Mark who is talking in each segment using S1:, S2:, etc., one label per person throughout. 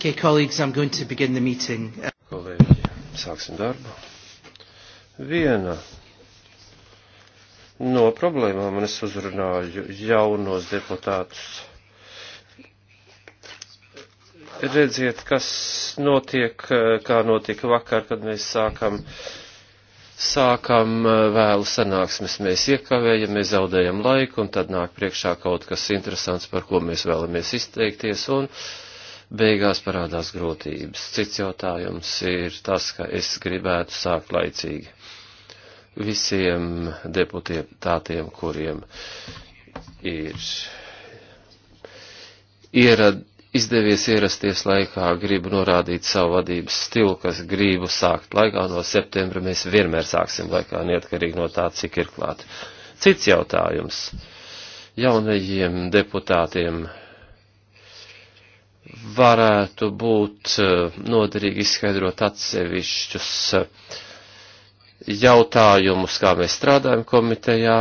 S1: Okay, colleagues, I'm going to begin the meeting. Kolēģi, sāksim darbu. Viena no problēmām, un es uzrunāju jaunos deputātus, redziet, kas notiek, kā notika vakar, kad mēs sākam, sākam eh, vēlu sanāksmes, mēs iekavējam, mēs zaudējam laiku, un tad nāk priekšā kaut kas interesants, par ko mēs vēlamies izteikties, un uh, beigās parādās grūtības. Cits jautājums ir tas, ka es gribētu sākt laicīgi visiem deputātiem, kuriem ir ierad, izdevies ierasties laikā, gribu norādīt savu vadības stilu, kas gribu sākt laikā no septembra. Mēs vienmēr sāksim laikā, neatkarīgi no tā, cik ir klāt. Cits jautājums jaunajiem deputātiem varētu būt eh, noderīgi izskaidrot atsevišķus eh, jautājumus, kā mēs strādājam komitejā,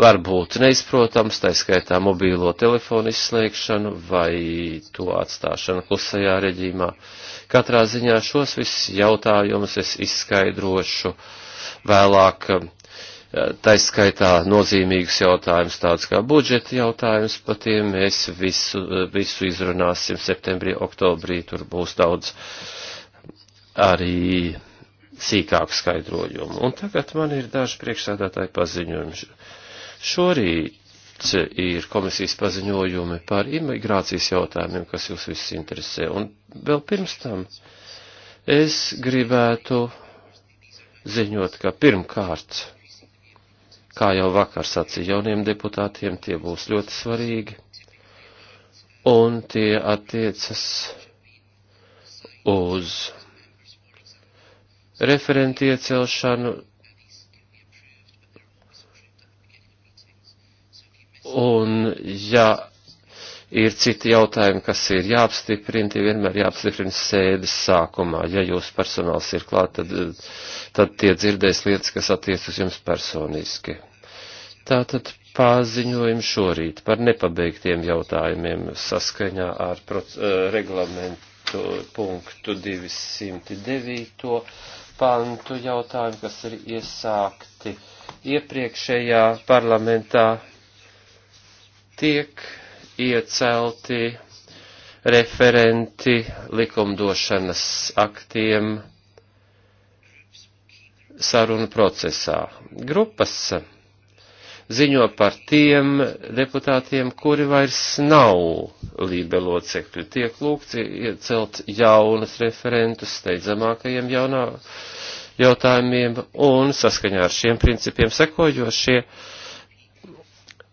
S1: varbūt neizprotams, tā skaitā mobīlo telefonu izslēgšanu vai to atstāšanu klusajā reģīmā. Katrā ziņā šos visus jautājumus es izskaidrošu vēlāk eh, taiskaitā nozīmīgus jautājumus, tāds kā budžeta jautājums, par tiem mēs visu, visu izrunāsim septembrī, oktobrī, tur būs daudz arī sīkāku skaidrojumu. Un tagad man ir daži priekšsādātāji paziņojumi. Šorīt ir komisijas paziņojumi par imigrācijas jautājumiem, kas jūs visus interesē. Un vēl pirms tam es gribētu ziņot, ka pirmkārt Kā jau vakar sacīja jauniem deputātiem, tie būs ļoti svarīgi, un tie attiecas uz referenti iecelšanu un ja ir citi jautājumi, kas ir jāapstiprina, tie vienmēr jāapstiprina sēdes sākumā. Ja jūs personāls ir klāt, tad, tad tie dzirdēs lietas, kas attiec uz jums personiski. Tātad paziņojumi šorīt par nepabeigtiem jautājumiem saskaņā ar proc, eh, reglamentu punktu 209 pantu jautājumu, kas ir iesākti iepriekšējā parlamentā, tiek iecelti referenti likumdošanas aktiem sarunu procesā. Grupas ziņo par tiem deputātiem, kuri vairs nav lībe locekļi. Tiek lūgts iecelt jaunus referentus steidzamākajiem jaunā jautājumiem un saskaņā ar šiem principiem sekojošie. Ja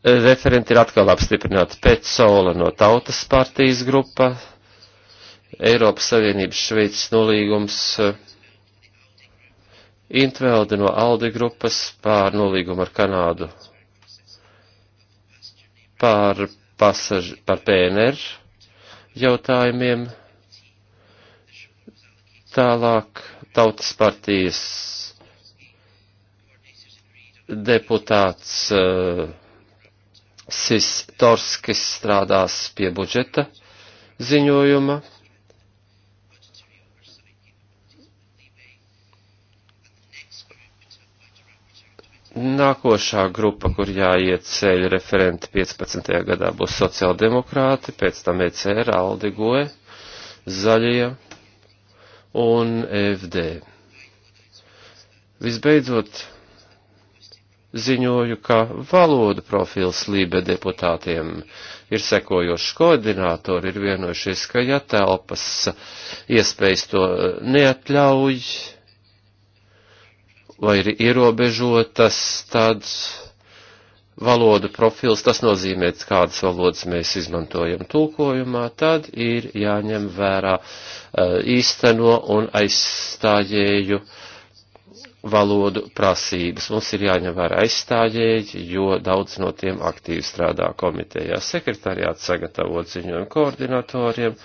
S1: Eh, referenti ir atkal apstiprināti pēc sola no tautas partijas grupa, Eiropas Savienības Šveicis nolīgums, eh, Intveldi no Aldi grupas pār nolīgumu ar Kanādu, pār, pasaži, pār PNR jautājumiem, tālāk tautas partijas deputāts uh, Sis Torskis strādās pie budžeta ziņojuma. Nākošā grupa, kur jāiet ceļu referenti 15. gadā, būs sociāldemokrāti, pēc tam ECR, Aldi Goe, Zaļie un FD. Visbeidzot, ziņoju, ka valodu profils Lībe deputātiem ir sekojošs koordinātori, ir vienojušies, ka ja telpas iespējas to neatļauj vai ir ierobežotas, tad valodu profils, tas nozīmē, kādas valodas mēs izmantojam tulkojumā, tad ir jāņem vērā īsteno un aizstājēju uh, valodu prasības. Mums ir jāņem vērā aizstājēji, jo daudz no tiem aktīvi strādā komitejā. Sekretariāts sagatavo ziņojumu koordinatoriem,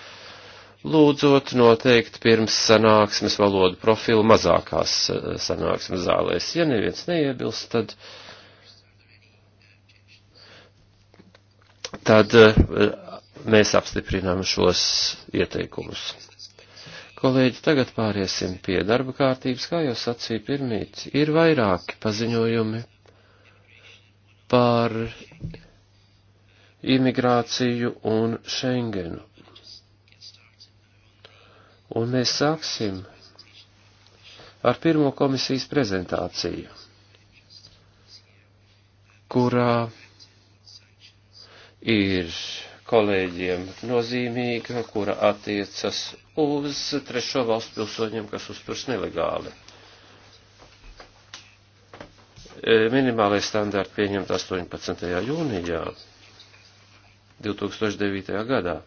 S1: lūdzot noteikt pirms sanāksmes valodu profilu mazākās eh, sanāksmes zālēs. Ja neviens neiebilst, tad. Tad eh, mēs apstiprinām šos ieteikumus. Kolēģi, tagad pāriesim pie darba kārtības, kā jau sacīja pirmīt, ir vairāki paziņojumi par imigrāciju un Schengenu. Un mēs sāksim ar pirmo komisijas prezentāciju, kurā ir kolēģiem nozīmīga, kura attiecas uz trešo valstu pilsoņiem, kas uzturs nelegāli. E, minimālais standārti pieņemt 18. jūnijā 2009. gadā.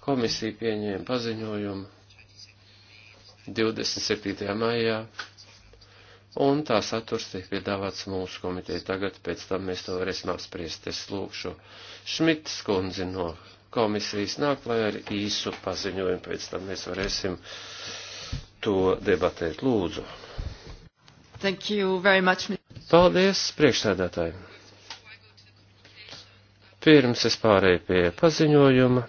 S1: Komisija pieņēma paziņojumu 27. maijā un tā saturs tiek piedāvāts mūsu komiteja tagad, pēc tam mēs to varēsim apspriest. Es lūkšu Šmits kundzi no komisijas nāk, lai ar īsu paziņojumu pēc tam mēs varēsim to debatēt. Lūdzu.
S2: Thank you very much.
S1: Paldies, priekšsēdētāji. Pirms es pārēju pie paziņojuma,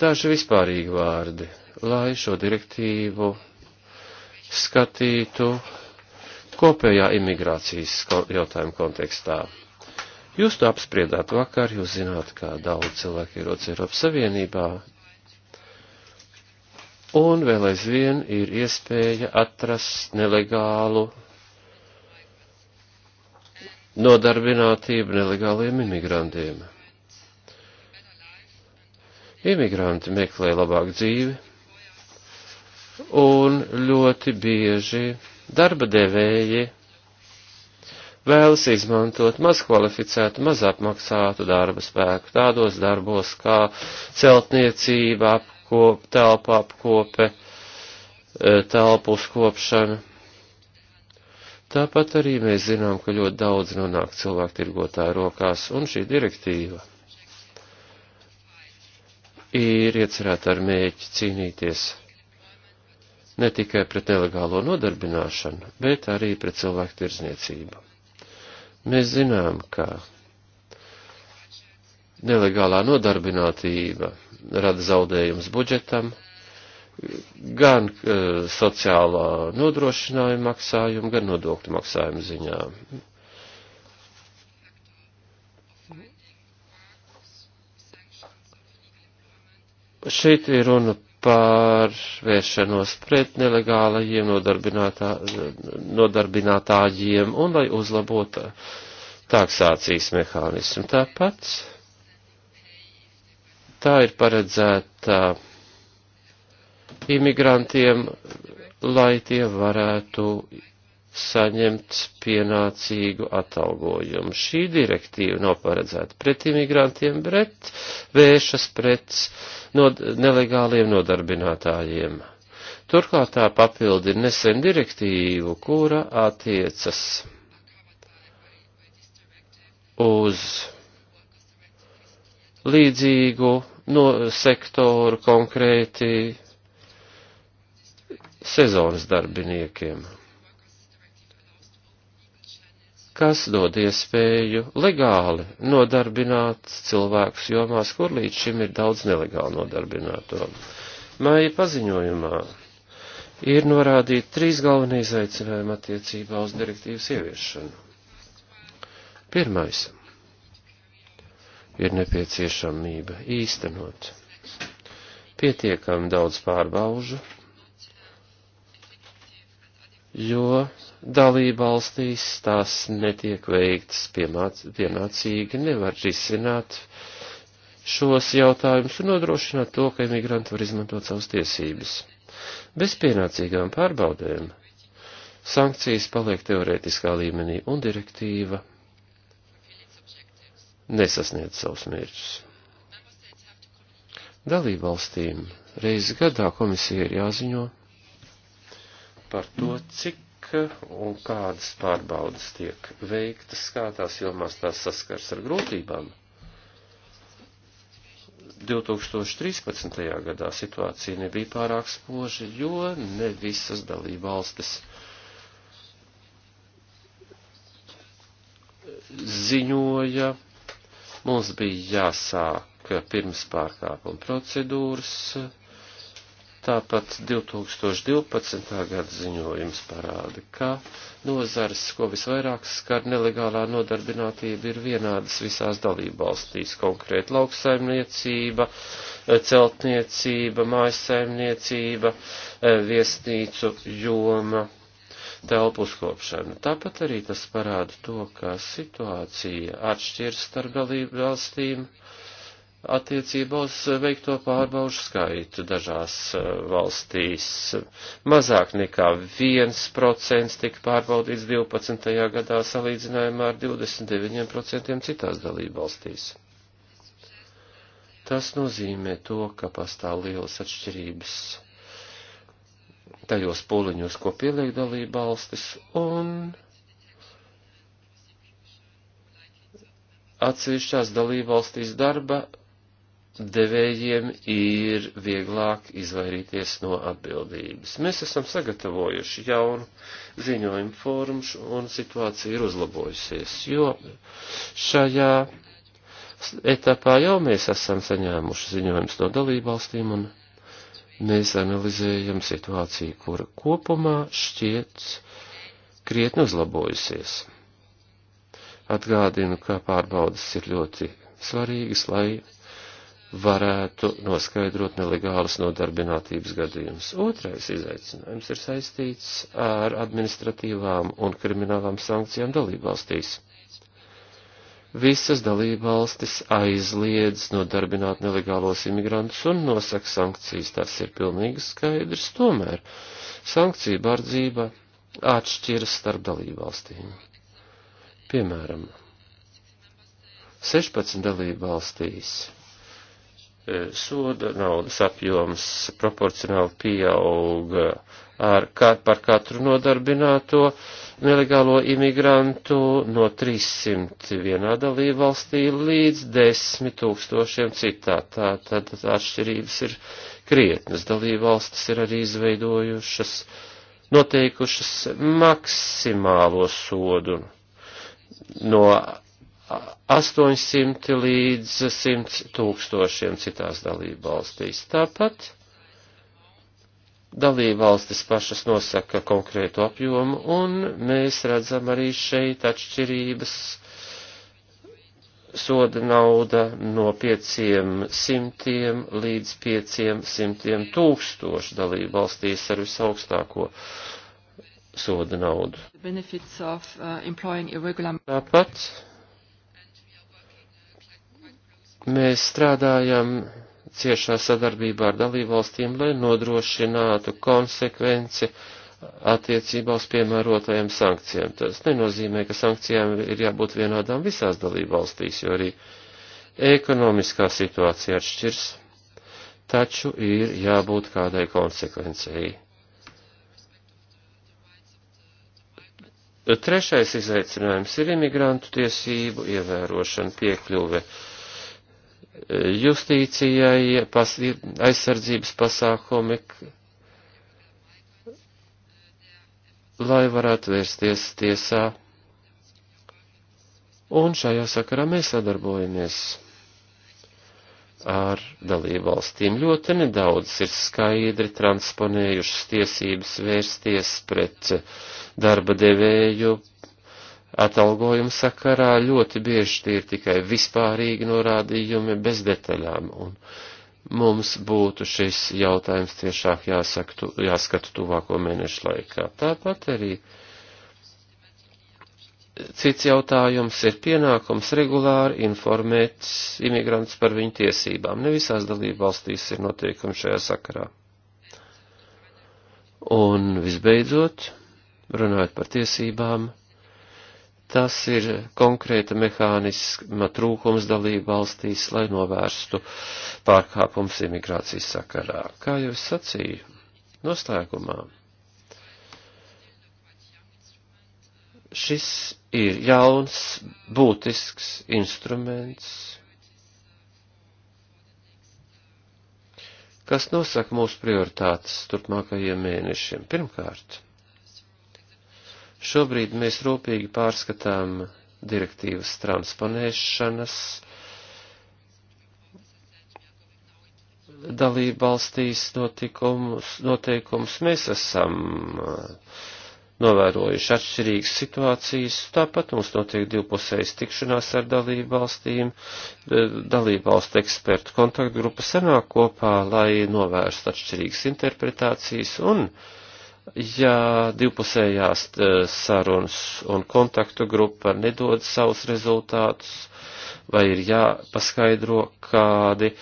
S1: daži vispārīgi vārdi, lai šo direktīvu skatītu kopējā imigrācijas jautājuma kontekstā. Jūs to apspriedāt vakar, jūs zināt, kā daudz cilvēku ierodas Eiropas Savienībā, un vēl aizvien ir iespēja atrast nelegālu nodarbinātību nelegāliem imigrantiem. Imigranti meklē labāku dzīvi, un ļoti bieži darba devēji vēlas izmantot mazkvalificētu, mazapmaksātu darba spēku tādos darbos kā celtniecība, apkop, telpa apkope, e, telpu uzkopšana. Tāpat arī mēs zinām, ka ļoti daudz nonāk cilvēku tirgotāju rokās, un šī direktīva ir iecerēta ar mēķi cīnīties ne tikai pret nelegālo nodarbināšanu, bet arī pret cilvēku tirzniecību. Mēs zinām, ka nelegālā nodarbinātība rada zaudējums budžetam, gan uh, sociālā nodrošinājuma maksājuma, gan nodokļu maksājuma ziņā. Šeit ir runa par vēršanos pret nelegālajiem nodarbinātā, nodarbinātājiem un lai uzlabota taksācijas mehānismu. Tāpat tā ir paredzēta imigrantiem, lai tie varētu saņemt pienācīgu atalgojumu. Šī direktīva nav paredzēta pret imigrantiem, bet vēršas pret no, nelegāliem nodarbinātājiem. Turklāt tā papildina nesen direktīvu, kura attiecas uz līdzīgu no sektoru konkrēti sezonas darbiniekiem kas dod iespēju legāli nodarbināt cilvēkus jomās, kur līdz šim ir daudz nelegāli nodarbināto. Māja paziņojumā ir norādīti trīs galvenie izaicinājumi attiecībā uz direktīvas ieviešanu. Pirmais ir nepieciešamība īstenot pietiekami daudz pārbaužu, jo dalībvalstīs tās netiek veiktas pienācīgi, nevar risināt šos jautājumus un nodrošināt to, ka imigranti var izmantot savas tiesības. Bez pienācīgām pārbaudēm sankcijas paliek teorētiskā līmenī un direktīva nesasniedz savus mērķus. Dalībvalstīm reizi gadā komisija ir jāziņo par to, cik notiek un kādas pārbaudas tiek veiktas, kā tās jomās tās saskars ar grūtībām. 2013. gadā situācija nebija pārāk spoža, jo ne visas dalība valstis ziņoja, mums bija jāsāk pirms pārkāpuma procedūras, Tāpat 2012. gada ziņojums parāda, ka nozars, ko visvairāk skar nelegālā nodarbinātība, ir vienādas visās dalībvalstīs - konkrēti lauksaimniecība, celtniecība, mājasaimniecība, viesnīcu joma, telpu uzkopšana. Tāpat arī tas parāda to, ka situācija atšķiras starp dalībvalstīm valstīm attiecībā uz veikto pārbaužu skaitu dažās e, valstīs. Mazāk nekā 1% tika pārbaudīts 12. gadā salīdzinājumā ar 29% citās dalību valstīs. Tas nozīmē to, ka pastāv lielas atšķirības tajos pūliņos, ko pieliek dalību valstis, un atsevišķās dalībvalstīs darba devējiem ir vieglāk izvairīties no atbildības. Mēs esam sagatavojuši jaunu ziņojumu formu un situācija ir uzlabojusies, jo šajā etapā jau mēs esam saņēmuši ziņojumus no dalībvalstīm un mēs analizējam situāciju, kura kopumā šķiet krietni uzlabojusies. Atgādinu, ka pārbaudas ir ļoti svarīgas, lai varētu noskaidrot nelegālas nodarbinātības gadījumus. Otrais izaicinājums ir saistīts ar administratīvām un kriminālām sankcijām dalībvalstīs. Visas dalībvalstis aizliedz nodarbināt nelegālos imigrantus un nosaka sankcijas, tas ir pilnīgi skaidrs, tomēr sankcija bardzība atšķiras starp dalībvalstīm. Piemēram, 16 dalībvalstīs soda naudas apjoms proporcionāli pieauga ar, par katru nodarbināto nelegālo imigrantu no 300 vienā dalībvalstī līdz 10 tūkstošiem citā. Tā tad atšķirības ir krietnas. Dalībvalstis ir arī izveidojušas, noteikušas maksimālo sodu no 800 līdz 100 tūkstošiem citās dalību valstīs. Tāpat dalību valstis pašas nosaka konkrētu apjomu, un mēs redzam arī šeit atšķirības soda nauda no 500 līdz 500 tūkstošu dalību valstīs ar visaugstāko soda naudu.
S2: Of, uh, irregular... Tāpat
S1: Mēs strādājam ciešā sadarbībā ar dalībvalstīm, lai nodrošinātu konsekvenci attiecībā uz piemērotajiem sankcijiem. Tas nenozīmē, ka sankcijām ir jābūt vienādām visās dalībvalstīs, jo arī ekonomiskā situācija atšķirs, taču ir jābūt kādai konsekvencijai. Trešais izaicinājums ir imigrantu tiesību ievērošana piekļuve justīcijai, pas, aizsardzības pasākumi, lai varētu vērsties tiesā. Un šajā sakarā mēs sadarbojamies ar dalību valstīm. Ļoti nedaudz ir skaidri transponējušas tiesības vērsties pret darba devēju, atalgojuma sakarā ļoti bieži tie ir tikai vispārīgi norādījumi bez detaļām. Un mums būtu šis jautājums tiešāk jāsaka, jāskata tuvāko mēnešu laikā. Tāpat arī cits jautājums ir pienākums regulāri informēt imigrantus par viņu tiesībām. Ne visās dalību valstīs ir noteikumi šajā sakarā. Un visbeidzot, runājot par tiesībām, Tas ir konkrēta mehānisma trūkums dalību valstīs, lai novērstu pārkāpums imigrācijas sakarā. Kā jau es sacīju, noslēgumā šis ir jauns, būtisks instruments, kas nosaka mūsu prioritātes turpmākajiem mēnešiem. Pirmkārt, Šobrīd mēs rūpīgi pārskatām direktīvas transponēšanas dalību valstīs notikumus, noteikumus. Mēs esam uh, novērojuši atšķirīgas situācijas, tāpat mums notiek divpusējas tikšanās ar dalību valstīm, uh, dalību valstu ekspertu kontaktgrupa sanāk kopā, lai novērstu atšķirīgas interpretācijas un uh, ja divpusējās eh, sarunas un kontaktu grupa nedod savus rezultātus, vai ir jāpaskaidro, kādi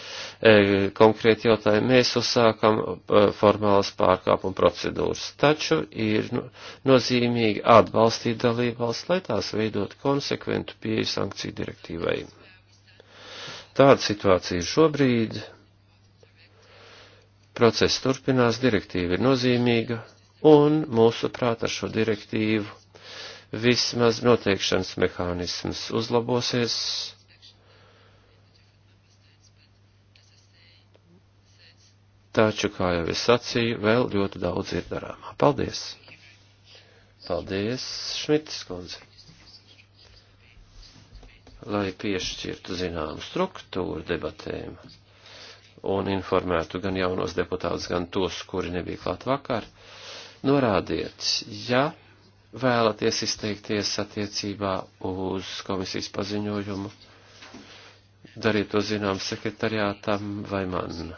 S1: e, konkrēti jautājumi mēs uzsākam e, formālas pārkāpuma procedūras. Taču ir no, nozīmīgi atbalstīt dalībvalsts, lai tās veidot konsekventu pieeju sankciju direktīvai. Tāda situācija ir šobrīd. Process turpinās, direktīva ir nozīmīga, un mūsuprāt ar šo direktīvu vismaz noteikšanas mehānisms uzlabosies. Taču, kā jau es sacīju, vēl ļoti daudz ir darāmā. Paldies! Paldies, Šmitis kundze! Lai piešķirtu zināmu struktūru debatēm un informētu gan jaunos deputātus, gan tos, kuri nebija klāt vakar norādiet, ja vēlaties izteikties attiecībā uz komisijas paziņojumu, dariet to zinām sekretariātam vai man.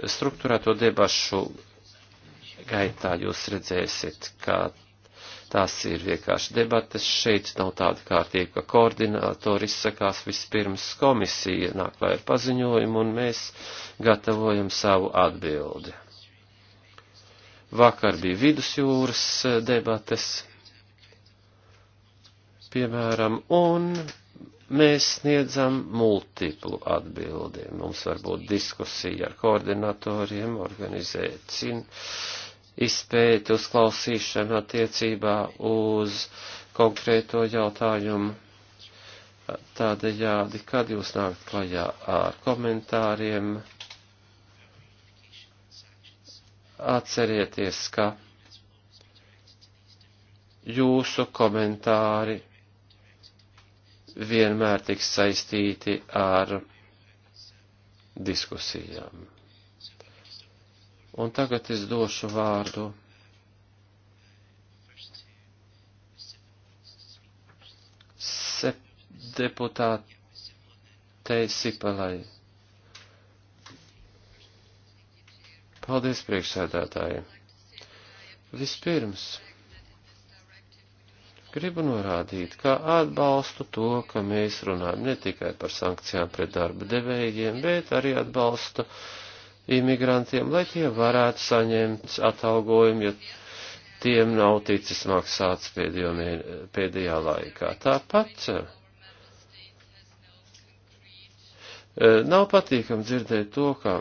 S1: Struktūrēto debašu gaitā jūs redzēsiet, ka tās ir vienkārši debates. Šeit nav tāda kārtība, ka koordinātori izsakās vispirms komisija, nāk lai ar paziņojumu, un mēs gatavojam savu atbildi. Vakar bija vidusjūras eh, debates, piemēram, un mēs sniedzam multiplu atbildi. Mums var būt diskusija ar koordinatoriem, organizēt cin, izpēti, uzklausīšana attiecībā uz konkrēto jautājumu. Tādējādi, kad jūs nākat klajā ar komentāriem, atcerieties, ka jūsu komentāri vienmēr tiks saistīti ar diskusijām. Un tagad es došu vārdu deputātei Sipelai. Paldies, priekšsēdētāji. Vispirms gribu norādīt, kā atbalstu to, ka mēs runājam ne tikai par sankcijām pret darba devējiem, bet arī atbalstu imigrantiem, lai tie varētu saņemt atalgojumu, ja tiem nav ticis maksāts pēdējo, pēdējā laikā. Tāpat eh, nav patīkam dzirdēt to, ka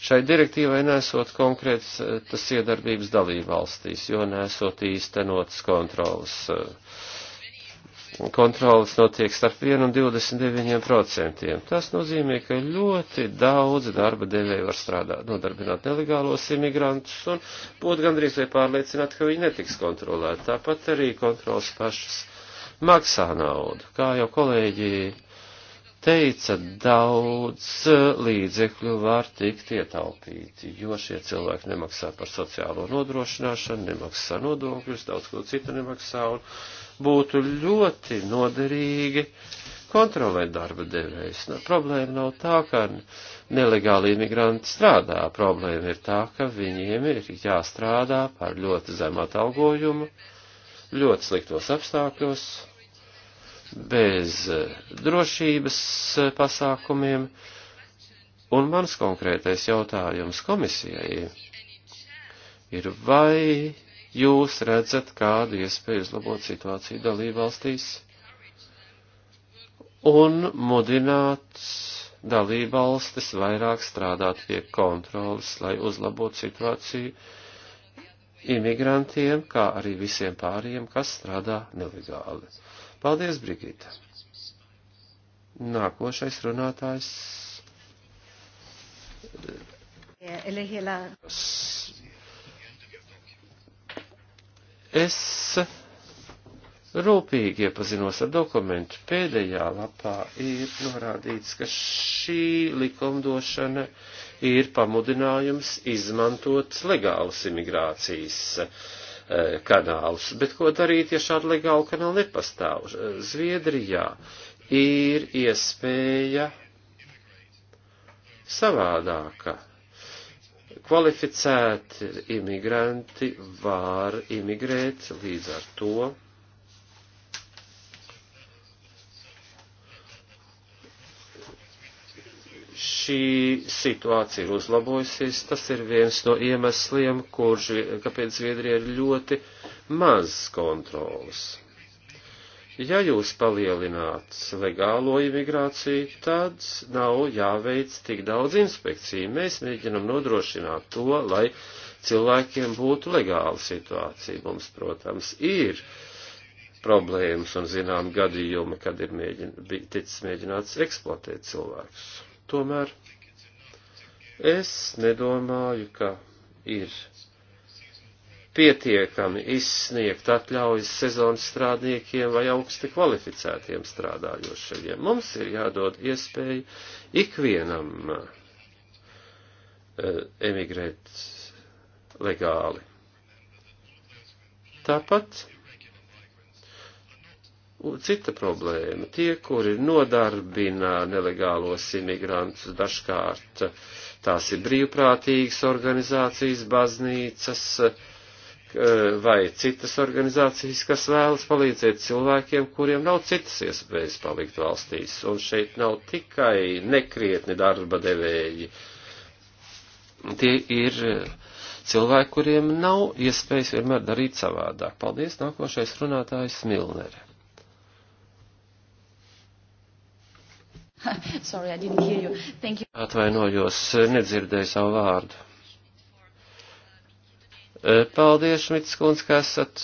S1: Šai direktīvai nesot konkrēts eh, tas iedarbības dalībvalstīs, jo nesot īstenotas kontrolas. Eh, kontrolas notiek starp 1 un 29 procentiem. Tas nozīmē, ka ļoti daudz darba devēja var strādāt, nodarbināt nelegālos imigrantus un būt gandrīz vai pārliecināt, ka viņi netiks kontrolēti. Tāpat arī kontrolas pašas maksā naudu, kā jau kolēģi teica, daudz eh, līdzekļu var tikt ietaupīti, jo šie cilvēki nemaksā par sociālo nodrošināšanu, nemaksā nodokļus, daudz ko citu nemaksā, un būtu ļoti noderīgi kontrolēt darba devējs. Nu, problēma nav tā, ka nelegāli imigranti strādā, problēma ir tā, ka viņiem ir jāstrādā par ļoti zemu atalgojumu, ļoti sliktos apstākļos, bez eh, drošības eh, pasākumiem. Un mans konkrētais jautājums komisijai ir, vai jūs redzat kādu iespēju uzlabot situāciju dalībvalstīs un mudināt dalībvalstis vairāk strādāt pie kontrolas, lai uzlabotu situāciju imigrantiem, kā arī visiem pārējiem, kas strādā nelegāli. Paldies, Brigita. Nākošais runātājs. Es rūpīgi iepazinos ar dokumentu. Pēdējā lapā ir norādīts, ka šī likumdošana ir pamudinājums izmantot legālas imigrācijas E, kanālus. Bet ko darīt, ja šāda legāla kanāla nepastāv? E, Zviedrijā ir iespēja savādāka. Kvalificēti imigranti var imigrēt līdz ar to šī situācija ir uzlabojusies. Tas ir viens no iemesliem, kurš, kāpēc Zviedrija ir ļoti maz kontrols. Ja jūs palielināt legālo imigrāciju, tad nav jāveic tik daudz inspekciju. Mēs mēģinam nodrošināt to, lai cilvēkiem būtu legāla situācija. Mums, protams, ir problēmas un zinām gadījumi, kad ir mēģin, ticis mēģināts eksploatēt cilvēkus. Tomēr es nedomāju, ka ir pietiekami izsniegt atļaujas sezonas strādniekiem vai augsti kvalificētiem strādājošajiem. Mums ir jādod iespēja ikvienam eh, emigrēt legāli. Tāpat Cita problēma - tie, kuri nodarbina nelegālos imigrantus, dažkārt tās ir brīvprātīgas organizācijas, baznīcas eh, vai citas organizācijas, kas vēlas palīdzēt cilvēkiem, kuriem nav citas iespējas palikt valstīs. Un šeit nav tikai nekrietni darba devēji. Tie ir cilvēki, kuriem nav iespējas vienmēr darīt savādāk. Paldies, nākošais runātājs Milnere.
S2: Sorry, I didn't hear you. Thank you.
S1: Atvainojos, nedzirdēju savu vārdu. Eh, paldies, Šmits Kunds, ka esat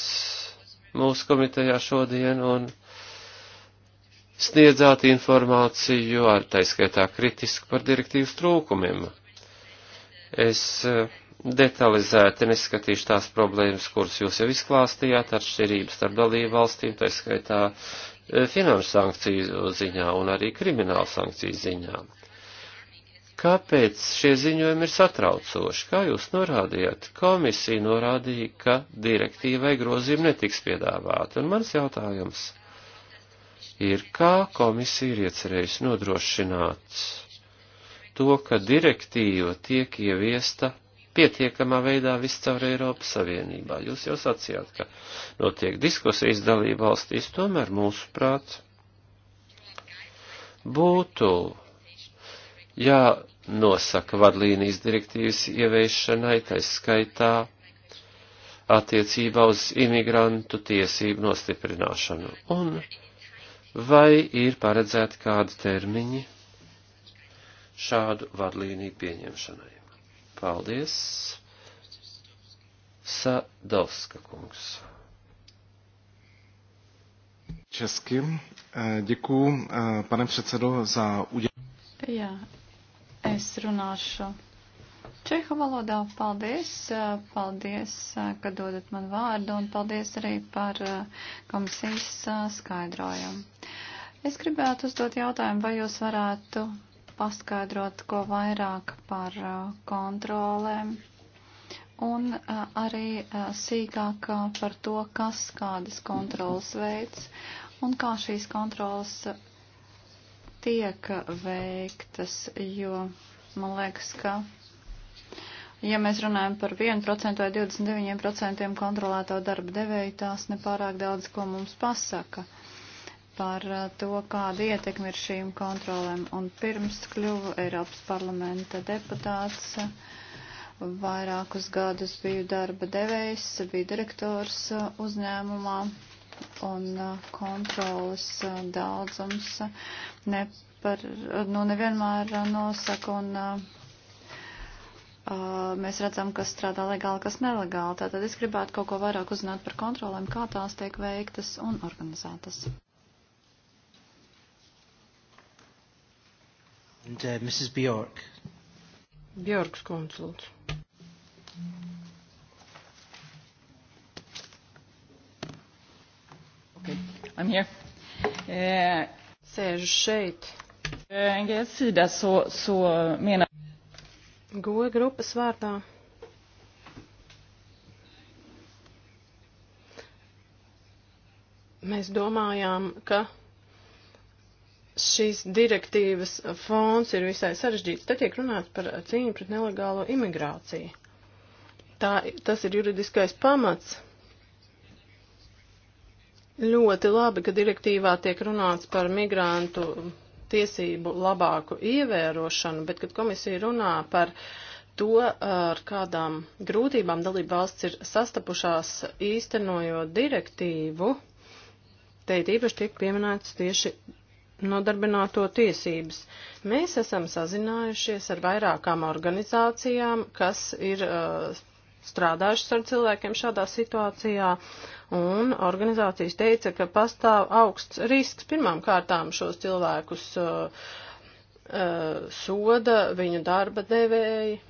S1: mūsu komitejā šodien un sniedzāt informāciju, ar taiskaitā kritisku par direktīvas trūkumiem. Es eh, detalizēti neskatīšu tās problēmas, kuras jūs jau izklāstījāt, atšķirības starp dalību valstīm, taiskaitā Eh, finanšu sankciju ziņā un arī kriminālu sankciju ziņā. Kāpēc šie ziņojumi ir satraucoši? Kā jūs norādījāt? Komisija norādīja, ka direktīvai grozījumi netiks piedāvāti. Un mans jautājums ir, kā komisija ir iecerējusi nodrošināt to, ka direktīva tiek ieviesta pietiekamā veidā viscaur Eiropas Savienībā. Jūs jau sacījāt, ka notiek diskusijas dalība valstīs, tomēr mūsuprāt būtu jānosaka vadlīnijas direktīvas ieviešanai, taisa skaitā attiecībā uz imigrantu tiesību nostiprināšanu. Un vai ir paredzēti kādi termiņi šādu vadlīniju pieņemšanai? Paldies. Sadovska kungs. Česky. Eh, Děkuji, eh, pane předsedo, za udělení.
S2: Jā, es runāšu čehu valodā. Paldies, paldies, ka dodat man vārdu un paldies arī par eh, komisijas skaidrojumu. Es gribētu uzdot jautājumu, vai jūs varētu paskaidrot ko vairāk par uh, kontrolēm un uh, arī uh, sīkāk par to, kas kādas kontrolas veids un kā šīs kontrolas tiek veiktas, jo man liekas, ka ja mēs runājam par 1% vai 29% kontrolēto darba devēju, tās nepārāk daudz, ko mums pasaka par eh, to, kāda ietekme ir šīm kontrolēm. Un pirms kļuvu Eiropas parlamenta deputāts, vairākus gadus biju darba devējs, biju direktors uzņēmumā un eh, kontrolas eh, daudzums ne par, nu, nevienmēr nosaka un Uh, mēs redzam, kas strādā legāli, kas nelegāli. Tātad es gribētu kaut ko vairāk uzzināt par kontrolēm, kā tās tiek veiktas un organizētas.
S1: And uh, Mrs. Bjork.
S3: Bjorks kundze, lūdzu. Okay. I'm here. Eh, uh, Sēžu šeit. Eh, uh, NGS sida så, so, så so, menar... Goja grupas vārdā. Mēs domājām, ka šīs direktīvas fons ir visai sarežģīts. Te tiek runāts par cīņu pret nelegālo imigrāciju. Tā, tas ir juridiskais pamats. Ļoti labi, ka direktīvā tiek runāts par migrantu tiesību labāku ievērošanu, bet kad komisija runā par to, ar kādām grūtībām dalība valsts ir sastapušās īstenojot direktīvu, te ir īpaši tiek pieminēts tieši nodarbināto tiesības. Mēs esam sazinājušies ar vairākām organizācijām, kas ir uh, strādājušas ar cilvēkiem šādā situācijā, un organizācijas teica, ka pastāv augsts risks pirmām kārtām šos cilvēkus uh, uh, soda viņu darba devēji.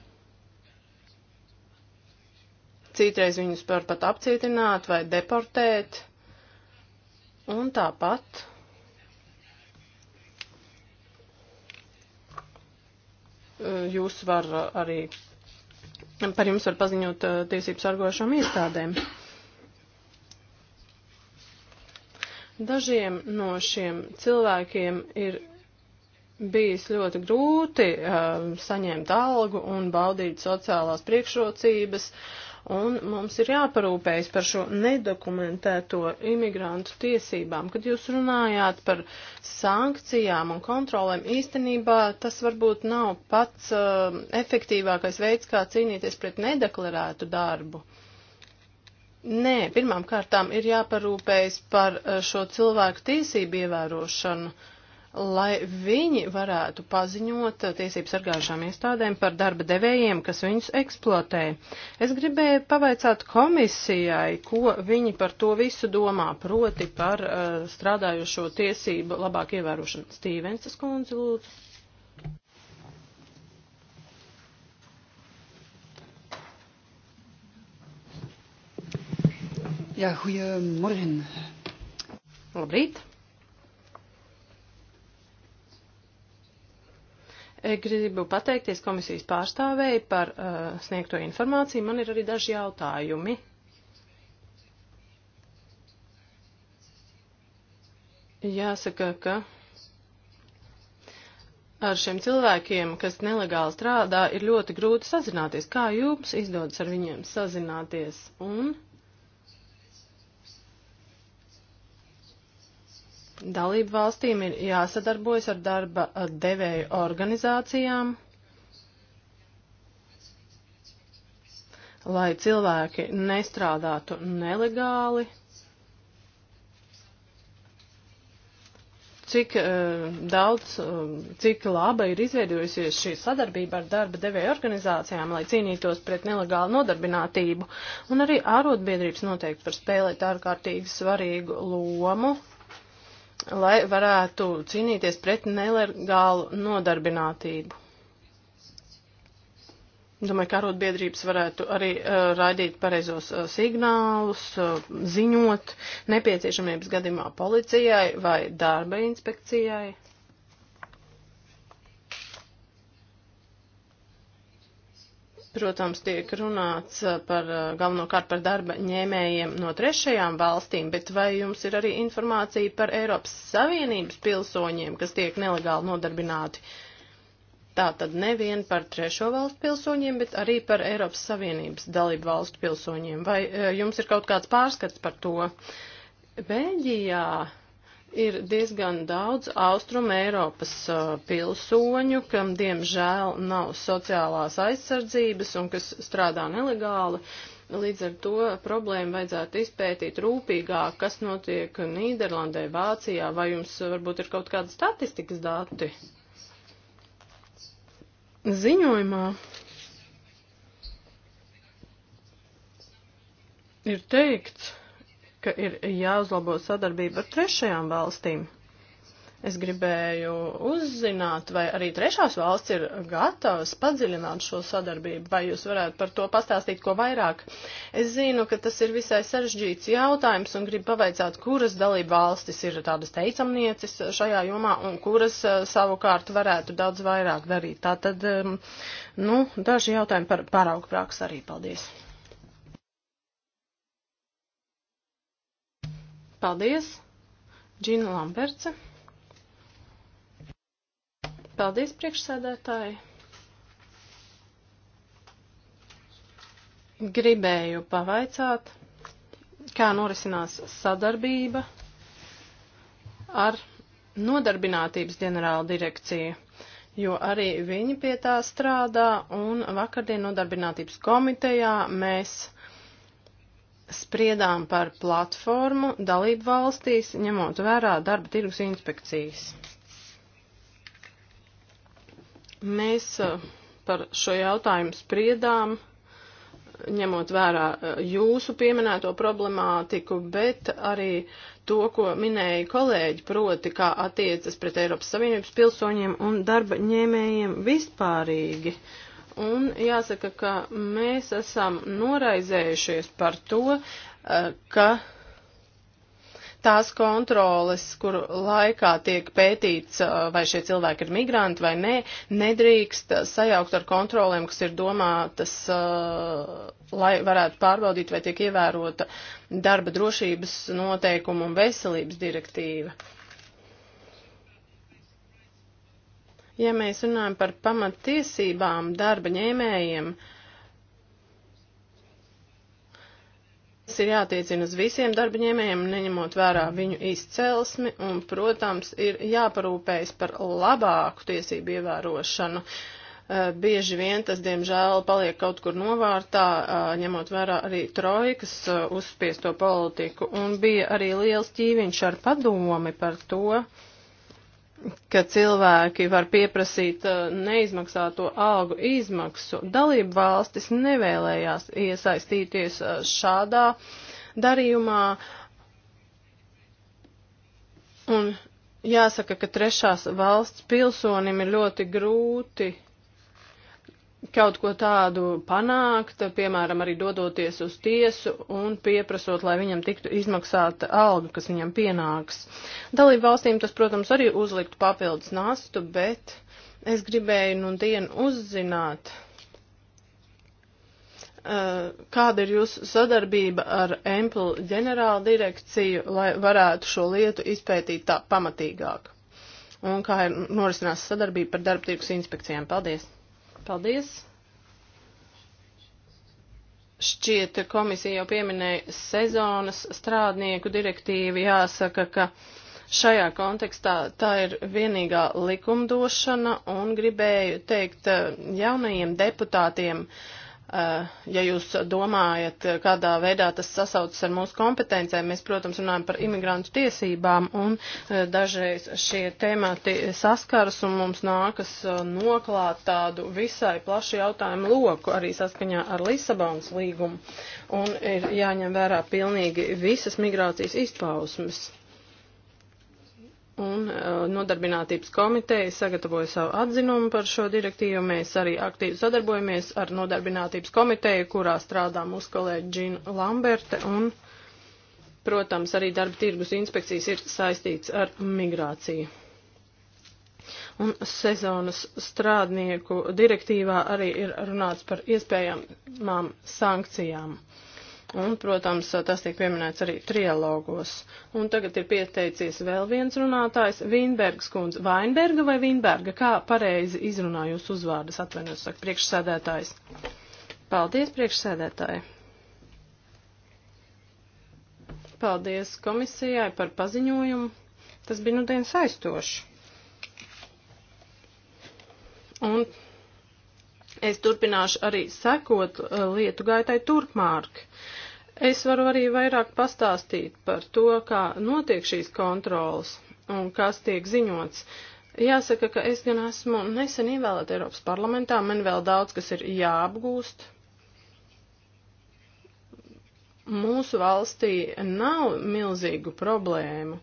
S3: Citreiz viņus var pat apcietināt vai deportēt. Un tāpat jūs var arī, par jums var paziņot eh, tiesību sargošām iestādēm. Dažiem no šiem cilvēkiem ir bijis ļoti grūti uh, saņemt algu un baudīt sociālās priekšrocības. Uh, un mums ir jāparūpējas par šo nedokumentēto imigrantu tiesībām. Kad jūs runājāt par sankcijām un kontrolēm, īstenībā tas varbūt nav pats uh, efektīvākais veids, kā cīnīties pret nedeklarētu darbu. Nē, pirmām kārtām ir jāparūpējas par uh, šo cilvēku tiesību ievērošanu. Uh, lai viņi varētu paziņot tiesību sargājušām iestādēm par darba devējiem, kas viņus eksploatē. Es gribēju pavaicāt komisijai, ko viņi par to visu domā, proti par uh, strādājošo tiesību labāk ievērošanu. Stīvensas kundze, lūdzu. Jā, goeiemorgen. Labrīt. E, gribu pateikties komisijas pārstāvēji par uh, sniegto informāciju. Man ir arī daži jautājumi. Jāsaka, ka ar šiem cilvēkiem, kas nelegāli strādā, ir ļoti grūti sazināties. Kā jums izdodas ar viņiem sazināties? Un Dalību valstīm ir jāsadarbojas ar darba devēju organizācijām, lai cilvēki nestrādātu nelegāli. Cik uh, daudz, uh, cik laba ir izveidojusies šī sadarbība ar darba devēju organizācijām, lai cīnītos pret nelegālu nodarbinātību, un arī ārotbiedrības noteikti var spēlēt ārkārtīgi svarīgu lomu lai varētu cīnīties pret nelegālu nodarbinātību. Domāju, ka arotbiedrības varētu arī uh, raidīt pareizos uh, signālus, uh, ziņot nepieciešamības gadījumā policijai vai darba inspekcijai. Protams, tiek runāts eh, par eh, galvenokārt par darba ņēmējiem no trešajām valstīm, bet vai jums ir arī informācija par Eiropas Savienības pilsoņiem, kas tiek nelegāli nodarbināti? Tā tad nevien par trešo valstu pilsoņiem, bet arī par Eiropas Savienības dalību valstu pilsoņiem. Vai eh, jums ir kaut kāds pārskats par to? Beļģijā ir diezgan daudz austrumu Eiropas uh, pilsoņu, kam diemžēl nav sociālās aizsardzības un kas strādā nelegāli. Līdz ar to problēmu vajadzētu izpētīt rūpīgāk, kas notiek Nīderlandē, Vācijā, vai jums varbūt ir kaut kāda statistikas dati? Ziņojumā ir teikts, ka ir jāuzlabo sadarbība ar trešajām valstīm. Es gribēju uzzināt, vai arī trešās valsts ir gatavas padziļināt šo sadarbību, vai jūs varētu par to pastāstīt ko vairāk. Es zinu, ka tas ir visai sarežģīts jautājums un gribu pavaicāt, kuras dalība valstis ir tādas teicamnieces šajā jomā un kuras eh, savukārt varētu daudz vairāk darīt. Tātad, ehm, nu, daži jautājumi par paraugu prāks arī. Paldies! Paldies, Džina Lamberce. Paldies, priekšsēdētāji. Gribēju pavaicāt, kā norisinās sadarbība ar nodarbinātības ģenerāla direkciju, jo arī viņi pie tā strādā, un vakardien nodarbinātības komitejā mēs spriedām par platformu dalību valstīs, ņemot vērā darba tirgus inspekcijas. Mēs eh, par šo jautājumu spriedām, ņemot vērā eh, jūsu pieminēto problemātiku, bet arī to, ko minēja kolēģi, proti, kā attiecas pret Eiropas Savienības pilsoņiem un darba ņēmējiem vispārīgi. Uh, Un jāsaka, ka mēs esam noraizējušies par to, eh, ka tās kontroles, kur laikā tiek pētīts, eh, vai šie cilvēki ir migranti vai nē, nedrīkst sajaukt ar kontrolēm, kas ir domātas, eh, lai varētu pārbaudīt, vai tiek ievērota darba drošības noteikumu un veselības direktīva. Ja mēs runājam par pamattiesībām darba ņēmējiem, tas ir jātiecina uz visiem darba ņēmējiem, neņemot vērā viņu izcelsmi, un, protams, ir jāparūpējas par labāku tiesību ievērošanu. Eh, bieži vien tas, diemžēl, paliek kaut kur novārtā, eh, ņemot vērā arī trojkas eh, uzspiesto politiku, un bija arī liels ķīviņš ar padomi par to, ka cilvēki var pieprasīt uh, neizmaksāto algu izmaksu. Dalību valstis nevēlējās iesaistīties uh, šādā darījumā. Un jāsaka, ka trešās valsts pilsonim ir ļoti grūti kaut ko tādu panākt, piemēram, arī dodoties uz tiesu un pieprasot, lai viņam tiktu izmaksāta alga, kas viņam pienāks. Dalību valstīm tas, protams, arī uzliktu papildus nastu, bet es gribēju nu dienu uzzināt, eh, kāda ir jūsu sadarbība ar Ample ģenerāla direkciju, lai varētu šo lietu izpētīt tā pamatīgāk. Un kā ir norisinās sadarbība par darbtirgus inspekcijām. Paldies! Paldies! Šķiet, komisija jau pieminēja sezonas strādnieku direktīvu. Jāsaka, ka šajā kontekstā tā ir vienīgā likumdošana un gribēju teikt eh, jaunajiem deputātiem, uh, Eh, ja jūs domājat, kādā veidā tas sasaucas ar mūsu kompetencēm, mēs, protams, runājam par imigrantu tiesībām, un eh, dažreiz šie temati saskaras, un mums nākas eh, noklāt tādu visai plašu jautājumu loku, arī saskaņā ar Lisabonas līgumu, un ir jāņem vērā pilnīgi visas migrācijas izpausmes. Un uh, nodarbinātības komiteja sagatavoja savu atzinumu par šo direktīvu. Mēs arī aktīvi sadarbojamies ar nodarbinātības komiteju, kurā strādā mūsu kolēģi Džina Lamberte. Un, protams, arī darba tirgus inspekcijas ir saistīts ar migrāciju. Un sezonas strādnieku direktīvā arī ir runāts par iespējamām sankcijām. Uh, Un, protams, tas tiek pieminēts arī trialogos. Un tagad ir pieteicies vēl viens runātājs - Vinbergs kundze. Vainberga vai Vinberga? Kā pareizi izrunā jūs uzvārdas? Atvainojos, saka priekšsēdētājs. Paldies, priekšsēdētāji. Paldies komisijai par paziņojumu. Tas bija nudien saistoši. Un es turpināšu arī sekot uh, lietu gaitai turpmāk. Uh, Es varu arī vairāk pastāstīt par to, kā notiek šīs kontrolas un kas tiek ziņots. Jāsaka, ka es gan esmu nesen ievēlēta Eiropas parlamentā, man vēl daudz kas ir jāapgūst. Mūsu valstī nav milzīgu problēmu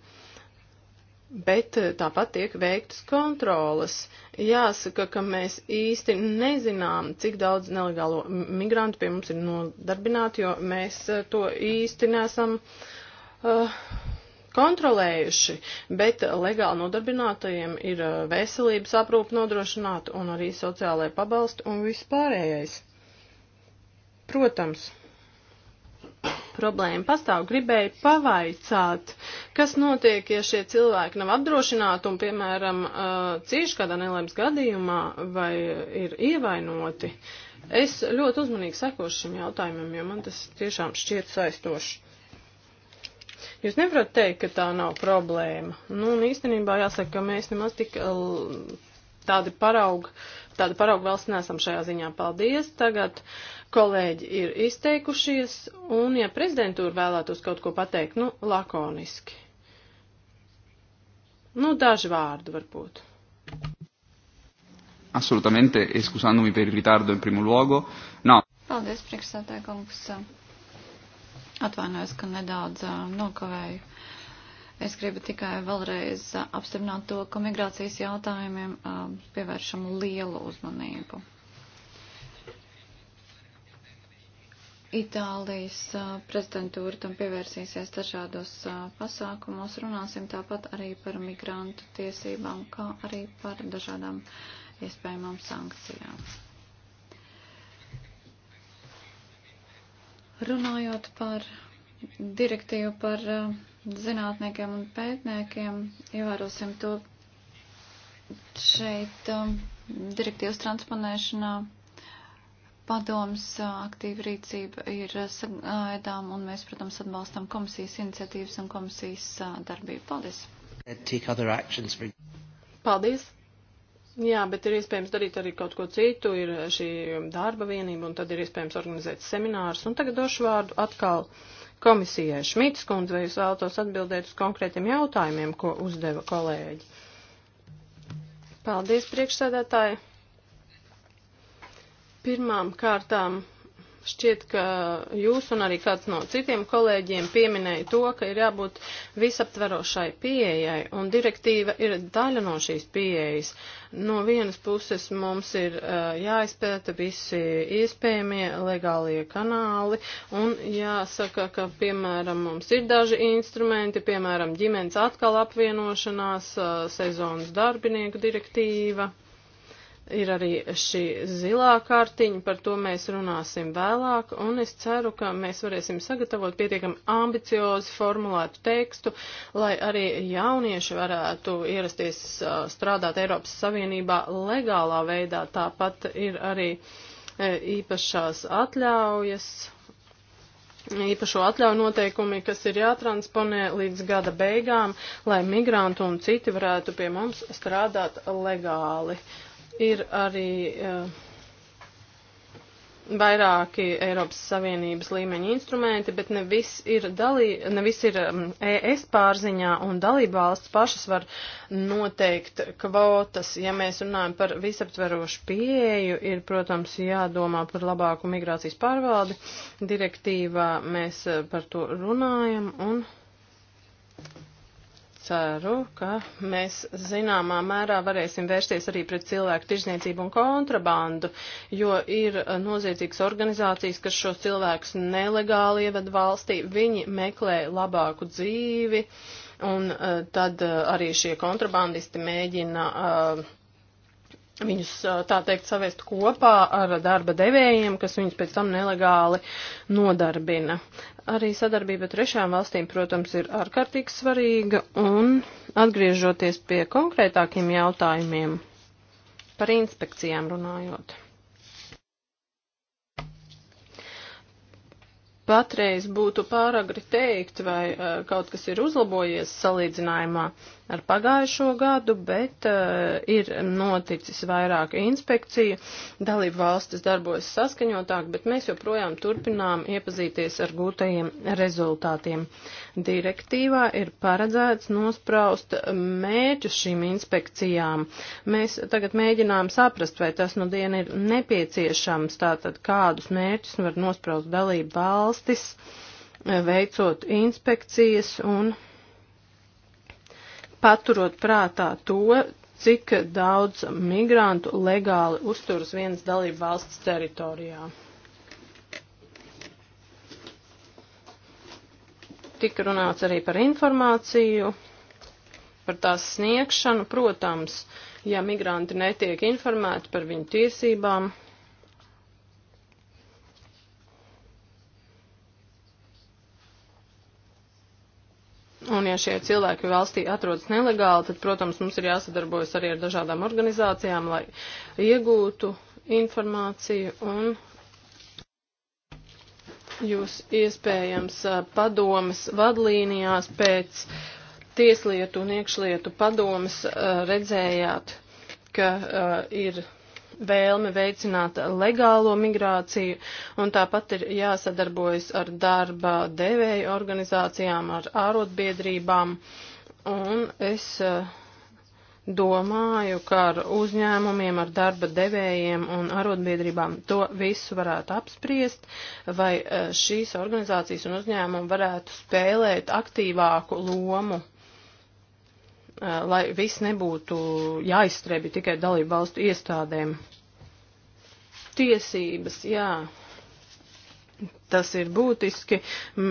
S3: Bet eh, tāpat tiek veiktas kontrolas. Jāsaka, ka mēs īsti nezinām, cik daudz nelegālo migrantu pie mums ir nodarbināti, jo mēs eh, to īsti nesam uh, eh, kontrolējuši. Bet legāli nodarbinātajiem ir veselības aprūpa nodrošināta un arī sociālai pabalsti un vispārējais. Protams problēma pastāv. Gribēju pavaicāt, kas notiek, ja šie cilvēki nav apdrošināti un, piemēram, uh, cieši kādā nelēms gadījumā vai ir ievainoti. Es ļoti uzmanīgi sekošu šim jautājumam, jo man tas tiešām šķiet saistoši. Jūs nevarat teikt, ka tā nav problēma. Nu, un īstenībā jāsaka, ka mēs nemaz tik uh, tādi paraugi, tādi paraugi valsts nesam šajā ziņā. Paldies. Tagad uh, kolēģi ir izteikušies, un ja prezidentūra vēlētos kaut ko pateikt, nu, lakoniski. Nu, daži vārdi
S1: varbūt. Assolutamente, e scusandomi per il ritardo in primo luogo. No.
S2: Paldies, priekšsētāj kungs. Atvainojos, ka nedaudz uh, nokavēju. Es gribu tikai vēlreiz uh, apstiprināt to, ka migrācijas jautājumiem uh, pievēršam lielu uzmanību. Itālijas prezidentūra tam pievērsīsies dažādos pasākumos. Runāsim tāpat arī par migrantu tiesībām, kā arī par dažādām iespējamām sankcijām. Runājot par direktīvu par zinātniekiem un pētniekiem, ievērosim to šeit direktīvas transponēšanā padoms aktīva rīcība ir sagaidām, un mēs, protams, atbalstam komisijas iniciatīvas un komisijas darbību. Paldies!
S3: Paldies! Jā, bet ir iespējams darīt arī kaut ko citu, ir šī darba vienība, un tad ir iespējams organizēt seminārus. Un tagad došu vārdu atkal komisijai Šmītas kundzei, jūs vēlatos atbildēt uz konkrētiem jautājumiem, ko uzdeva kolēģi. Paldies, priekšsēdētāji! Pirmām kārtām šķiet, ka jūs un arī kāds no citiem kolēģiem pieminēja to, ka ir jābūt visaptverošai pieejai, un direktīva ir daļa no šīs pieejas. No vienas puses mums ir uh, jāizpēta visi iespējamie legālie kanāli, un jāsaka, ka, piemēram, mums ir daži instrumenti, piemēram, ģimenes atkal apvienošanās, uh, sezonas darbinieku direktīva. Ir arī šī zilā kartiņa, par to mēs runāsim vēlāk, un es ceru, ka mēs varēsim sagatavot pietiekami ambiciozi formulētu tekstu, lai arī jaunieši varētu ierasties strādāt Eiropas Savienībā legālā veidā. Tāpat ir arī īpašās atļaujas, īpašo atļauju noteikumi, kas ir jātransponē līdz gada beigām, lai migrantu un citi varētu pie mums strādāt legāli. Uh, Ir arī uh, vairāki Eiropas Savienības līmeņa instrumenti, bet ne viss ir, dalī, ne viss ir ES pārziņā un dalībvalsts pašas var noteikt kvotas. Ja mēs runājam par visaptverošu pieeju, ir, protams, jādomā par labāku migrācijas pārvaldi. Direktīvā mēs e, par to runājam un ceru, ka mēs zināmā mērā varēsim vērsties arī pret cilvēku tirzniecību un kontrabandu, jo ir uh, noziedzīgas organizācijas, kas šos cilvēkus nelegāli ieved valstī, viņi meklē labāku dzīvi, un uh, tad uh, arī šie kontrabandisti mēģina. Uh, viņus, uh, tā teikt, savest kopā ar darba devējiem, kas viņus pēc tam nelegāli nodarbina arī sadarbība trešām valstīm, protams, ir ārkārtīgi svarīga, un atgriežoties pie konkrētākiem jautājumiem par inspekcijām runājot. Patreiz būtu pāragri teikt, vai eh, kaut kas ir uzlabojies salīdzinājumā ar pagājušo gadu, bet uh, ir noticis vairāk inspekciju, dalību valstis darbojas saskaņotāk, bet mēs joprojām turpinām iepazīties ar gūtajiem rezultātiem. Direktīvā ir paredzēts nospraust mērķus šīm inspekcijām. Mēs tagad mēģinām saprast, vai tas nu no diena ir nepieciešams, tātad kādus mērķus var nospraust dalību valstis, veicot inspekcijas un paturot prātā to, cik daudz migrantu legāli uzturas vienas dalību valsts teritorijā. Tika runāts arī par informāciju, par tās sniegšanu. Protams, ja migranti netiek informēti par viņu tiesībām, Un ja šie cilvēki valstī atrodas nelegāli, tad, protams, mums ir jāsadarbojas arī ar dažādām organizācijām, lai iegūtu informāciju un jūs iespējams padomas vadlīnijās pēc tieslietu un iekšlietu padomas redzējāt, ka ir vēlme veicināt legālo migrāciju, un tāpat ir jāsadarbojas ar darba devēju organizācijām, ar ārotbiedrībām, un es eh, domāju, ka ar uzņēmumiem, ar darba devējiem un arotbiedrībām to visu varētu apspriest, vai eh, šīs organizācijas un uzņēmumi varētu spēlēt aktīvāku lomu Uh, lai viss nebūtu jāizstrēbi tikai dalību valstu iestādēm. Tiesības, jā. Tas ir būtiski.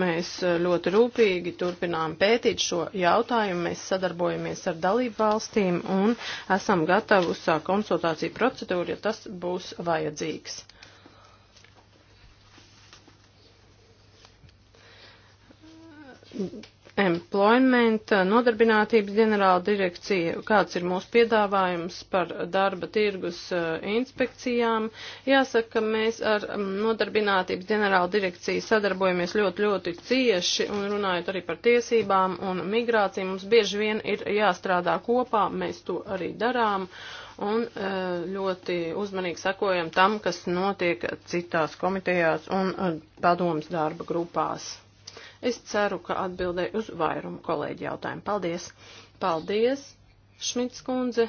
S3: Mēs uh, ļoti rūpīgi turpinām pētīt šo jautājumu. Mēs sadarbojamies ar dalību valstīm un esam gatavi uzsākt uh, konsultāciju procedūru, ja tas būs vajadzīgs. Mm Employment, nodarbinātības ģenerāla direkcija, kāds ir mūsu piedāvājums par darba tirgus e, inspekcijām. Jāsaka, ka mēs ar nodarbinātības ģenerāla direkciju sadarbojamies ļoti, ļoti cieši un runājot arī par tiesībām un migrāciju. Mums bieži vien ir jāstrādā kopā, mēs to arī darām un e, ļoti uzmanīgi sakojam tam, kas notiek citās komitejās un e, padomas darba grupās. Es ceru, ka atbildēju uz vairumu kolēģi jautājumu. Paldies! Paldies, Šmits kundze!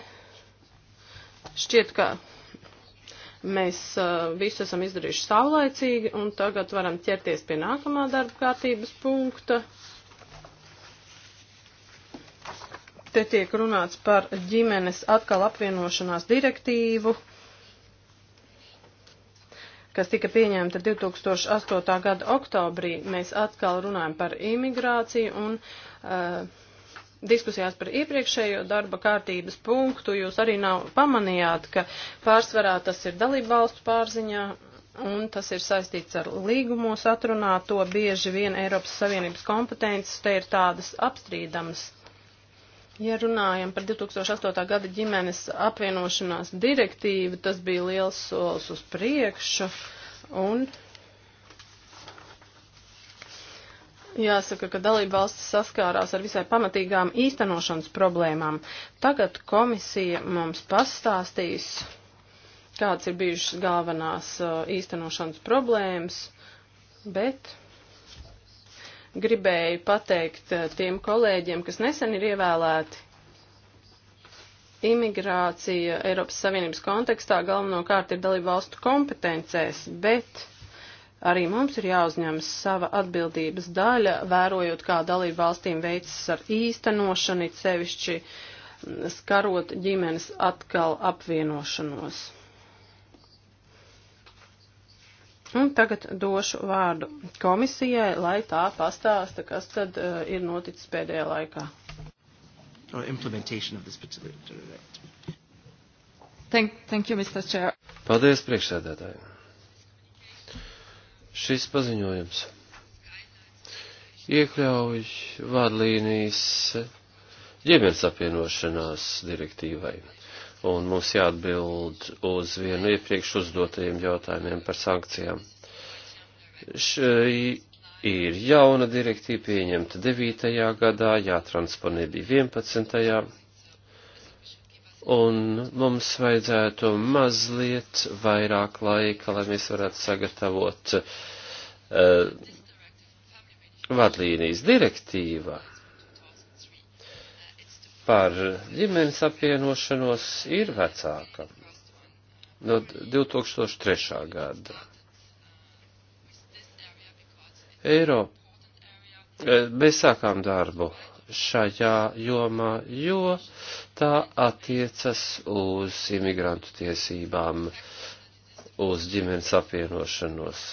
S3: Šķiet, ka mēs uh, visu esam izdarījuši saulaicīgi un tagad varam ķerties pie nākamā darba kārtības punkta. Te tiek runāts par ģimenes atkal apvienošanās direktīvu kas tika pieņemta 2008. gada oktobrī, mēs atkal runājam par imigrāciju un uh, diskusijās par iepriekšējo darba kārtības punktu jūs arī nav pamanījāt, ka pārsvarā tas ir dalību valstu pārziņā un tas ir saistīts ar līgumos atrunāto bieži vien Eiropas Savienības kompetences, te ir tādas apstrīdamas. Ja runājam par 2008. gada ģimenes apvienošanās direktīvu, tas bija liels solis uz priekšu un Jāsaka, ka dalība valsts saskārās ar visai pamatīgām īstenošanas problēmām. Tagad komisija mums pastāstīs, kāds ir bijušas galvenās uh, īstenošanas problēmas, bet gribēju pateikt eh, tiem kolēģiem, kas nesen ir ievēlēti. Imigrācija Eiropas Savienības kontekstā galvenokārt ir dalību valstu kompetencēs, bet arī mums ir jāuzņemas sava atbildības daļa, vērojot, kā dalību valstīm veicas ar īstenošanu, sevišķi skarot ģimenes atkal apvienošanos. Un tagad došu vārdu komisijai, lai tā pastāsta, kas tad uh, ir noticis pēdējā laikā. Thank, thank you, Mr. Chair.
S1: Paldies, priekšsēdētāji. Šis paziņojums iekļauj vārdlīnijas ģimenes apvienošanās direktīvai un mums jāatbild uz vienu iepriekš uzdotajiem jautājumiem par sankcijām. Šī ir jauna direktīva pieņemta 9. gadā, jātransponē bija 11. Un mums vajadzētu mazliet vairāk laika, lai mēs varētu sagatavot uh, vadlīnijas direktīva par ģimenes apvienošanos ir vecāka no 2003. gada. Eiropa. Eh, mēs sākām darbu šajā jomā, jo tā attiecas uz imigrantu tiesībām, uz ģimenes apvienošanos.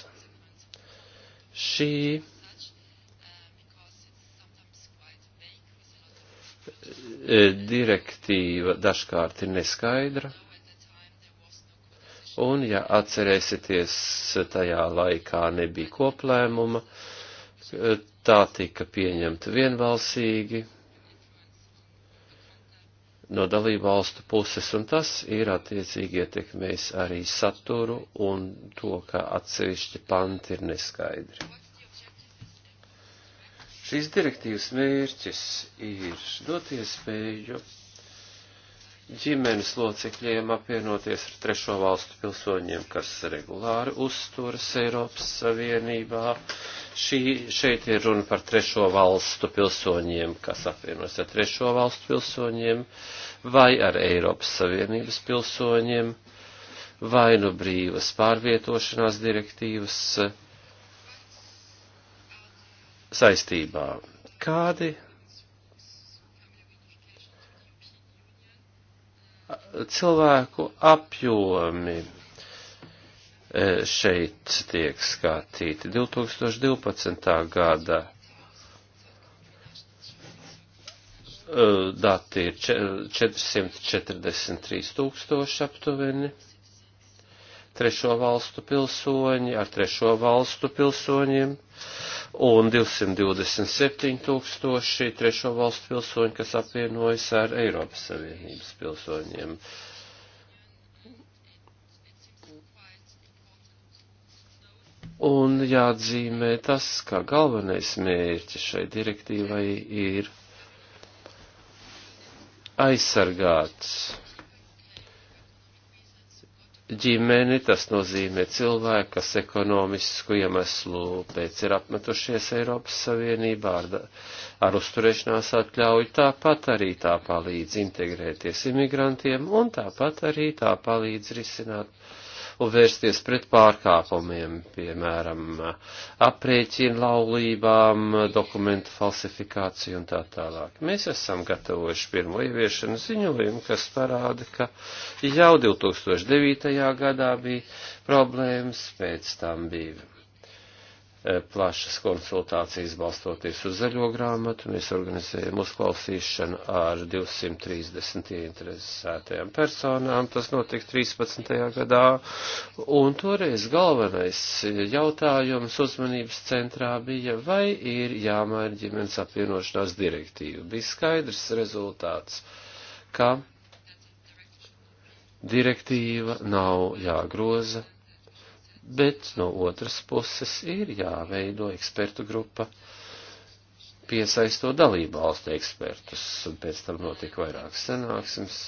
S1: Šī E, direktīva dažkārt ir neskaidra. Un, ja atcerēsieties, tajā laikā nebija koplēmuma, e, tā tika pieņemta vienbalsīgi no dalību valstu puses, un tas ir attiecīgi ietekmējis arī saturu un to, ka atsevišķi panti ir neskaidri. Šīs direktīvas mērķis ir dot iespēju ģimenes locekļiem apvienoties ar trešo valstu pilsoņiem, kas regulāri uzturas Eiropas Savienībā. Šī, šeit ir runa par trešo valstu pilsoņiem, kas apvienojas ar trešo valstu pilsoņiem vai ar Eiropas Savienības pilsoņiem, vai nu brīvas pārvietošanās direktīvas saistībā. Kādi cilvēku apjomi e, šeit tiek skatīti 2012. gada e, dati ir 443 tūkstoši aptuveni trešo valstu pilsoņi ar trešo valstu pilsoņiem un 227 tūkstoši trešo valstu pilsoņi, kas apvienojas ar Eiropas Savienības pilsoņiem. Un jāatzīmē tas, ka galvenais mērķis šai direktīvai ir aizsargāts ģimeni, tas nozīmē cilvēku, kas ekonomisku iemeslu pēc ir apmetušies Eiropas Savienībā ar, ar uzturēšanās atļauju, tāpat arī tā palīdz integrēties imigrantiem un tāpat arī tā palīdz risināt un vērsties pret pārkāpumiem, piemēram, aprēķinu laulībām, dokumentu falsifikāciju un tā tālāk. Mēs esam gatavojuši pirmo ieviešanu ziņojumu, kas parāda, ka jau 2009. gadā bija problēmas, pēc tam bija E, plašas konsultācijas balstoties uz zaļo grāmatu. Mēs organizējam uzklausīšanu ar 230 ieinteresētajām personām. Tas notiks 13. gadā. Un toreiz galvenais jautājums uzmanības centrā bija, vai ir jāmaina ģimenes apvienošanās direktīva. Bija skaidrs rezultāts, ka direktīva nav jāgroza bet no otras puses ir jāveido ekspertu grupa, piesaisto dalību valstu ekspertus, un pēc tam notika vairākas sanāksmes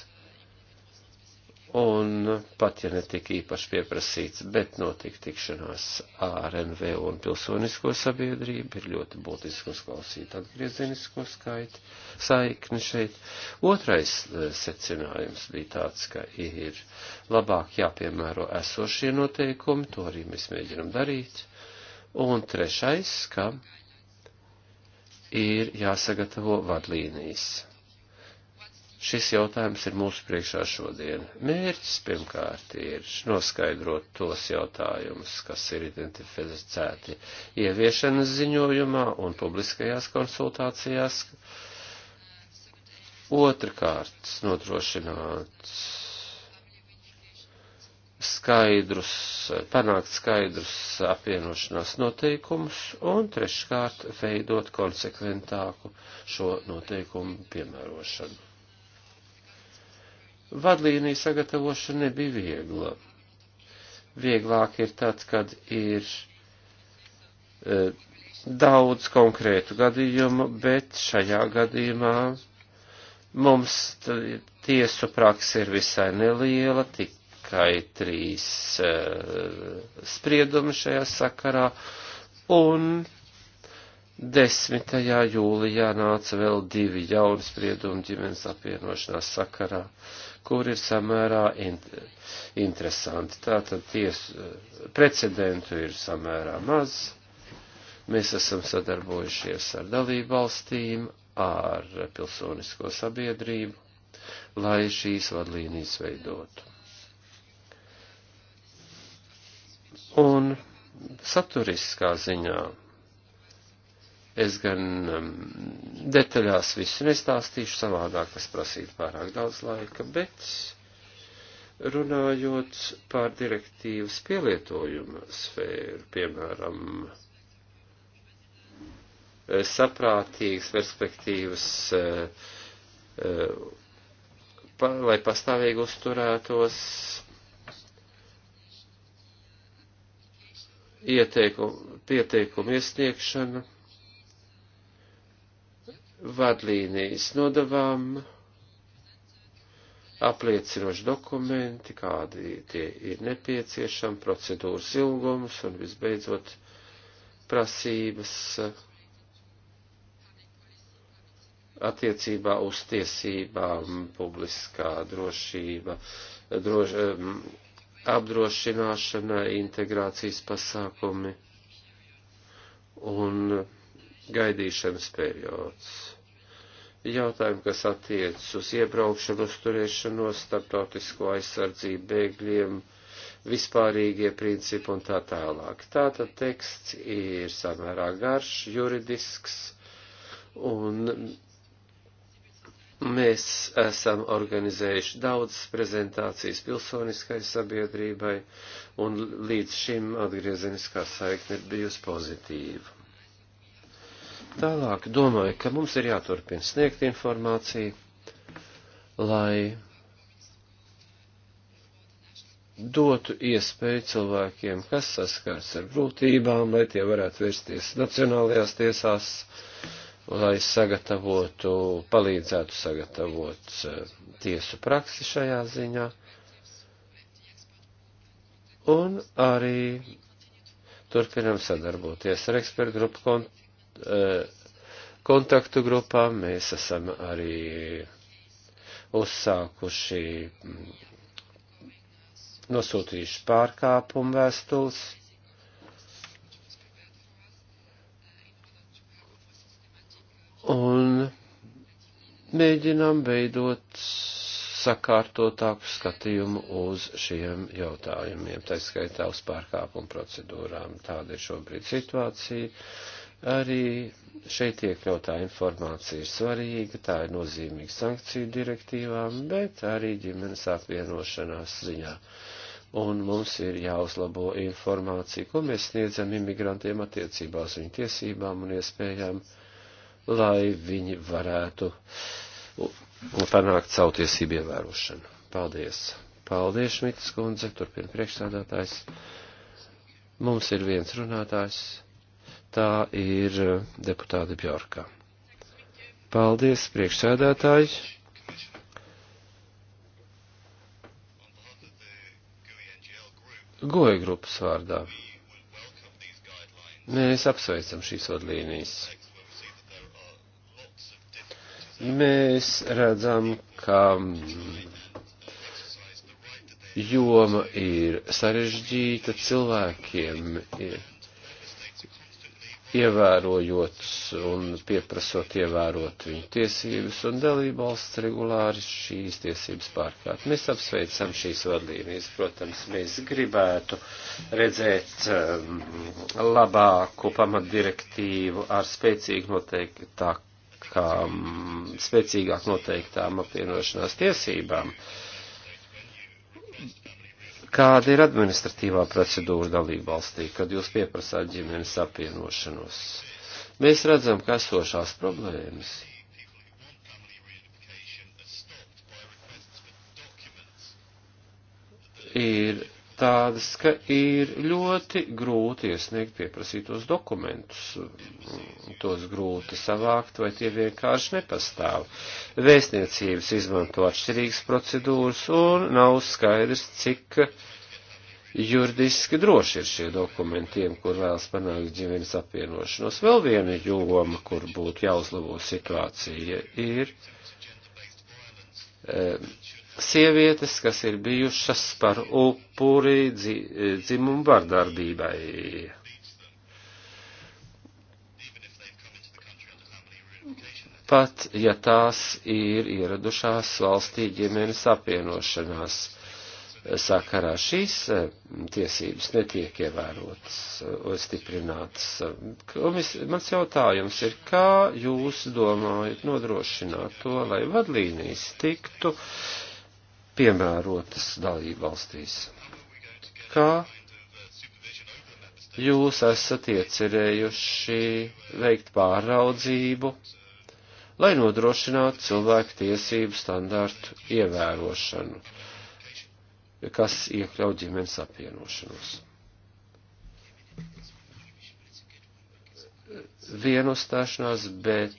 S1: un pat ja netika īpaši pieprasīts, bet notika tikšanās ar NVO un pilsonisko sabiedrību, ir ļoti būtiski uzklausīt atgriezenisko skaitu, saikni šeit. Otrais e, secinājums bija tāds, ka ir labāk jāpiemēro esošie noteikumi, to arī mēs mēģinam darīt. Un trešais, ka ir jāsagatavo vadlīnijas šis jautājums ir mūsu priekšā šodien. Mērķis pirmkārt ir noskaidrot tos jautājumus, kas ir identificēti ieviešanas ziņojumā un publiskajās konsultācijās. Otrakārt, nodrošināt skaidrus, panākt skaidrus apvienošanās noteikumus un treškārt veidot konsekventāku šo noteikumu piemērošanu Vadlīnija sagatavošana nebija viegla. Vieglāk ir tad, kad ir e, daudz konkrētu gadījumu, bet šajā gadījumā mums tiesu praksa ir visai neliela, tikai trīs e, spriedumi šajā sakarā, un 10. jūlijā nāca vēl divi jauni spriedumi ģimenes apvienošanās sakarā. E, kur ir samērā int interesanti. Tātad tiesu precedentu ir samērā maz. Mēs esam sadarbojušies ar dalību valstīm, ar pilsonisko sabiedrību, lai šīs vadlīnijas veidotu. Un saturiskā ziņā Es gan um, detaļās visu nestāstīšu, savādāk tas prasītu pārāk daudz laika, bet runājot par direktīvas pielietojumu sfēru, piemēram, saprātīgas perspektīvas, uh, uh, pa, lai pastāvīgi uzturētos ieteikumu, pieteikumu iesniegšanu vadlīnijas nodavām, apliecinoši dokumenti, kādi tie ir nepieciešami, procedūras ilgums un visbeidzot prasības attiecībā uz tiesībām, publiskā drošība, drož, apdrošināšana, integrācijas pasākumi un gaidīšanas periods jautājumi, kas attiecas uz iebraukšanu, uzturēšanos, starptautisko aizsardzību bēgļiem, vispārīgie principi un tā tālāk. Tātad teksts ir samērā garš, juridisks, un mēs esam organizējuši daudzas prezentācijas pilsoniskai sabiedrībai, un līdz šim atgriezeniskā saikne ir bijusi pozitīva. Tālāk domāju, ka mums ir jāturpina sniegt informāciju, lai dotu iespēju cilvēkiem, kas saskars ar grūtībām, lai tie varētu vērsties nacionālajās tiesās, lai sagatavotu, palīdzētu sagatavot eh, tiesu praksi šajā ziņā. Un arī turpinam sadarboties ar ekspertu grupu Eh, kontaktu grupām, mēs esam arī uzsākuši, mm, nosūtījuši pārkāpumu vēstules. Un mēģinām veidot sakārtotāku skatījumu uz šiem jautājumiem, tā skaitā uz pārkāpumu procedūrām. Tāda ir šobrīd situācija. Uh, Arī šeit iekļautā informācija ir svarīga, tā ir nozīmīga sankciju direktīvām, bet arī ģimenes apvienošanās ziņā. Un mums ir jāuzlabo informācija, ko mēs sniedzam imigrantiem attiecībās viņu tiesībām un iespējām, lai viņi varētu panākt savu tiesību ievērošanu. Paldies! Paldies, Šmitas kundze, turpina priekšsādātājs. Mums ir viens runātājs tā ir eh, deputāte Bjorka. Paldies, priekšsēdētāji! Goja grupas vārdā. Mēs apsveicam šīs vadlīnijas. Mēs redzam, ka mm, joma ir sarežģīta cilvēkiem. Ir ievērojot un pieprasot ievērot viņu tiesības, un dalībvalsts regulāri šīs tiesības pārkāp. Mēs apsveicam šīs vadlīnijas, protams, mēs gribētu redzēt um, labāku pamatdirektīvu ar spēcīgu noteiktāk, um, spēcīgāk noteiktām apvienošanās tiesībām. Uh, Kāda ir administratīvā procedūra dalībvalstī, kad jūs pieprasāt ģimenes apvienošanos? Mēs redzam, ka esošās problēmas ir tādas, ka ir ļoti grūti iesniegt pieprasītos dokumentus, tos grūti savākt vai tie vienkārši nepastāv. Vēstniecības izmanto atšķirīgas procedūras un nav skaidrs, cik juridiski droši ir šie dokumentiem, kur vēlas panākt ģimenes apvienošanos. Vēl viena joma, kur būtu jāuzlabo situācija, ir. Um, sievietes, kas ir bijušas par upuri dzimumu vardarbībai. Pat ja tās ir ieradušās valstī ģimenes apvienošanās sakarā, šīs eh, tiesības netiek ievērotas un eh, stiprinātas. Komis, mans jautājums ir, kā jūs domājat nodrošināt to, lai vadlīnijas tiktu uh, piemērotas dalību valstīs. Kā jūs esat iecerējuši veikt pāraudzību, lai nodrošinātu cilvēku tiesību standārtu ievērošanu, kas iekļauj ģimenes apvienošanos? viena uzstāšanās, bet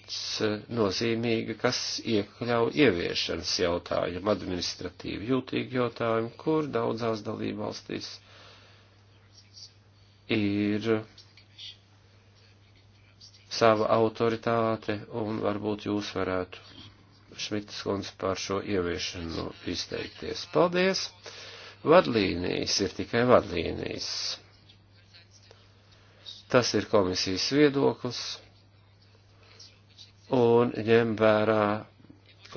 S1: eh, nozīmīga, kas iekļauj ieviešanas jautājumu, administratīvi jūtīgu jautājumu, kur daudzās dalībvalstīs ir sava autoritāte, un varbūt jūs varētu, Šmitas kundze, par šo ieviešanu izteikties. Paldies! Vadlīnijas ir tikai vadlīnijas Tas ir komisijas viedoklis un ņem vērā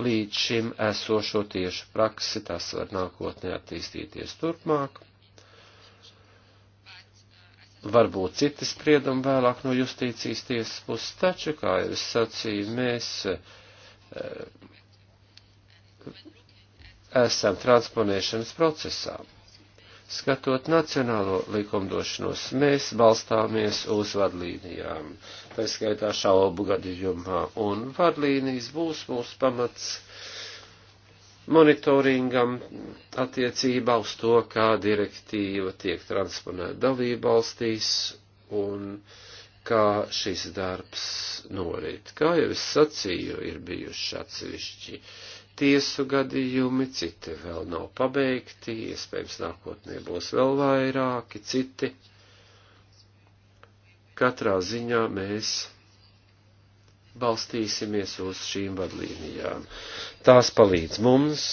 S1: līdz šim esošo tiešu praksi, tas var nākotnē attīstīties turpmāk. Varbūt citi spriedumi vēlāk no justīcijas tiesas puses, taču, kā jau es sacīju, mēs eh, esam transponēšanas procesā. Skatot nacionālo likumdošanos, mēs balstāmies uz vadlīnijām, tā skaitā šaubu gadījumā, un vadlīnijas būs mūsu pamats monitoringam attiecībā uz to, kā direktīva tiek transponēta dalību valstīs un kā šis darbs norit. Kā jau es sacīju, ir bijuši atsevišķi uh, tiesu gadījumi, citi vēl nav pabeigti, iespējams nākotnē būs vēl vairāki citi. Katrā ziņā mēs balstīsimies uz šīm vadlīnijām. Tās palīdz mums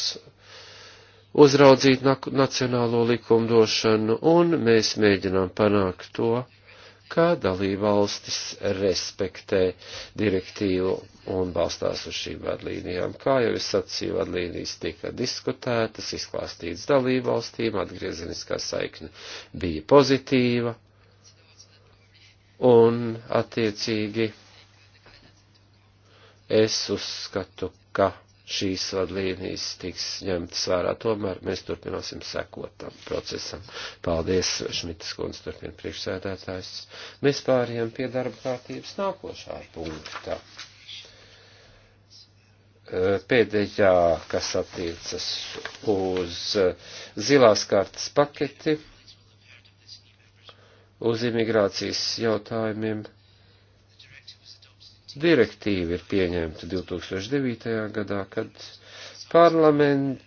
S1: uzraudzīt nacionālo likumdošanu, un mēs mēģinām panākt to, ka dalībvalstis respektē direktīvu un balstās uz šīm vadlīnijām. Kā jau es sacīju, vadlīnijas tika diskutētas, izklāstītas dalībvalstīm, atgriezeniskā saikne bija pozitīva un attiecīgi es uzskatu, ka šīs vadlīnijas tiks ņemtas vērā. Tomēr mēs turpināsim sekot tam procesam. Paldies, Šmitas kundze, turpina priekšsēdētājs. Mēs pāriem pie darba kārtības nākošā punktā. Pēdējā, kas attiecas uz zilās kārtas paketi, uz imigrācijas jautājumiem. Direktīva ir pieņemta 2009. gadā, kad parlaments,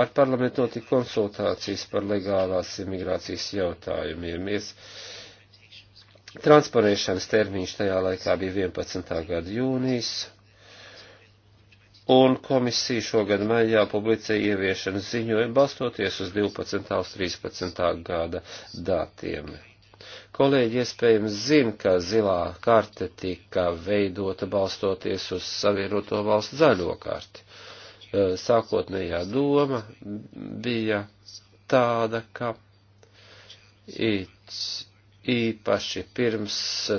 S1: ar parlamentu notika konsultācijas par legālās imigrācijas jautājumiem. Ies, transponēšanas termiņš tajā laikā bija 11. gada jūnijas, un komisija šogad maijā publicēja ieviešanas ziņojumu balstoties uz 12. un 13. gada datiem. Kolēģi iespējams zina, ka zilā karte tika veidota balstoties uz savienoto valstu zaļo karti. E, sākotnējā doma bija tāda, ka it īpaši pirms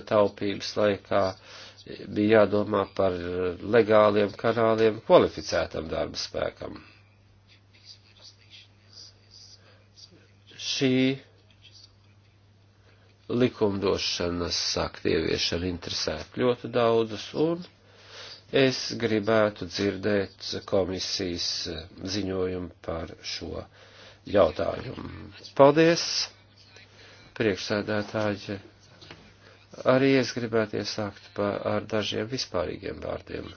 S1: taupības laikā bija jādomā par legāliem kanāliem kvalificētam darba spēkam. Šī likumdošanas sakt ieviešana interesētu ļoti daudzus, un es gribētu dzirdēt komisijas ziņojumu par šo jautājumu. Paldies, priekšsēdētāji! Arī es gribētu iesākt pa, ar dažiem vispārīgiem vārdiem.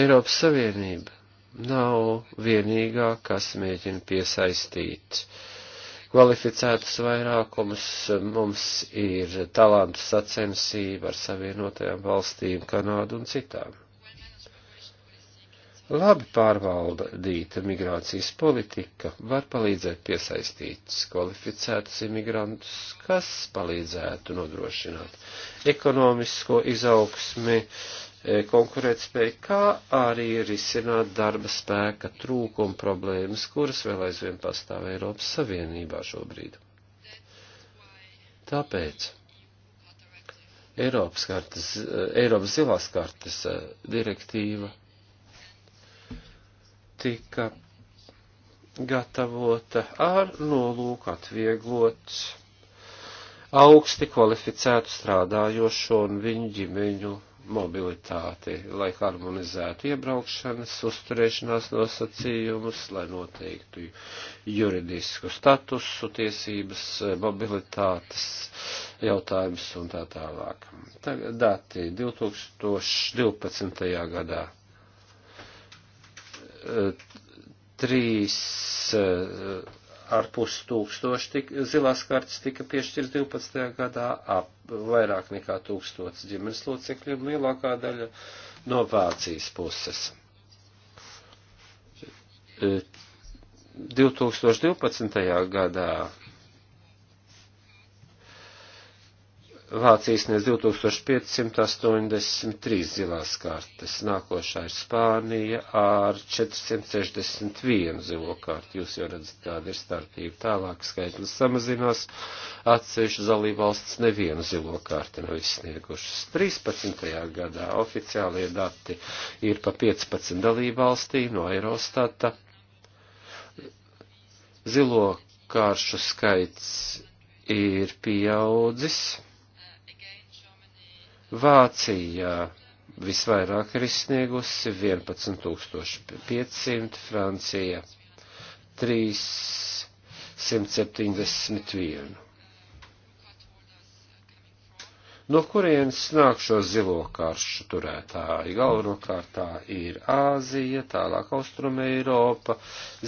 S1: Eiropas Savienība nav vienīgā, kas mēģina piesaistīt kvalificētus vairākumus. Mums ir talantu sacensība ar savienotajām valstīm, Kanādu un citām. Labi pārvaldīta migrācijas politika var palīdzēt piesaistīt kvalificētus imigrantus, kas palīdzētu nodrošināt ekonomisko izaugsmi, E, konkurētspēju, kā arī risināt darba spēka trūkuma problēmas, kuras vēl aizvien pastāv Eiropas Savienībā šobrīd. Tāpēc Eiropas, kartas, e, Eiropas zilās kartes e, direktīva tika gatavota ar nolūku atvieglot augsti kvalificētu strādājošo un viņu ģimeņu mobilitāti, lai harmonizētu iebraukšanas, uzturēšanās nosacījumus, lai noteiktu juridisku statusu, tiesības, mobilitātes jautājumus un tā tālāk. Tagad dati 2012. gadā. Eh, trīs eh, ar pus tūkstoši tik, zilās kartas tika piešķirs 12. gadā ap vairāk nekā tūkstots ģimenes locekļiem, lielākā daļa no Vācijas puses. 2012. E, gadā Vācijas nes 2583 zilās kartes, nākošā ir Spānija ar 461 zilo karti. Jūs jau redzat, kāda ir starpība. Tālāk skaitlis samazinās, atsevišķi dalībvalsts nevienu zilo karti nav izsniegušas. 13. gadā oficiālie dati ir pa 15 dalībvalstīm no Eurostata. Zilo kāršu skaits ir pieaudzis Vācijā visvairāk ir izsniegusi 11500, Francija 371. No kurienes nāk šo zilo karšu turētāji? Galvenokārt tā ir Āzija, tālāk Austruma Eiropa,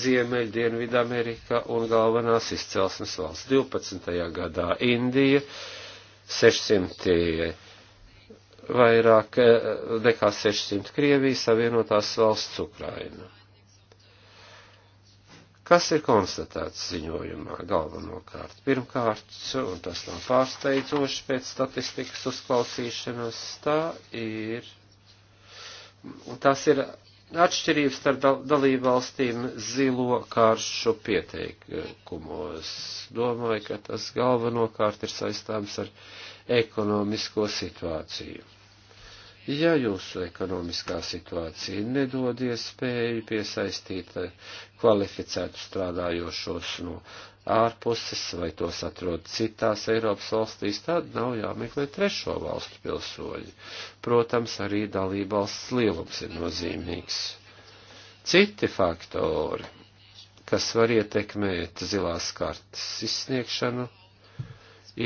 S1: Ziemeļ, Dienvidu Amerika un galvenās izcelsmes valsts 12. gadā Indija 600 vairāk eh, nekā 600 Krievija, Savienotās valsts Ukraina. Kas ir konstatēts ziņojumā galvenokārt? Pirmkārt, un tas nav pārsteidzoši pēc statistikas uzklausīšanas, tā ir, tas ir atšķirības starp dalību valstīm zilo karšu pieteikumos. Domāju, ka tas galvenokārt ir saistāms ar ekonomisko situāciju. Ja jūsu ekonomiskā situācija nedod iespēju piesaistīt eh, kvalificētu strādājošos no ārpuses vai tos atrod citās Eiropas valstīs, tad nav jāmeklē trešo valstu pilsoņi. Protams, arī dalībvalsts lielums ir nozīmīgs. Citi faktori, kas var ietekmēt zilās kartas izsniegšanu,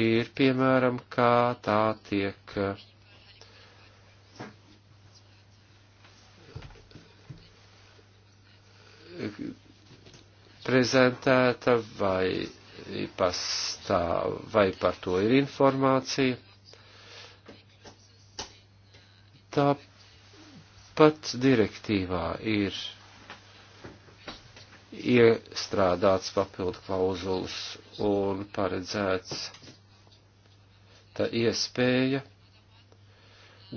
S1: ir piemēram, kā tā tiek prezentēta vai pastāv, vai par to ir informācija. Tāpat direktīvā ir iestrādāts papildu klauzulas un paredzēts tā iespēja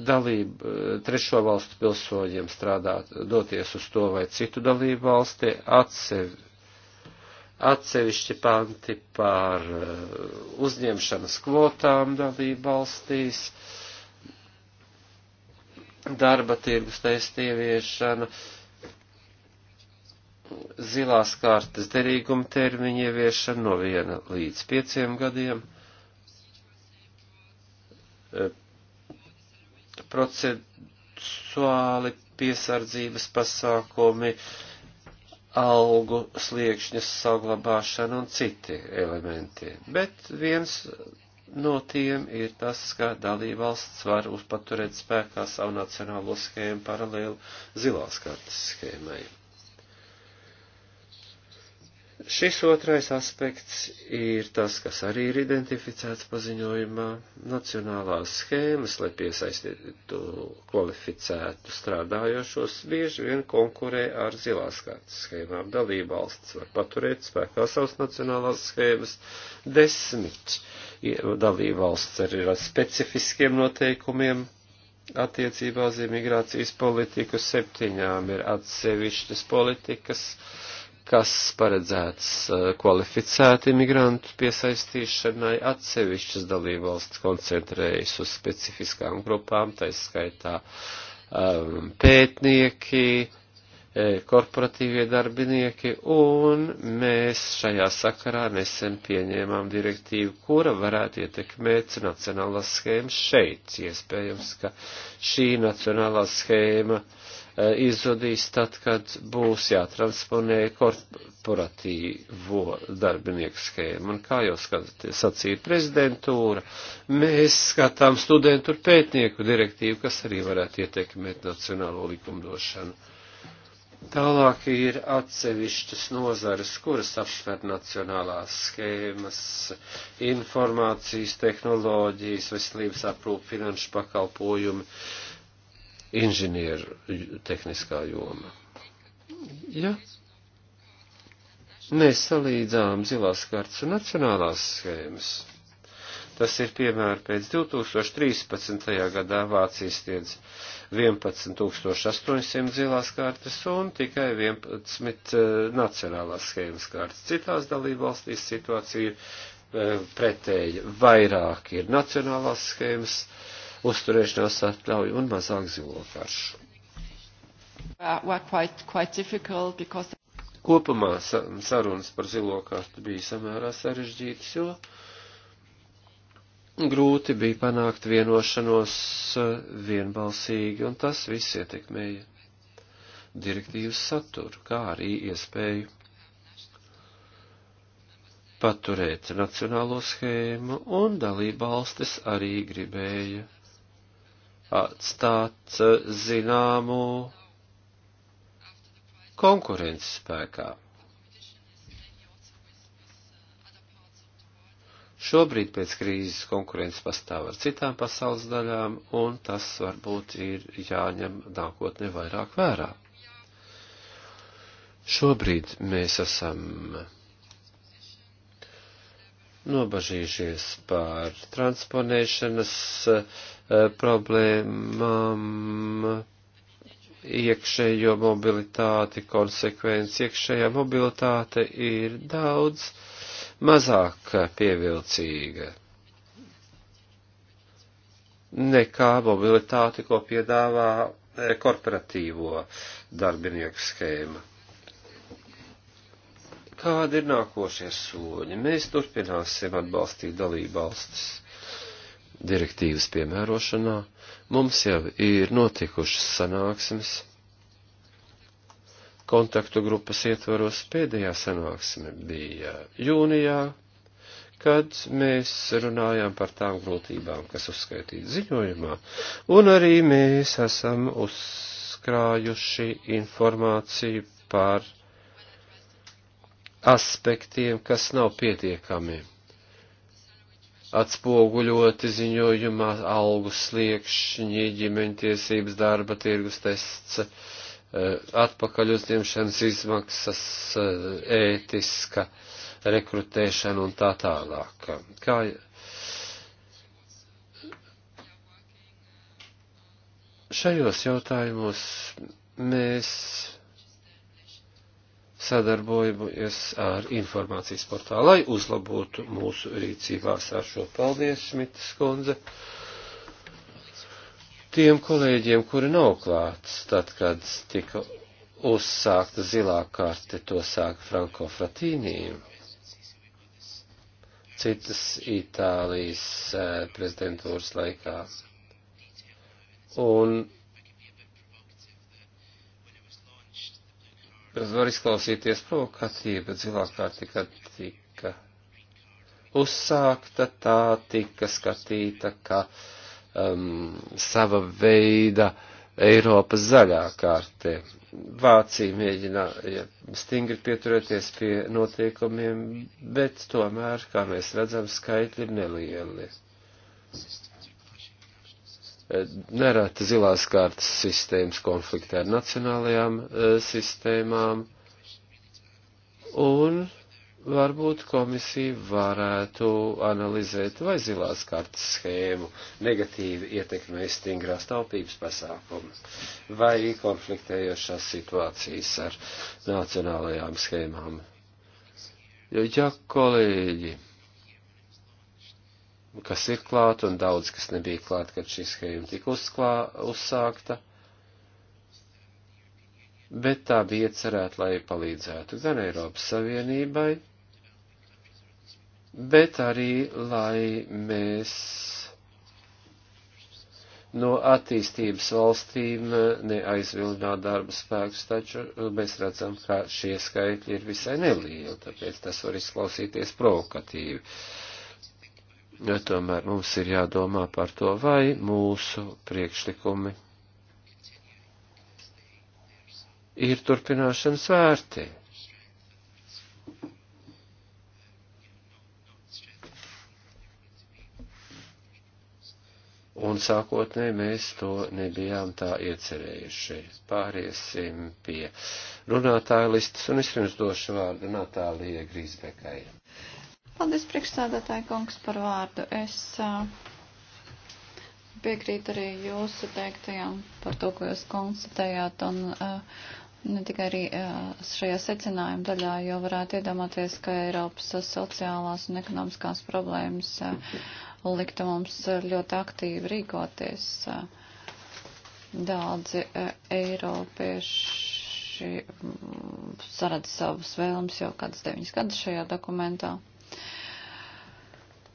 S1: dalību eh, trešo valstu pilsoņiem strādāt, doties uz to vai citu dalību valsti, atsevi, atsevišķi panti par eh, uzņemšanas kvotām dalību valstīs, darba tirgus taistīviešana, zilās kārtas derīguma termiņa ieviešana no viena līdz pieciem gadiem eh, procesuāli piesardzības pasākumi, algu sliekšņas saglabāšana un citi elementi. Bet viens no tiem ir tas, ka dalībvalsts var uzpaturēt spēkā savu nacionālo schēmu paralēli zilās kartas schēmai. Šis otrais aspekts ir tas, kas arī ir identificēts paziņojumā - nacionālās schēmas, lai piesaistītu kvalificētu strādājošos, bieži vien konkurē ar zilās kārtas schēmām. Dalība valsts var paturēt spēkā savas nacionālās schēmas. Desmit dalība valsts arī ar specifiskiem noteikumiem attiecībā uz imigrācijas politiku, septiņām ir atsevišķas politikas kas paredzēts eh, kvalificēti imigrantu piesaistīšanai, atsevišķas dalībvalsts koncentrējas uz specifiskām grupām, tā skaitā um, pētnieki, e, korporatīvie darbinieki, un mēs šajā sakarā nesen pieņēmām direktīvu, kura varētu ietekmēt nacionālās schēmas šeit. Iespējams, ka šī nacionālā schēma uh, Eh, izzudīs tad, kad būs jātransponē korporatīvo darbinieku schēmu. Un kā jau skat, sacīja prezidentūra, mēs skatām studentu un pētnieku direktīvu, kas arī varētu ietekmēt nacionālo likumdošanu. Tālāk ir atsevišķas nozares, kuras aptver nacionālās schēmas, informācijas tehnoloģijas, veselības aprūp, finanšu pakalpojumi, uh, inženieru tehniskā joma. Ja mēs salīdzām zilās kartas un nacionālās schēmas, tas ir piemēram pēc 2013. gadā Vācijas tiedz 11800 zilās kartas un tikai 11 eh, nacionālās schēmas kartas. Citās dalībvalstīs situācija ir eh, pretēja. Vairāk ir nacionālās schēmas, uh, uzturēšanās atļauju un mazāk zilo karšu.
S3: Uh,
S2: quite, quite because...
S1: Kopumā sarunas par zilo kartu bija samērā sarežģītas, jo grūti bija panākt vienošanos uh, vienbalsīgi, un tas viss ietekmēja direktīvas saturu, kā arī iespēju paturēt nacionālo schēmu, un dalībvalstis arī gribēja atstāt eh, zināmu konkurences spēkā. Šobrīd pēc krīzes konkurence pastāv ar citām pasaules daļām, un tas varbūt ir jāņem nākotnē vairāk vērā. Šobrīd mēs esam nobažījušies par transponēšanas eh, problēmām, iekšējo mobilitāti, konsekvenci. Iekšējā mobilitāte ir daudz mazāk pievilcīga nekā mobilitāte, ko piedāvā eh, korporatīvo darbinieku schēma. Kādi ir nākošie soļi? Mēs turpināsim atbalstīt dalību valstis direktīvas piemērošanā. Mums jau ir notikušas sanāksmes kontaktu grupas ietvaros pēdējā sanāksme bija jūnijā, kad mēs runājām par tām grūtībām, kas uzskaitīts ziņojumā, un arī mēs esam uzkrājuši informāciju par aspektiem, kas nav pietiekami atspoguļoti ziņojumā algu sliekšņi, ģimeņtiesības darba tirgus tests, eh, atpakaļ uzņemšanas izmaksas, eh, ētiska rekrutēšana un tā tālāk. Kā šajos jautājumos mēs sadarbojamies ar informācijas portālu, lai uzlabotu mūsu rīcībās ar šo paldies, Šmitas kundze. Tiem kolēģiem, kuri nav klāts, tad, kad tika uzsākta zilā karte, to sāka Franko Fratīnī, citas Itālijas eh, prezidentūras laikā. Un var izklausīties provokatīvi, bet zilā kārta tika, tika uzsākta, tā tika skatīta, ka um, sava veida Eiropas zaļā kārte. Vācija mēģināja stingri pieturēties pie notiekumiem, bet tomēr, kā mēs redzam, skaitļi ir nelieli. Sistēma nereti zilās kārtas sistēmas konfliktē ar nacionālajām e, sistēmām, un varbūt komisija varētu analizēt, vai zilās kartas schēmu negatīvi ietekmē stingrās taupības pasākumus, vai konfliktējošās situācijas ar nacionālajām schēmām. Jo, ja kolēģi, kas ir klāt un daudz, kas nebija klāt, kad šī schēma tika uzklā, uzsākta. Bet tā bija cerēta, lai palīdzētu gan Eiropas Savienībai, bet arī, lai mēs no attīstības valstīm neaizvilināt darba spēkus, taču mēs redzam, ka šie skaitļi ir visai nelieli, tāpēc tas var izklausīties provokatīvi. Uh, Ja tomēr mums ir jādomā par to, vai mūsu priekšlikumi ir turpināšanas vērti. Un sākotnēji mēs to nebijām tā iecerējuši. Pāriesim pie runātāja listas, un es jums došu vārdu Natālijai Grīsbekai.
S2: Paldies, priekšsēdētāji kungs, par vārdu. Es uh, piekrītu arī jūsu teiktajām par to, ko jūs konstatējāt, un uh, ne tikai arī uh, šajā secinājuma daļā, jo varētu iedomāties, ka Eiropas sociālās un ekonomiskās problēmas likta mums ļoti aktīvi rīkoties daudzi eiropieši mm, sarada savas vēlmes jau kādas deviņas gadus šajā dokumentā.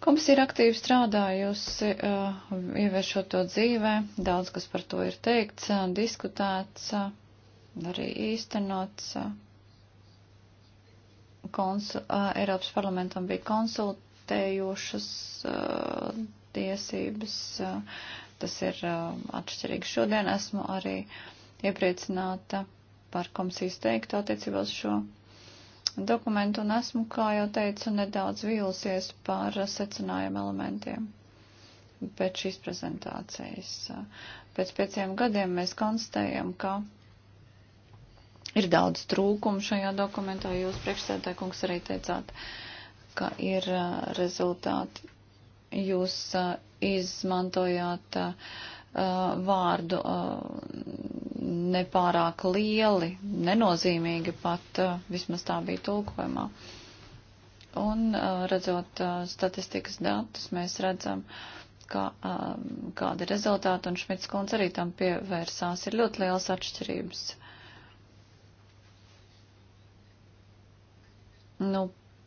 S2: Komisija ir aktīvi strādājusi, uh, ieviešot to dzīvē, daudz kas par to ir teikts, uh, diskutēts, uh, arī īstenots. Konsul, Eiropas parlamentam bija konsultējošas tiesības, tas ir atšķirīgi. Šodien esmu arī iepriecināta par komisijas teikto attiecībā uz šo dokumentu un esmu, kā jau teicu, nedaudz vīlusies par secinājumu elementiem pēc šīs prezentācijas. Pēc pieciem gadiem mēs konstatējam, ka ir daudz trūkumu šajā dokumentā. Jūs priekšsēdētāji kungs arī teicāt, ka ir rezultāti. Jūs izmantojāt vārdu nepārāk lieli, nenozīmīgi pat, eh, vismaz tā bija tulkojumā. Un eh, redzot eh, statistikas datus, mēs redzam, kā, kāda ir rezultāta, un Šmits kundze arī tam pievērsās, ir ļoti lielas atšķirības. Nu,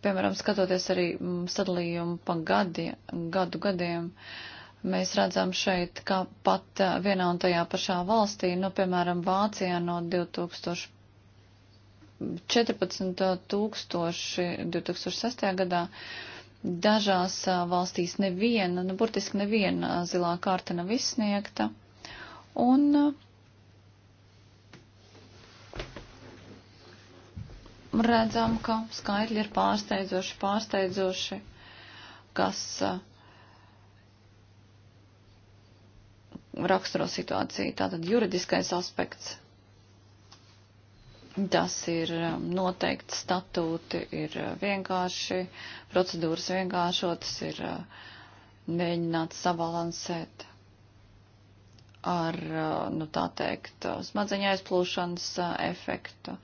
S2: piemēram, skatoties arī mm, sadalījumu pa gadi, gadu gadiem, uh, Mēs redzam šeit, ka pat uh, vienā un tajā pašā valstī, nu, piemēram, Vācijā no 2000 14 uh, tūkstoši 2006. gadā. Dažās uh, valstīs neviena, nu, burtiski neviena zilā kārta nav izsniegta. Un redzam, ka skaitļi ir pārsteidzoši, pārsteidzoši, kas uh, raksturo situāciju. Tātad juridiskais aspekts. Tas ir um, noteikti statūti, ir uh, vienkārši, procedūras vienkāršotas, ir uh, mēģināts sabalansēt ar, uh, nu tā teikt, smadzeņa aizplūšanas efektu,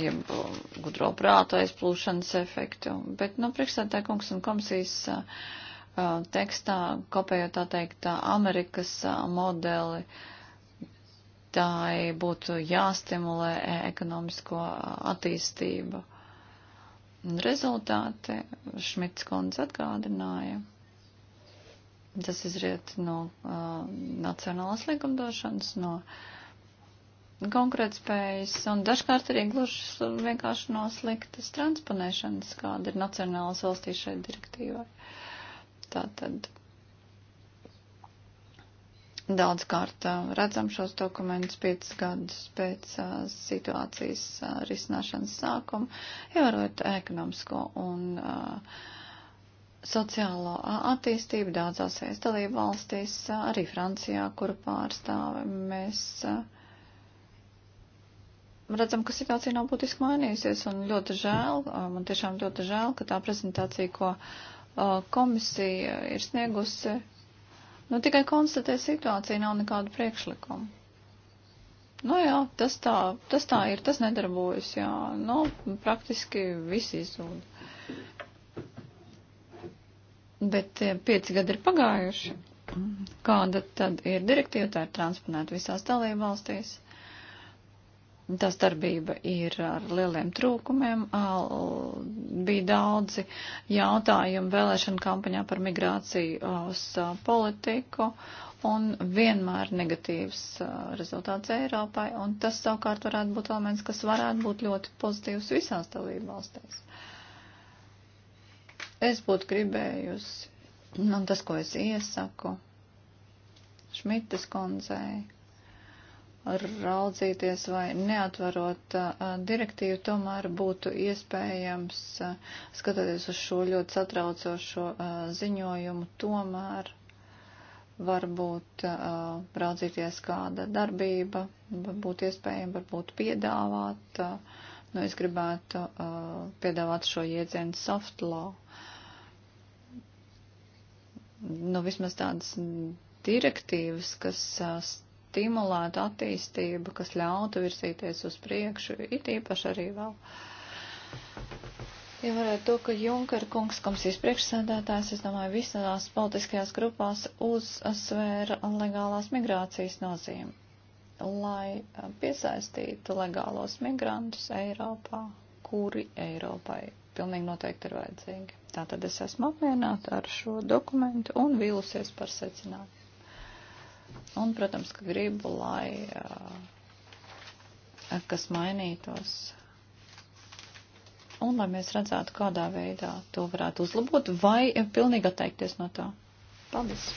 S2: jeb gudro prātu aizplūšanas efektu. Bet, nu, priekšsēdētāji kungs un komisijas. Uh, tekstā, kopējot tā teikt Amerikas modeli, tai būtu jāstimulē ekonomisko attīstību. Rezultāti Šmits kundze atgādināja. Tas izriet no uh, nacionālās likumdošanas, no konkrētspējas un dažkārt arī gluži vienkārši no sliktas transponēšanas, kāda ir nacionālas valstīs šai direktīvai. Uh, Tātad daudzkārt redzam šos dokumentus piecas gadus pēc situācijas risināšanas sākuma, ievarot ekonomisko un sociālo attīstību daudzās es dalību valstīs, arī Francijā, kuru pārstāvi mēs redzam, ka situācija nav būtiski mainījusies un ļoti žēl, man tiešām ļoti žēl, ka tā prezentācija, ko komisija ir sniegusi, nu tikai konstatē situāciju, nav nekādu priekšlikumu. Nu jā, tas tā, tas tā ir, tas nedarbojas, jā, nu praktiski visi izzūd. Bet pieci gadi ir pagājuši. Kāda tad ir direktīva, tā ir transponēta visās dalību valstīs. Tās darbība ir ar lieliem trūkumiem. Bija daudzi jautājumi vēlēšana kampaņā par migrācijas politiku un vienmēr negatīvs rezultāts Eiropai. Un tas savukārt varētu būt elements, kas varētu būt ļoti pozitīvs visās dalību valstīs. Es būtu gribējusi, un tas, ko es iesaku Šmitas kundzei raudzīties vai neatvarot direktīvu, tomēr būtu iespējams, skatoties uz šo ļoti satraucošo ziņojumu, tomēr varbūt raudzīties kāda darbība, varbūt iespējami, varbūt piedāvāt. Nu, es gribētu piedāvāt šo jēdzienu soft law. Nu, vismaz tādas direktīvas, kas stimulētu attīstību, kas ļautu virzīties uz priekšu, it īpaši arī vēl. Ievarētu ja to, ka Junker kungs, komisijas priekšsēdētājs, es domāju, visās politiskajās grupās uzsvēra legālās migrācijas nozīmi, lai piesaistītu legālos migrantus Eiropā, kuri Eiropai pilnīgi noteikti ir vajadzīgi. Tātad es esmu apmierināta ar šo dokumentu un vīlusies par secinājumu. Un, protams, ka gribu, lai kas mainītos. Un lai mēs redzētu, kādā veidā to varētu uzlabot vai pilnīgi atteikties no tā.
S3: Paldies!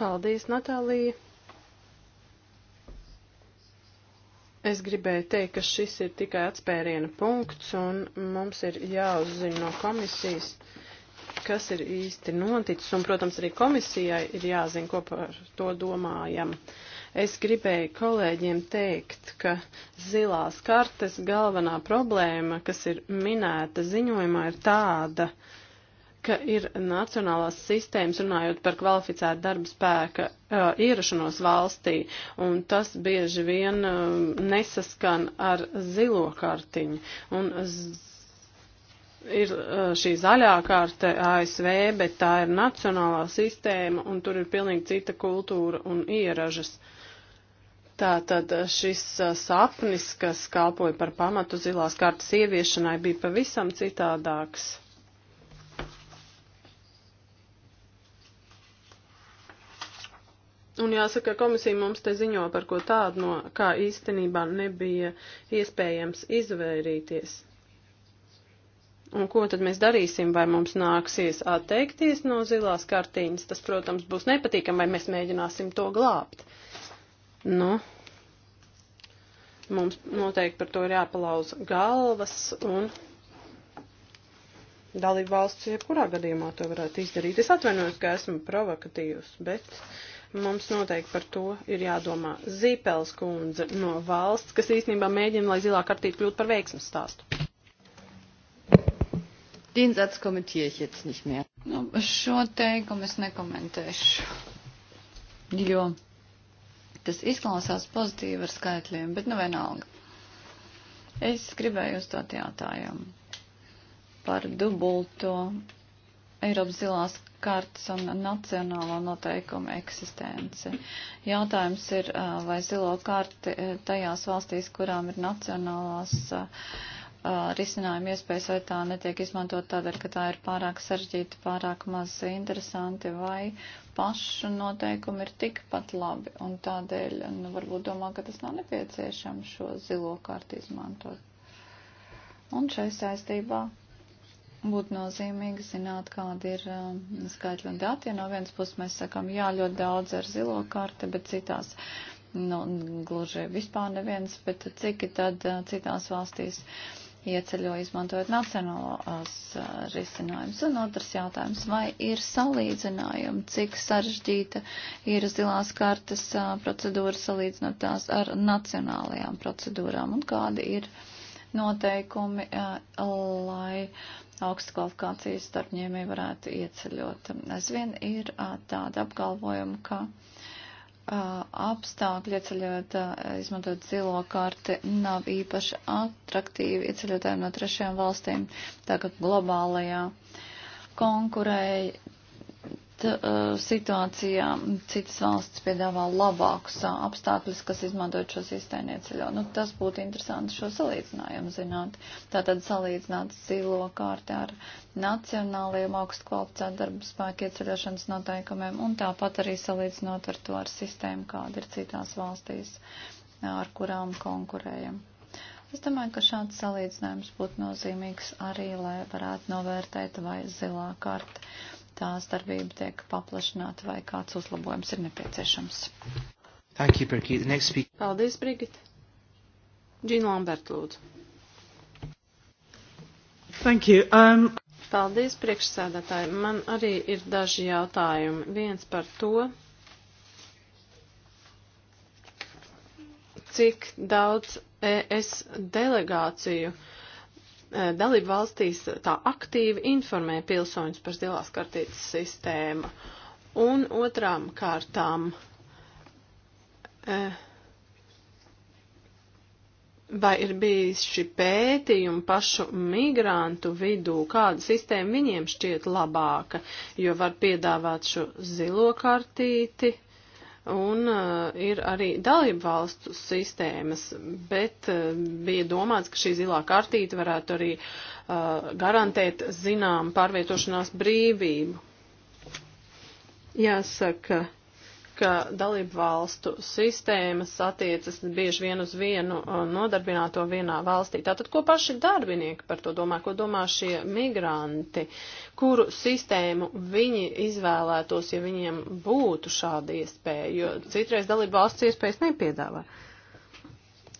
S3: Paldies, Natālija! Es gribēju teikt, ka šis ir tikai atspēriena punkts un mums ir jāuzzina no komisijas kas ir īsti noticis, un, protams, arī komisijai ir jāzina, ko par to domājam. Es gribēju kolēģiem teikt, ka zilās kartes galvenā problēma, kas ir minēta ziņojumā, ir tāda, ka ir nacionālās sistēmas, runājot par kvalificētu darba spēka uh, ierašanos valstī, un tas bieži vien uh, nesaskan ar zilo kartiņu. Un ir šī zaļā kārta ASV, bet tā ir nacionālā sistēma un tur ir pilnīgi cita kultūra un ieražas. Tā tad šis sapnis, kas kalpoja par pamatu zilās kārtas ieviešanai, bija pavisam citādāks. Un jāsaka, komisija mums te ziņo par ko tādu, no kā īstenībā nebija iespējams izvairīties. Un ko tad mēs darīsim, vai mums nāksies atteikties no zilās kartīņas? Tas, protams, būs nepatīkami, vai mēs mēģināsim to glābt. Nu, mums noteikti par to ir jāpalauz galvas un dalību valsts jebkurā gadījumā to varētu izdarīt. Es atvainojos, ka esmu provokatīvs, bet mums noteikti par to ir jādomā. Zīpels kundze no valsts, kas īstenībā mēģina, lai zilā kartīte kļūtu par veiksmes stāstu. Den Satz kommentiere ich jetzt nicht mehr. Nu,
S2: šo teikumu es nekomentēšu, jo tas izklausās pozitīvi ar skaitļiem, bet nu vienalga. Es gribēju uzdot jautājumu par dubulto Eiropas zilās kartas un nacionālo noteikumu eksistenci. Jautājums ir, vai zilo karti tajās valstīs, kurām ir nacionālās uh, risinājuma iespējas, vai tā netiek izmantot tādēļ, ka tā ir pārāk sarežģīta, pārāk maz interesanti, vai pašu noteikumi ir tikpat labi, un tādēļ nu, varbūt domā, ka tas nav nepieciešams šo zilo kārtu izmantot. Un šai saistībā būtu nozīmīgi zināt, kāda ir uh, skaitļa un dati. Ja no vienas puses mēs sakām, jā, ļoti daudz ar zilo karti, bet citās nu, gluži vispār neviens, bet cik tad citās valstīs ieceļo izmantojot nacionālos risinājumus. Un otrs jautājums, vai ir salīdzinājumi, cik sarežģīta ir zilās kartas procedūra salīdzinot tās ar nacionālajām procedūrām un kādi ir noteikumi, lai augsta kvalifikācijas starpņēmēji varētu ieceļot. Aizvien ir tāda apgalvojuma, ka apstākļi ieceļot, izmantot zilo karti, nav īpaši atraktīvi ieceļotājiem no trešajām valstīm, tā kā globālajā konkurēja uh, situācijā citas valsts piedāvā labākus uh, apstākļus, kas izmantojot šos iztainieceļo. Nu, tas būtu interesanti šo salīdzinājumu zināt. Tātad salīdzināt zilo kārti ar nacionālajiem augstu kvalificētu darbu spēku ieceļošanas noteikumiem un tāpat arī salīdzinot ar to ar sistēmu, kāda ir citās valstīs, uh, ar kurām konkurējam. Es domāju, ka šāds salīdzinājums būtu nozīmīgs arī, lai varētu novērtēt, vai zilā karta tās darbība tiek paplašināta vai kāds uzlabojums ir nepieciešams.
S1: Thank you, Brigitte. Next speaker.
S3: Paldies, Brigitte. Džina Lambert, lūdzu. Thank you. Um... Paldies, priekšsēdētāji. Man arī ir daži jautājumi. Viens par to, cik daudz ES delegāciju uh, Eh, dalību valstīs tā aktīvi informē pilsoņus par zilās kartītes sistēmu. Un otrām kārtām, eh, vai ir bijis šī pētījuma pašu migrantu vidū, kāda sistēma viņiem šķiet labāka, jo var piedāvāt šo zilo kartīti un uh, ir arī dalību valstu sistēmas, bet uh, bija domāts, ka šī zilā kartīte varētu arī uh, garantēt zinām pārvietošanās brīvību. Jāsaka, uh, ka dalību valstu sistēmas attiecas bieži vien uz vienu uh, nodarbināto vienā valstī. Tātad, ko paši darbinieki par to domā, ko domā šie migranti, kuru sistēmu viņi izvēlētos, ja viņiem būtu šāda iespēja, jo citreiz dalību valsts iespējas nepiedāvā.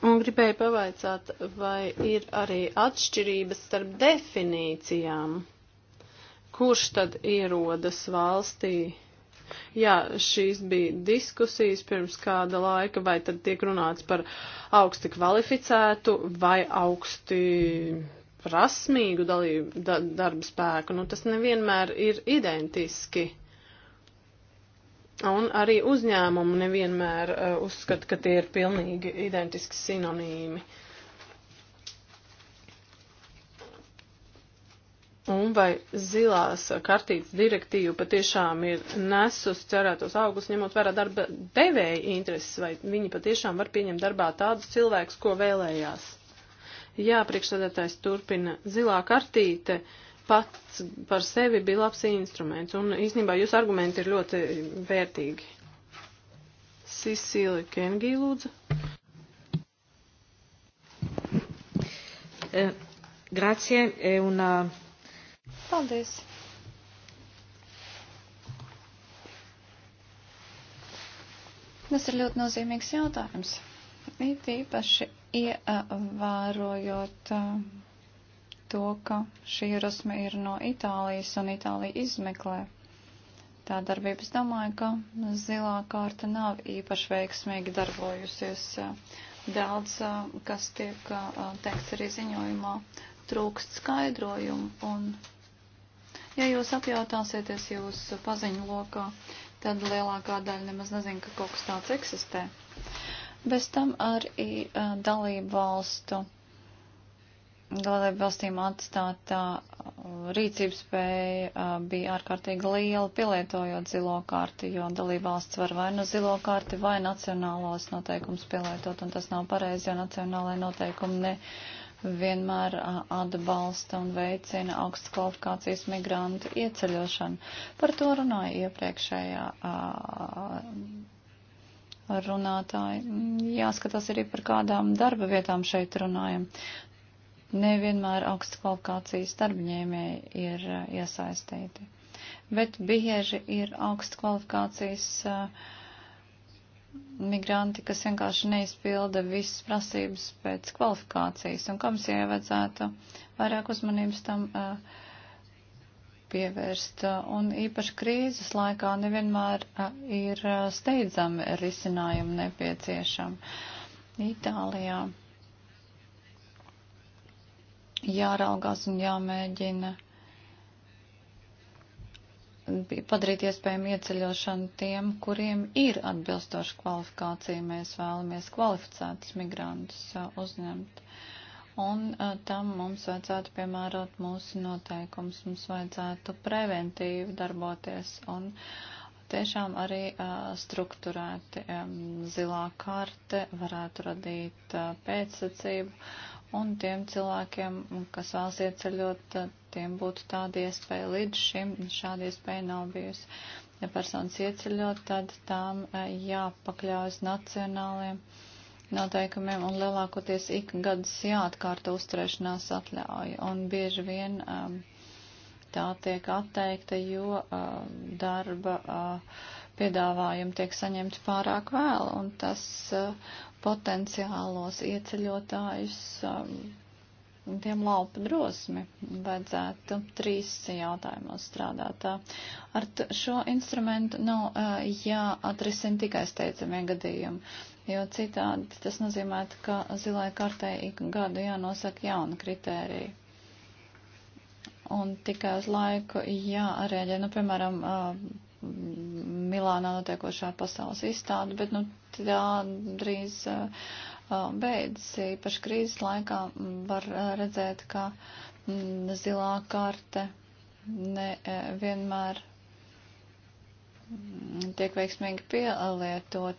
S3: Un gribēju pavaicāt, vai ir arī atšķirības starp definīcijām, kurš tad ierodas valstī Jā, šīs bija diskusijas pirms kāda laika, vai tad tiek runāts par augsti kvalificētu vai augsti prasmīgu dalību da, darba spēku. Nu, tas nevienmēr ir identiski. Un arī uzņēmumu nevienmēr uh, uzskata, ka tie ir pilnīgi identiski sinonīmi. Uh, Un vai zilās kartītes direktīva patiešām ir nesus cerētos augus, ņemot vērā darba devēja intereses, vai viņi patiešām var pieņemt darbā tādus cilvēkus, ko vēlējās? Jā, priekšsēdētājs turpina zilā kartīte pats par sevi bija labs instruments, un īstenībā jūsu argumenti ir ļoti vērtīgi. Sisīli Kengī lūdzu. Eh, grazie, e una Paldies!
S2: Tas ir ļoti nozīmīgs jautājums. It īpaši ievērojot uh, to, ka šī ierosme ir no Itālijas un Itālija izmeklē. Tā darbības domāju, ka zilā kārta nav īpaši veiksmīgi darbojusies. Daudz, uh, kas tiek uh, teikts arī ziņojumā, trūkst skaidrojumu un Ja jūs apjautāsieties jūsu paziņu lokā, tad lielākā daļa nemaz nezina, ka kaut kas tāds eksistē. Bez tam arī uh, dalību valstu, dalību valstīm atstātā uh, eh, rīcības spēja uh, bija ārkārtīgi liela, pielietojot zilo karti, jo dalību valsts var vai nu zilo karti, vai nacionālos noteikums pielietot, un tas nav pareizi, jo nacionālai noteikumi ne. Uh, vienmēr atbalsta un veicina augstas kvalifikācijas migrantu ieceļošanu. Par to runāja iepriekšējā runātāja. Mm, jāskatās arī par kādām darba vietām šeit runājam. Nevienmēr augstas kvalifikācijas darbņēmēji ir iesaistīti, bet bieži ir augstas kvalifikācijas uh, migranti, kas vienkārši neizpilda visas prasības pēc kvalifikācijas, un komisijai vajadzētu vairāk uzmanības tam uh, pievērst. Un īpaši krīzes laikā nevienmēr uh, ir uh, steidzami risinājumi nepieciešami. Itālijā jāraugās un jāmēģina uh, padarīt iespējami ieceļošanu tiem, kuriem ir atbilstoša kvalifikācija. Mēs vēlamies kvalificētus migrantus uzņemt. Un tam mums vajadzētu piemērot mūsu noteikums, mums vajadzētu preventīvi darboties un tiešām arī strukturēti. Zilā karte varētu radīt pēcsacību un tiem cilvēkiem, kas vēlas ieceļot, tiem būtu tāda iespēja. Līdz šim šāda iespēja nav bijusi. Ja personas ieceļot, tad tām e, jāpakļaujas nacionāliem noteikumiem un lielākoties ik gadus jāatkārta uzturēšanās atļauja. Un bieži vien um, tā tiek atteikta, jo uh, darba uh, piedāvājumi tiek saņemti pārāk vēl, un tas uh, potenciālos ieceļotājus um, tiem laupa drosmi. Vajadzētu trīs jautājumos strādāt. Ar šo instrumentu nav jāatrisina tikai steidzamie gadījumi, jo citādi tas nozīmē, ka zilai kartē ik gadu jānosaka jauna kritērija. Un tikai uz laiku jāreaģē, nu, piemēram, Milānā notiekošā pasaules izstāde, bet, nu, tā drīz. Uh, Um, beidzas. Īpaši krīzes laikā var uh, redzēt, ka zilā karte nevienmēr e, tiek veiksmīgi pielietot.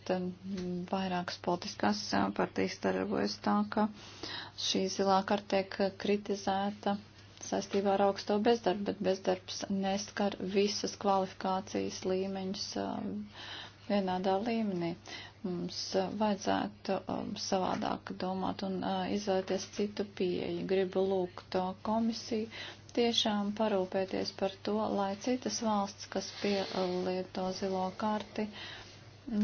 S2: Vairākas politiskās uh, partijas darbojas tā, ka šī zilā karte tiek kritizēta saistībā ar augsto bezdarbu, bet bezdarbs neskar visas kvalifikācijas līmeņus. Uh, vienādā līmenī. Mums uh, vajadzētu um, savādāk domāt un uh, izvēlēties citu pieeju. Gribu lūgt komisiju tiešām parūpēties par to, lai citas valsts, kas pielieto zilo karti,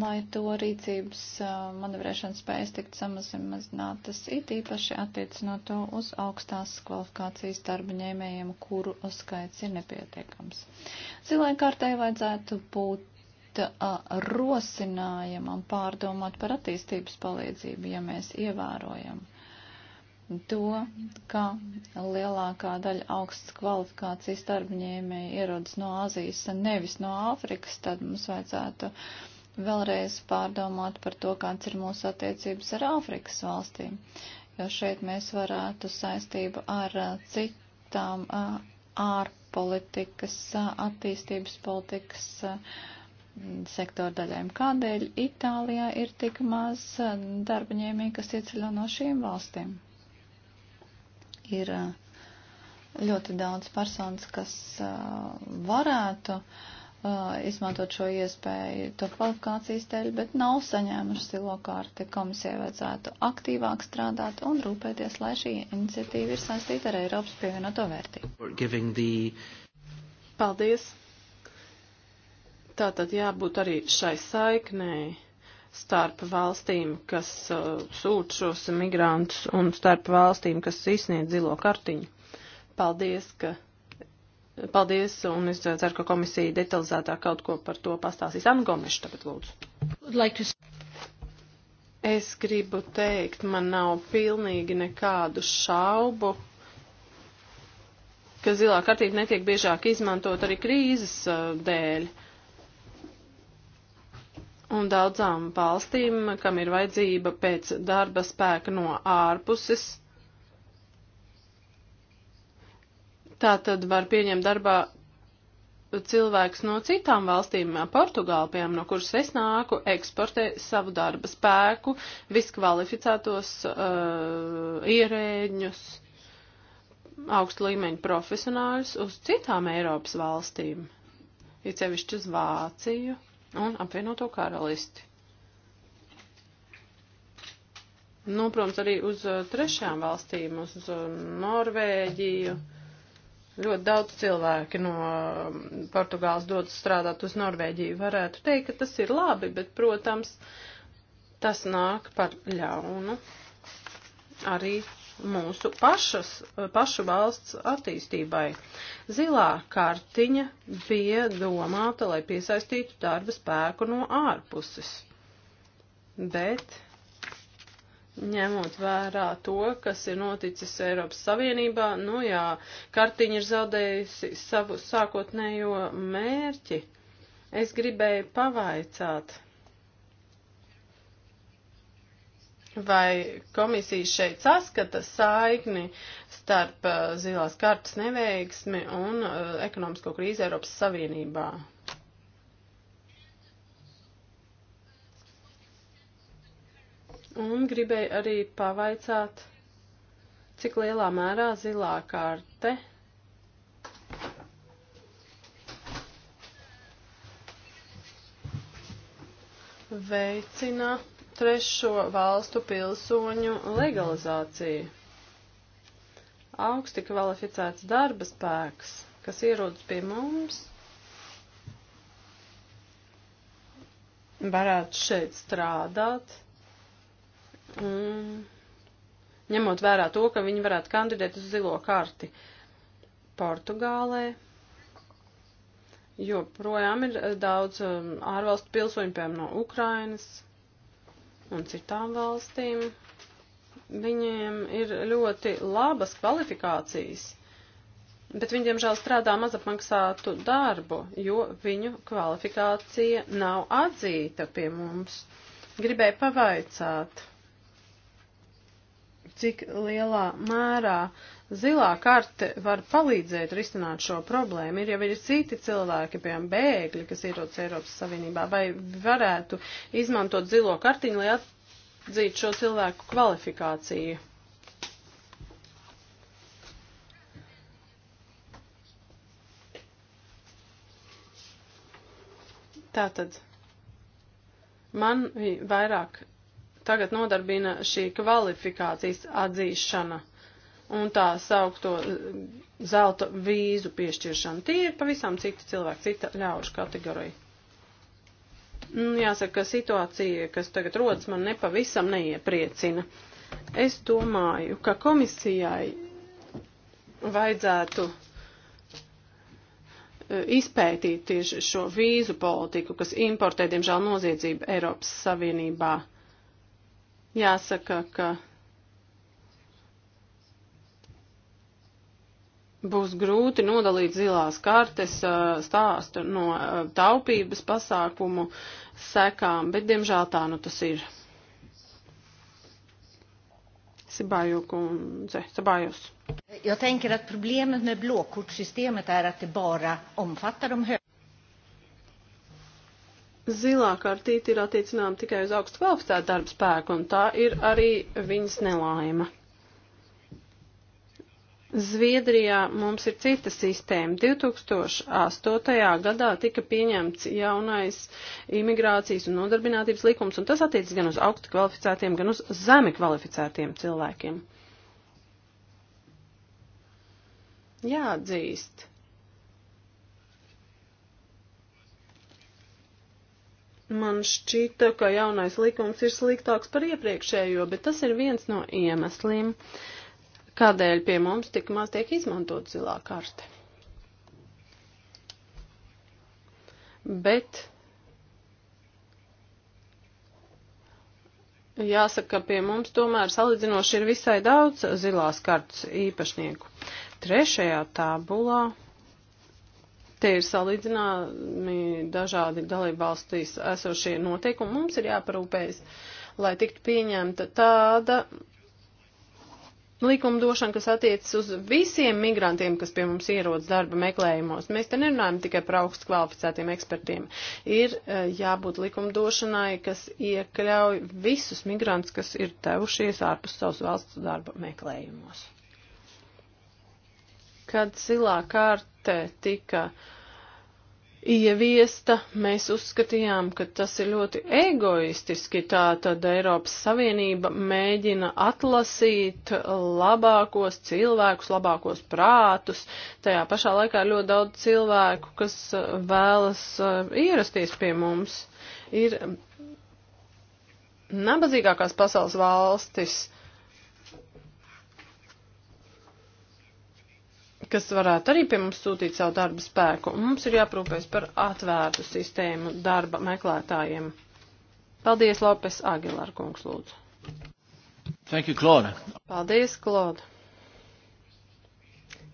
S2: lai to rīcības uh, manevrēšanas spējas tikt samazinātas, it īpaši attiecinot to uz augstās kvalifikācijas darba ņēmējiem, kuru skaits ir nepietiekams. Zilai kārtai vajadzētu būt būt uh, rosinājumam pārdomāt par attīstības palīdzību, ja mēs ievērojam to, ka lielākā daļa augstas kvalifikācijas darbņēmēji ierodas no Azijas, nevis no Āfrikas, tad mums vajadzētu vēlreiz pārdomāt par to, kāds ir mūsu attiecības ar Āfrikas valstīm, jo šeit mēs varētu saistību ar citām ārpolitikas, attīstības politikas. A, sektoru daļām. Kādēļ Itālijā ir tik maz eh, darba ņēmēji, kas ieceļo no šīm valstīm? Ir eh, ļoti daudz personas, kas eh, varētu izmantot šo iespēju to kvalifikācijas dēļ, bet nav saņēmuši silo kārti. Komisijai vajadzētu aktīvāk strādāt un rūpēties, lai šī iniciatīva ir saistīta
S3: ar Eiropas pievienoto
S1: vērtību. The...
S3: Paldies! Tātad jābūt arī šai saiknēji starp valstīm, kas uh, sūta šos migrantus un starp valstīm, kas izsniedz zilo kartiņu. Paldies, ka. Paldies, un es ceru, ka komisija detalizētāk kaut ko par to pastāstīs. Anna Gomeša tagad lūdzu. Es gribu teikt, man nav pilnīgi nekādu šaubu, ka zilā kartīte netiek biežāk izmantot arī krīzes uh, dēļ. Uh, un daudzām valstīm, kam ir vajadzība pēc darba spēka no ārpuses. Tā tad var pieņemt darbā cilvēks no citām valstīm, Portugāla, piemēram, no kuras es nāku, eksportē savu darba spēku, viskvalificētos uh, ierēģņus, augstu līmeņu profesionāļus uz citām Eiropas valstīm, it sevišķi uz Vāciju un apvienoto karalisti. Nu, protams, arī uz uh, trešām valstīm, uz uh, Norvēģiju. Ļoti daudz cilvēki no um, Portugāles dodas strādāt uz Norvēģiju. Varētu teikt, ka tas ir labi, bet, protams, tas nāk par ļaunu arī mūsu pašas, pašu valsts attīstībai. Zilā kartiņa bija domāta, lai piesaistītu darba spēku no ārpuses. Bet ņemot vērā to, kas ir noticis Eiropas Savienībā, nu jā, kartiņa ir zaudējusi savu sākotnējo mērķi. Es gribēju pavaicāt Vai komisija šeit saskata saikni starp uh, zilās kartas neveiksmi un uh, ekonomisko krīzi Eiropas Savienībā? Un gribēju arī pavaicāt, cik lielā mērā zilā karte veicina trešo valstu pilsoņu legalizāciju. Augsti kvalificēts darba spēks, kas ierodas pie mums, varētu šeit strādāt. Mm. Ņemot vērā to, ka viņi varētu kandidēt uz zilo karti Portugālē, jo projām ir eh, daudz um, ārvalstu pilsoņu, piemēram, no Ukrainas, un citām valstīm, viņiem ir ļoti labas kvalifikācijas, bet viņi, diemžēl, strādā mazapmaksātu darbu, jo viņu kvalifikācija nav atzīta pie mums. Gribēju pavaicāt, cik lielā mērā Zilā karte var palīdzēt risināt šo problēmu. Ir jau ir citi cilvēki, piemēram, bēgļi, kas ierodas Eiropas Savienībā, vai varētu izmantot zilo kartiņu, lai atzītu šo cilvēku kvalifikāciju. Tātad man vairāk tagad nodarbina šī kvalifikācijas atzīšana un tā saukto eh, zelta vīzu piešķiršanu. Tie ir pavisam cita cilvēka, cita ļaužu kategorija. Nu, jāsaka, ka situācija, kas tagad rodas, man nepavisam neiepriecina. Es domāju, ka komisijai vajadzētu eh, izpētīt tieši šo vīzu politiku, kas importē, diemžēl, noziedzību Eiropas Savienībā. Jāsaka, ka būs grūti nodalīt zilās kartes stāstu no taupības pasākumu sekām, bet diemžēl tā nu tas ir. Sibāju kundze, Sibājus.
S2: Jag tänker att problemet med blåkortsystemet är att det bara omfattar de höga.
S3: Zilā kartīte ir attiecināma tikai uz augstu kvalificētu darba spēku, un tā ir arī viņas nelaime. Zviedrijā mums ir cita sistēma. 2008. gadā tika pieņemts jaunais imigrācijas un nodarbinātības likums, un tas attiecas gan uz augstu kvalificētiem, gan uz zemi kvalificētiem cilvēkiem. Jāatzīst. Man šķita, ka jaunais likums ir sliktāks par iepriekšējo, bet tas ir viens no iemesliem. Uh, kādēļ pie mums tik maz tiek izmantot zilā karte. Bet jāsaka, ka pie mums tomēr salīdzinoši ir visai daudz zilās kartas īpašnieku. Trešajā tabulā te ir salīdzināmi dažādi dalībvalstīs esošie noteikumi. Mums ir jāparūpējas, lai tiktu pieņemta tāda likumdošana, kas attiecas uz visiem migrantiem, kas pie mums ierodas darba meklējumos. Mēs te nerunājam tikai par augstu kvalificētiem ekspertiem. Ir e, jābūt likumdošanai, kas iekļauj visus migrantus, kas ir devušies ārpus savas valsts darba meklējumos. Kad silā kārte tika uh, ieviesta, mēs uzskatījām, ka tas ir ļoti egoistiski. Tā tad Eiropas Savienība mēģina atlasīt labākos cilvēkus, labākos prātus. Tajā pašā laikā ir ļoti daudz cilvēku, kas vēlas uh, ierasties pie mums. Ir nabadzīgākās pasaules valstis kas varētu arī pie mums sūtīt savu darba spēku. Un mums ir jāprūpēs par atvērtu sistēmu darba meklētājiem. Paldies, Lopes Agilār kungs, lūdzu.
S1: Thank you, Claude.
S3: Paldies, Claude.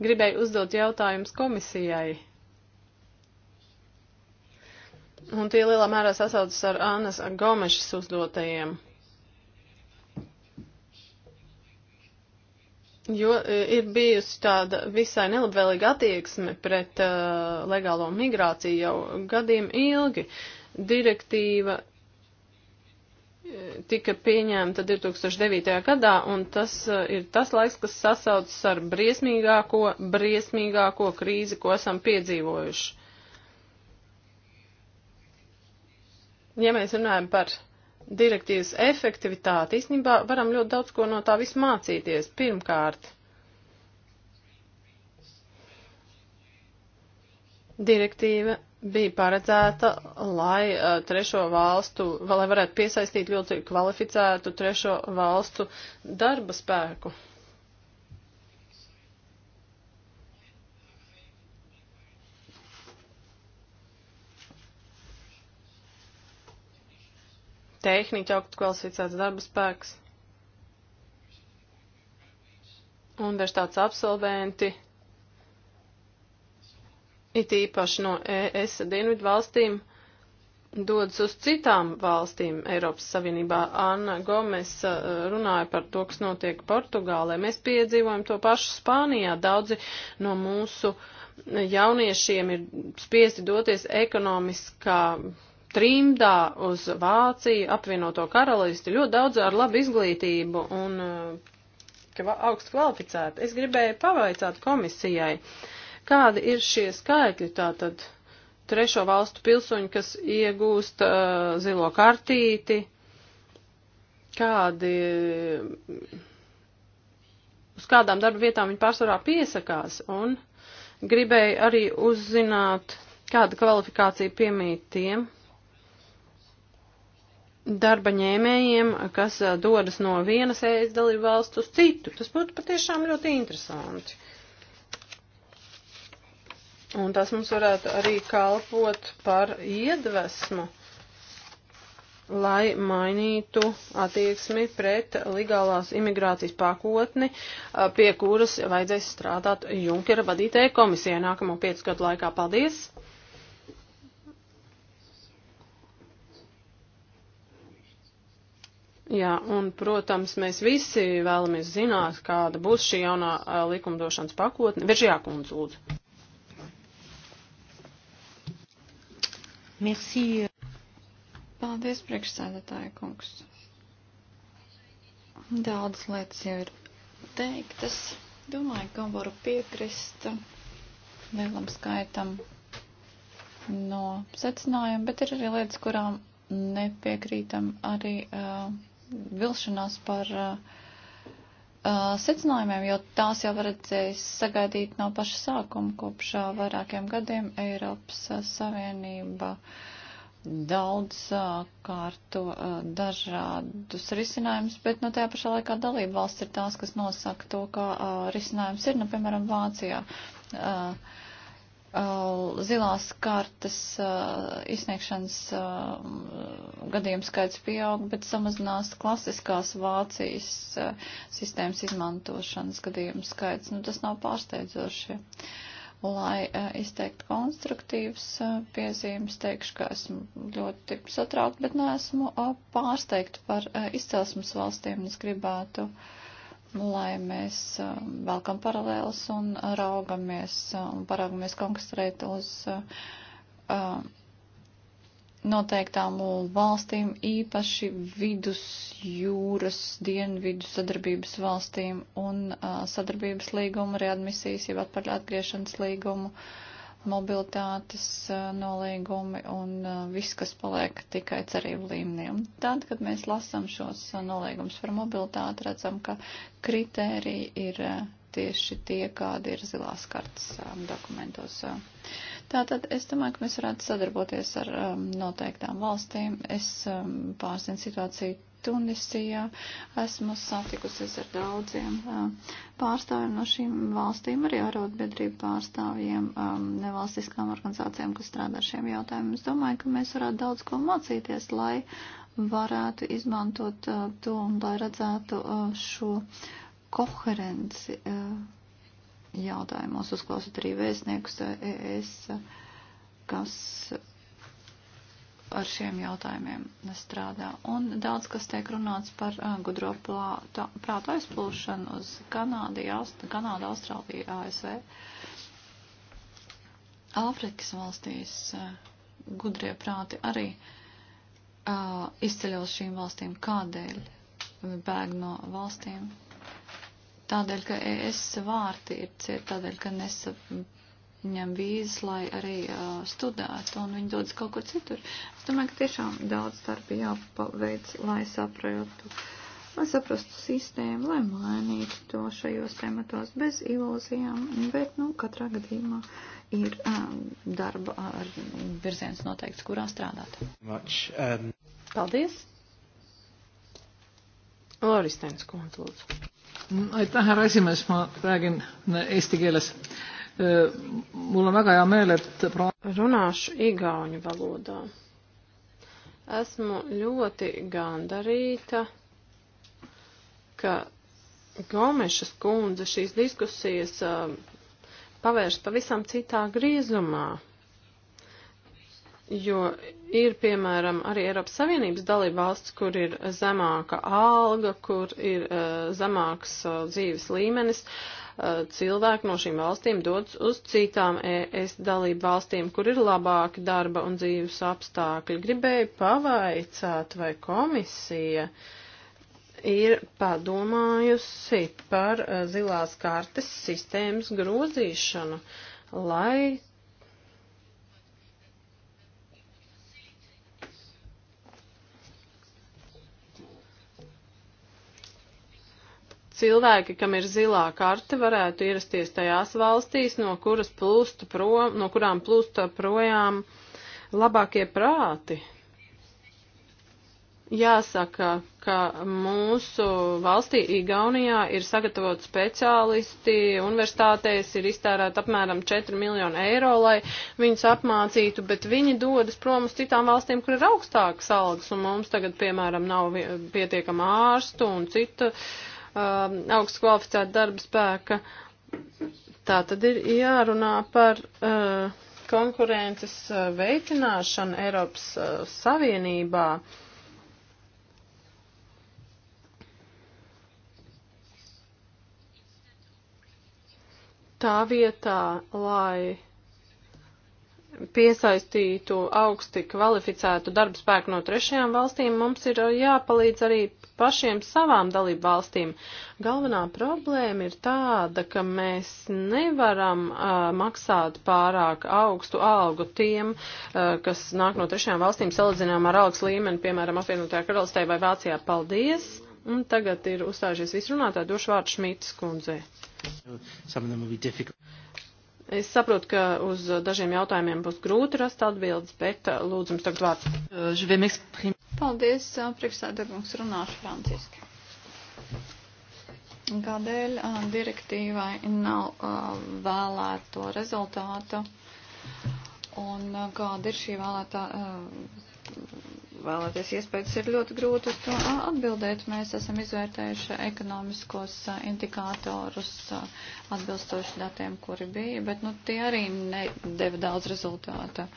S3: Gribēju uzdot jautājumus komisijai. Un tie lielā mērā sasaucas ar Annas Gomešas uzdotajiem. Jo e, ir bijusi tāda visai nelabvēlīga attieksme pret uh, legālo migrāciju jau gadiem ilgi. Direktīva e, tika pieņemta 2009. gadā, un tas ir tas laiks, kas sasaucas ar briesmīgāko, briesmīgāko krīzi, ko esam piedzīvojuši. Ja mēs runājam par direktīvas efektivitāti, īstenībā varam ļoti daudz ko no tā visu mācīties. Pirmkārt, direktīva bija paredzēta, lai uh, trešo valstu, lai varētu piesaistīt ļoti kvalificētu trešo valstu darba spēku. tehniķi, augstu kvalificēts darba spēks. Universitātes absolventi, it īpaši no ES dienvidu valstīm, dodas uz citām valstīm Eiropas Savienībā. Anna Gomes uh, runāja par to, kas notiek Portugālē. Mēs piedzīvojam to pašu Spānijā. Daudzi no mūsu jauniešiem ir spiesti doties ekonomiskā trimdā uz Vāciju, apvienoto karalisti, ļoti daudz ar labu izglītību un eh, kva, augstu kvalificēti. Es gribēju pavaicāt komisijai, kādi ir šie skaitļi tātad trešo valstu pilsoņu, kas iegūst uh, zilo kartīti, kādi, uz kādām darba vietām viņi pārsvarā piesakās un gribēju arī uzzināt, kāda kvalifikācija piemīt tiem darba ņēmējiem, kas dodas no vienas ēst dalību valsts uz citu. Tas būtu patiešām ļoti interesanti. Un tas mums varētu arī kalpot par iedvesmu, lai mainītu attieksmi pret legālās imigrācijas pakotni, pie kuras vajadzēs strādāt Junkera vadītajai komisijai nākamo piecu gadu laikā. Paldies! Jā, un, protams, mēs visi vēlamies zināt, kāda būs šī jaunā uh, likumdošanas pakotne. Viržjā kundze, lūdzu.
S2: Merci. Paldies, priekšsēdētāja kungs. Daudz lietas jau ir teiktas. Domāju, ka varu piekrist lielam skaitam no secinājuma, bet ir arī lietas, kurām nepiekrītam arī. Uh, vilšanās par uh, uh, secinājumiem, jo tās jau varēdzēja sagaidīt no paša sākuma kopš uh, vairākiem gadiem Eiropas Savienība daudz kārto dažādus risinājumus, bet no nu, tajā pašā laikā dalība valsts ir tās, kas nosaka to, kā risinājums ir, nu, piemēram, Vācijā. Uh, Uh, zilās kartas uh, izsniegšanas uh, gadījumu skaits pieaug, bet samazinās klasiskās Vācijas sistēmas izmantošanas gadījumu skaits. Nu, tas nav pārsteidzoši. Lai izteikt konstruktīvas piezīmes, teikšu, ka esmu ļoti satraukta, bet neesmu pārsteigta par izcelsmes valstīm. Es gribētu uh, lai mēs um, velkam paralēlus un raugamies um, un paraugamies konkrēt uz um, noteiktām valstīm, īpaši vidusjūras dienvidu sadarbības valstīm un uh, sadarbības līgumu, readmisijas, jeb atpakaļ atgriešanas līgumu. Uh, mobilitātes eh, nolīgumi un eh, viss, kas paliek tikai cerību līmenī. Un tad, kad mēs lasām šos eh, nolīgumus par mobilitāti, redzam, ka kritēriji ir tieši tie, kādi ir zilās kartas dokumentos. Tātad es domāju, ka mēs varētu sadarboties ar noteiktām valstīm. Es pārzinu situāciju Tunisijā. Esmu satikusies ar daudziem pārstāvjiem no šīm valstīm, arī arotbiedrību pārstāvjiem, nevalstiskām organizācijām, kas strādā ar šiem jautājumiem. Es domāju, ka mēs varētu daudz ko mācīties, lai varētu izmantot to un lai redzētu šo koherenci jautājumos, uzklausot arī vēstniekus ES, kas ar šiem jautājumiem strādā. Un daudz, kas tiek runāts par uh, gudro plāta, prātu aizplūšanu uz Kanādi, Aust Kanādu, Austrāliju, ASV. Āfrikas valstīs uh, gudrie prāti arī uh, izceļos šīm valstīm. Kādēļ bēg no valstīm? Tādēļ, ka ES vārti ir ciet, tādēļ, ka nesap jāatņem vīzas, lai arī uh, studētu, un viņi dodas kaut kur citur. Es domāju, ka tiešām daudz darba jāpaveic, lai saprotu, lai saprastu sistēmu, lai mainītu to šajos tematos bez ilūzijām, bet, nu, katrā gadījumā ir um, darba ar virziens
S3: noteikts, kurā strādāt.
S1: Much, um...
S3: Paldies! Loristens, kundze, lūdzu.
S1: Nu, aitäh, härra esimees, ma räägin eesti
S3: keeles. Uh, Mul on väga hea meel, et praegu runāšu igauņu valodā. Esmu ļoti gandarīta, ka Gomešas kundze šīs diskusijas uh, pavērš pavisam citā griezumā, jo ir, piemēram, arī Eiropas Savienības dalība valsts, kur ir zemāka alga, kur ir uh, zemāks uh, dzīves līmenis. Uh, Eh, cilvēki no šīm valstīm dodas uz citām ES dalību valstīm, kur ir labāki darba un dzīves apstākļi. Gribēju pavaicāt, vai komisija ir padomājusi par eh, zilās kartes sistēmas grozīšanu, lai cilvēki, kam ir zilā karte, varētu ierasties tajās valstīs, no, kuras plūsta prom, no kurām plūsta projām labākie prāti. Jāsaka, ka mūsu valstī Igaunijā ir sagatavot speciālisti, universitātēs ir iztērēt apmēram 4 miljonu eiro, lai viņus apmācītu, bet viņi dodas prom uz citām valstīm, kur ir augstākas algas, un mums tagad, piemēram, nav pietiekama ārstu un cita uh, um, augstu kvalificētu darba spēka. Tā tad ir jārunā par uh, konkurences uh, veicināšanu Eiropas uh, Savienībā. Tā vietā, lai piesaistītu augsti kvalificētu darba spēku no trešajām valstīm, mums ir uh, jāpalīdz arī pašiem savām dalību valstīm. Galvenā problēma ir tāda, ka mēs nevaram uh, maksāt pārāk augstu algu tiem, uh, kas nāk no trešajām valstīm salīdzinām ar algas līmeni, piemēram, apvienotajā karalistē vai Vācijā. Paldies! Un tagad ir uzstājušies visrunātāji, došu vārdu Šmītas kundzei.
S1: Some of them will be difficult.
S3: Es saprotu, ka uz dažiem jautājumiem būs grūti rast atbildes, bet uh, lūdzu jums tagad vārds. Uh,
S2: Paldies, uh, priekšsēdarbums runāšu franciski. Kādēļ direktīvai nav vēlēto rezultātu un kāda ir šī vēlētā vēlaties iespējas, ir ļoti grūti uz to atbildēt. Mēs esam izvērtējuši ekonomiskos indikātorus atbilstoši datiem, kuri bija, bet nu, tie arī nedeva daudz rezultātu.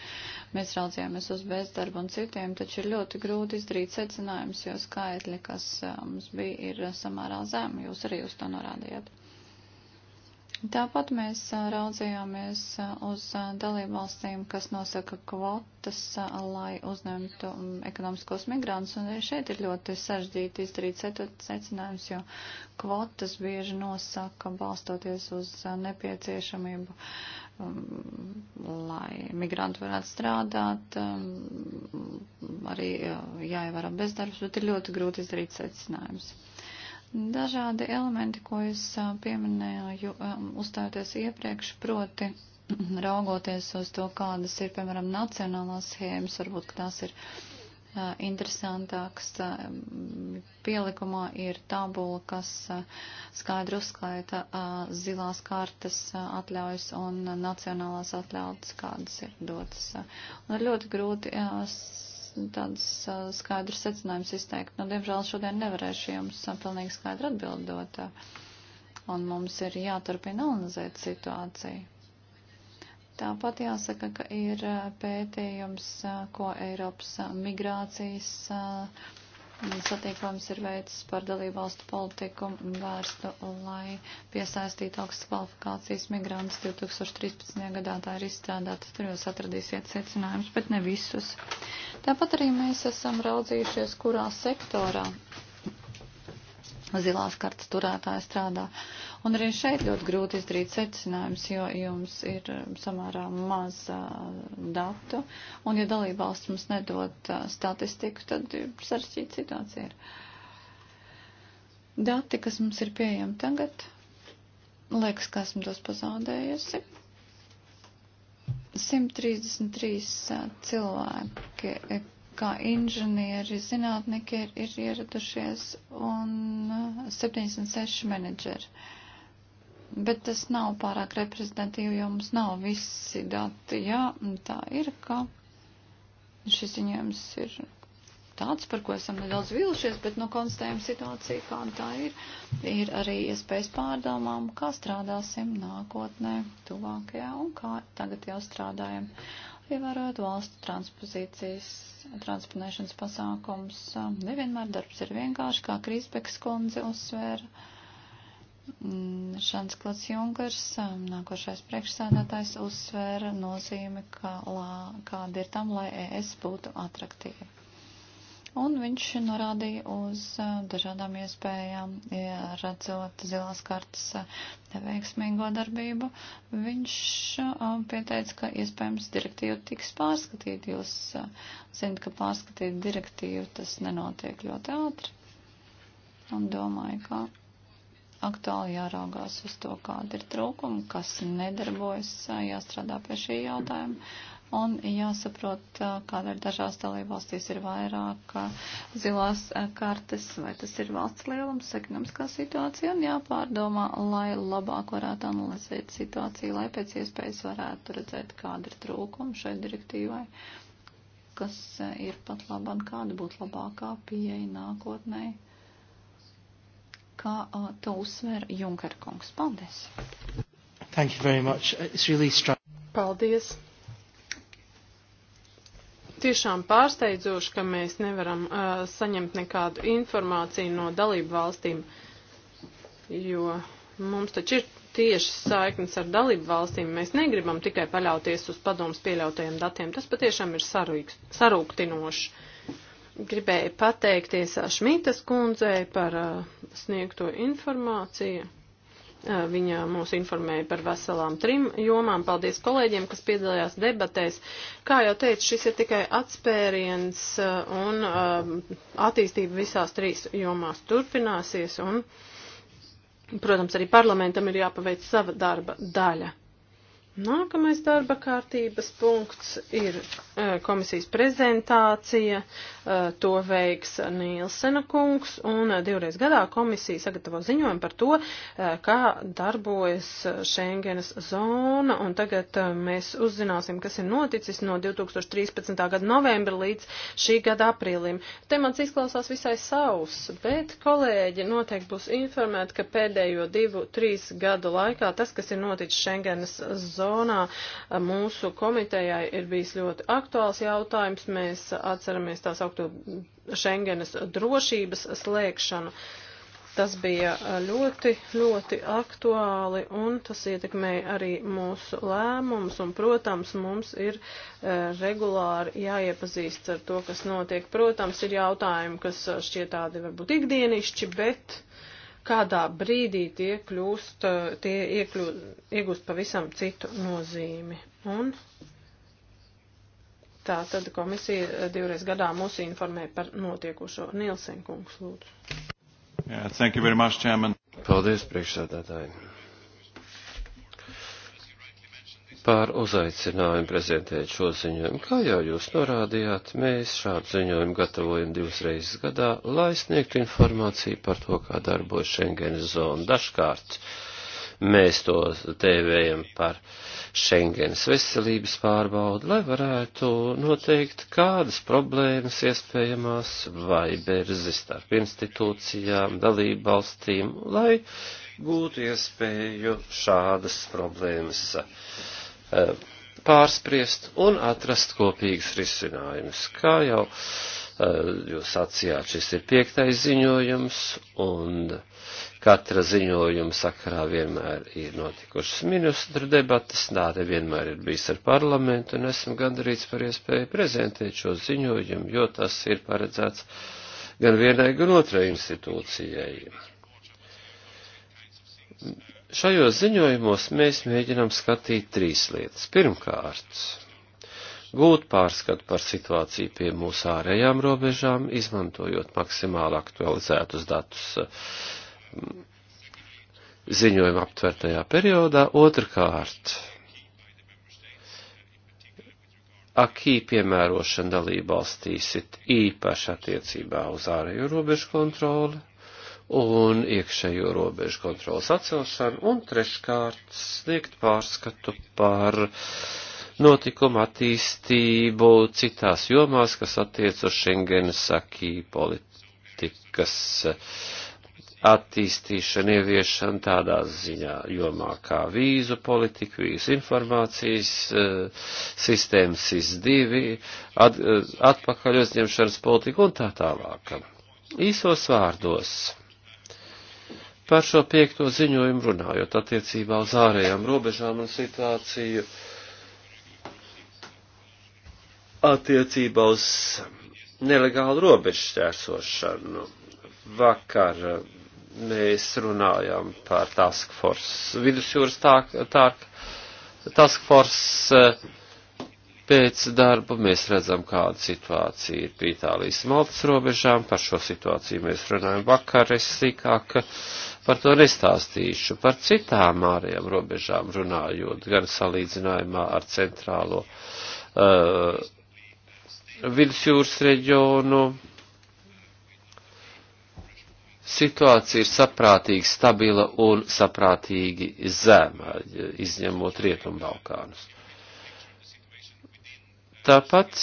S2: Mēs raudzījāmies uz bezdarbu un citiem, taču ir ļoti grūti izdarīt secinājumus, jo skaitļi, kas mums bija, ir samērā zemi. Jūs arī uz to norādījāt. Tāpat mēs raudzījāmies uz dalību valstīm, kas nosaka kvotas, lai uzņemtu ekonomiskos migrantus, un arī šeit ir ļoti sažģīti izdarīt secinājums, jo kvotas bieži nosaka balstoties uz nepieciešamību lai migranti varētu strādāt, arī jāievēro bezdarbs, bet ir ļoti grūti izdarīt secinājumus. Dažādi elementi, ko es pieminēju, uzstājoties iepriekš, proti raugoties uz to, kādas ir, piemēram, nacionālās schēmas, varbūt, ka tās ir interesantāks. Pielikumā ir tabula, kas skaidri uzskaita zilās kartas atļaujas un nacionālās atļaujas, kādas ir dotas. Un ir ļoti grūti tādus skaidrus secinājumus izteikt. Nu, diemžēl šodien nevarēšu jums pilnīgi skaidri atbildot. Un mums ir jāturpina analizēt situāciju. Tāpat jāsaka, ka ir pētījums, ko Eiropas migrācijas satīklums ir veids par dalību valstu politiku vērstu, lai piesaistītu augstas kvalifikācijas migrantus 2013. gadā. Tā ir izstrādāta, tur jūs atradīsiet secinājumus, bet ne visus. Tāpat arī mēs esam raudzījušies, kurā sektorā zilās kartas turētāji strādā. Uh, Un arī šeit ļoti grūti izdarīt secinājumus, jo jums ir um, samērā maz uh, datu. Un ja dalībvalsts mums nedod uh, statistiku, tad sarežģīta situācija ir. Dati, kas mums ir pieejami tagad, liekas, ka esmu tos pazaudējusi. 133 uh, cilvēki, e, kā inženieri, zinātnieki ir, ir ieradušies un 76 menedžeri bet tas nav pārāk reprezentatīvi, jo mums nav visi dati. Jā, tā ir, ka šis ziņojums ir tāds, par ko esam nedaudz vīlušies, bet nu konstatējam situāciju, kāda tā ir. Ir arī iespējas pārdomām, kā strādāsim nākotnē, tuvākajā un kā tagad jau strādājam. Ievērojot valstu transpozīcijas, transponēšanas pasākums, nevienmēr darbs ir vienkārši, kā Krīsbeks kundze uzsvēra Mm, Šāds klats Junkers, um, nākošais priekšsēdētājs, uzsvēra nozīme, kā, lā, kāda ir tam, lai ES būtu atraktīva. Un viņš norādīja uz uh, dažādām iespējām, ja redzot zilās kartas uh, neveiksmīgo darbību. Viņš uh, pieteica, ka iespējams direktīva tiks pārskatīta. Jūs zinat, ka pārskatīt direktīvu tas nenotiek ļoti ātri. Un domāju, ka aktuāli jāraugās uz to, kāda ir trūkuma, kas nedarbojas, jāstrādā pie šī jautājuma. Un jāsaprot, kādēļ dažās dalībvalstīs ir vairāk zilās kartes, vai tas ir valsts lielums, ekonomiskā situācija, un jāpārdomā, lai labāk varētu analizēt situāciju, lai pēc iespējas varētu redzēt, kāda ir trūkuma šai direktīvai, kas ir pat labāk, kāda būtu labākā pieeja nākotnēji kā uh, to uzsver Junker kungs. Paldies!
S1: Thank you very much. It's really
S3: Paldies! Tiešām pārsteidzoši, ka mēs nevaram uh, saņemt nekādu informāciju no dalību valstīm, jo mums taču ir tieši saiknes ar dalību valstīm. Mēs negribam tikai paļauties uz padomus pieļautajiem datiem. Tas patiešām ir sarūktinoši gribēju pateikties Šmitas kundzei par uh, sniegto informāciju. Uh, viņa mūs informēja par veselām trim jomām. Paldies kolēģiem, kas piedalījās debatēs. Kā jau teicu, šis ir tikai atspēriens uh, un attīstība visās trīs jomās turpināsies. Un, protams, arī parlamentam ir jāpaveic sava darba daļa. Nākamais darba kārtības punkts ir komisijas prezentācija Eh, to veiks Nīlsena kungs, un eh, divreiz gadā komisija sagatavo ziņojumu par to, eh, kā darbojas Schengenas zona, un tagad mēs uzzināsim, kas ir noticis no 2013. gada novembra līdz šī gada aprīlim. Temats izklausās visai savs, bet kolēģi noteikti būs informēti, ka pēdējo divu, trīs gadu laikā tas, kas ir noticis Schengenas zonā, mūsu komitejai ir bijis ļoti aktuāls jautājums. Mēs atceramies tās augstu panāktu Schengenes drošības slēgšanu. Tas bija ļoti, ļoti aktuāli un tas ietekmēja arī mūsu lēmumus un, protams, mums ir eh, regulāri jāiepazīst ar to, kas notiek. Protams, ir jautājumi, kas eh, šķiet tādi varbūt ikdienišķi, bet kādā brīdī tie kļūst, eh, tie iekļūst, iegūst pavisam citu nozīmi. Un Tā tad komisija eh, divreiz gadā mūs informē par notiekošo. Nielsen kungs, lūdzu.
S1: Yeah, thank you very much, Chairman. Paldies, priekšsēdētāji. Par uzaicinājumu prezentēt šo ziņojumu, kā jau jūs norādījāt, mēs šādu ziņojumu gatavojam divas reizes gadā, lai sniegtu informāciju par to, kā darbojas Schengenes zona dažkārt. Uh, Mēs to tēvējam par Schengens veselības pārbaudu, lai varētu noteikt, kādas problēmas iespējamās vai berzi starp institūcijām, dalību valstīm, lai būtu iespēju šādas problēmas eh, pārspriest un atrast kopīgus risinājumus. Kā jau eh, jūs sacījāt, šis ir piektais ziņojums, un katra ziņojuma sakarā vienmēr ir notikušas ministru debatas, tā te vienmēr ir bijis ar parlamentu, un esmu gandarīts par iespēju prezentēt šo ziņojumu, jo tas ir paredzēts gan vienai, gan otrai institūcijai. Šajos ziņojumos mēs mēģinām skatīt trīs lietas. Pirmkārt, gūt pārskatu par situāciju pie mūsu ārējām robežām, izmantojot maksimāli aktualizētus datus ziņojuma aptvertajā periodā. Otrkārt, akī piemērošana dalībvalstīs ir īpaši attiecībā uz ārējo robežu kontroli un iekšējo robežu kontrolas atcelšanu, un treškārt sniegt pārskatu par notikumu attīstību citās jomās, kas attiec uz Schengenas akī politikas uh, attīstīšana, ieviešana tādā ziņā jomā kā vīzu politika, vīzu informācijas eh, sistēmas, SIS-2, at, eh, atpakaļ uzņemšanas politika un tā tālāk. Īsos vārdos par šo piekto ziņojumu runājot attiecībā uz ārējām robežām un situāciju attiecībā uz nelegālu robežu šķērsošanu. Vakar mēs runājām par Task Force, vidusjūras Task Force eh, pēc darba, mēs redzam, kāda situācija ir pie Itālijas Maltas robežām, par šo situāciju mēs runājam vakar, es sīkāk par to nestāstīšu, par citām ārējām robežām runājot, gan salīdzinājumā ar centrālo uh, vidusjūras reģionu situācija ir saprātīgi stabila un saprātīgi zema, izņemot Rietumbalkānus. Tāpat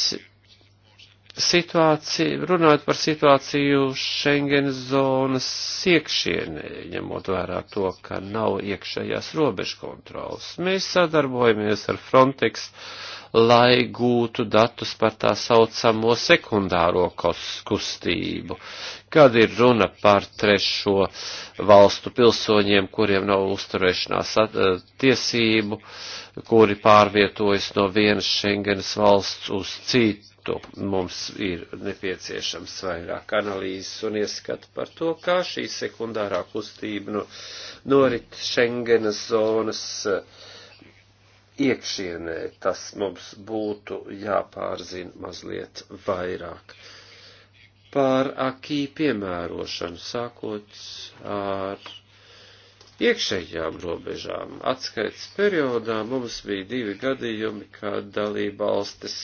S1: situācija, runājot par situāciju Schengen zonas iekšienē, ņemot vērā to, ka nav iekšējās robežu kontrols. Mēs sadarbojamies ar Frontex, uh, lai gūtu datus par tā saucamo sekundāro kustību, kad ir runa par trešo valstu pilsoņiem, kuriem nav uzturēšanās eh, tiesību, kuri pārvietojas no vienas Schengenas valsts uz citu to mums ir nepieciešams vairāk analīzes un ieskatu par to, kā šī sekundārā kustība no, nu, norit Schengenas zonas uh, iekšienē. Tas mums būtu jāpārzina mazliet vairāk. Pār akī piemērošanu sākot ar iekšējām robežām. Atskaits periodā mums bija divi gadījumi, kad dalībvalstis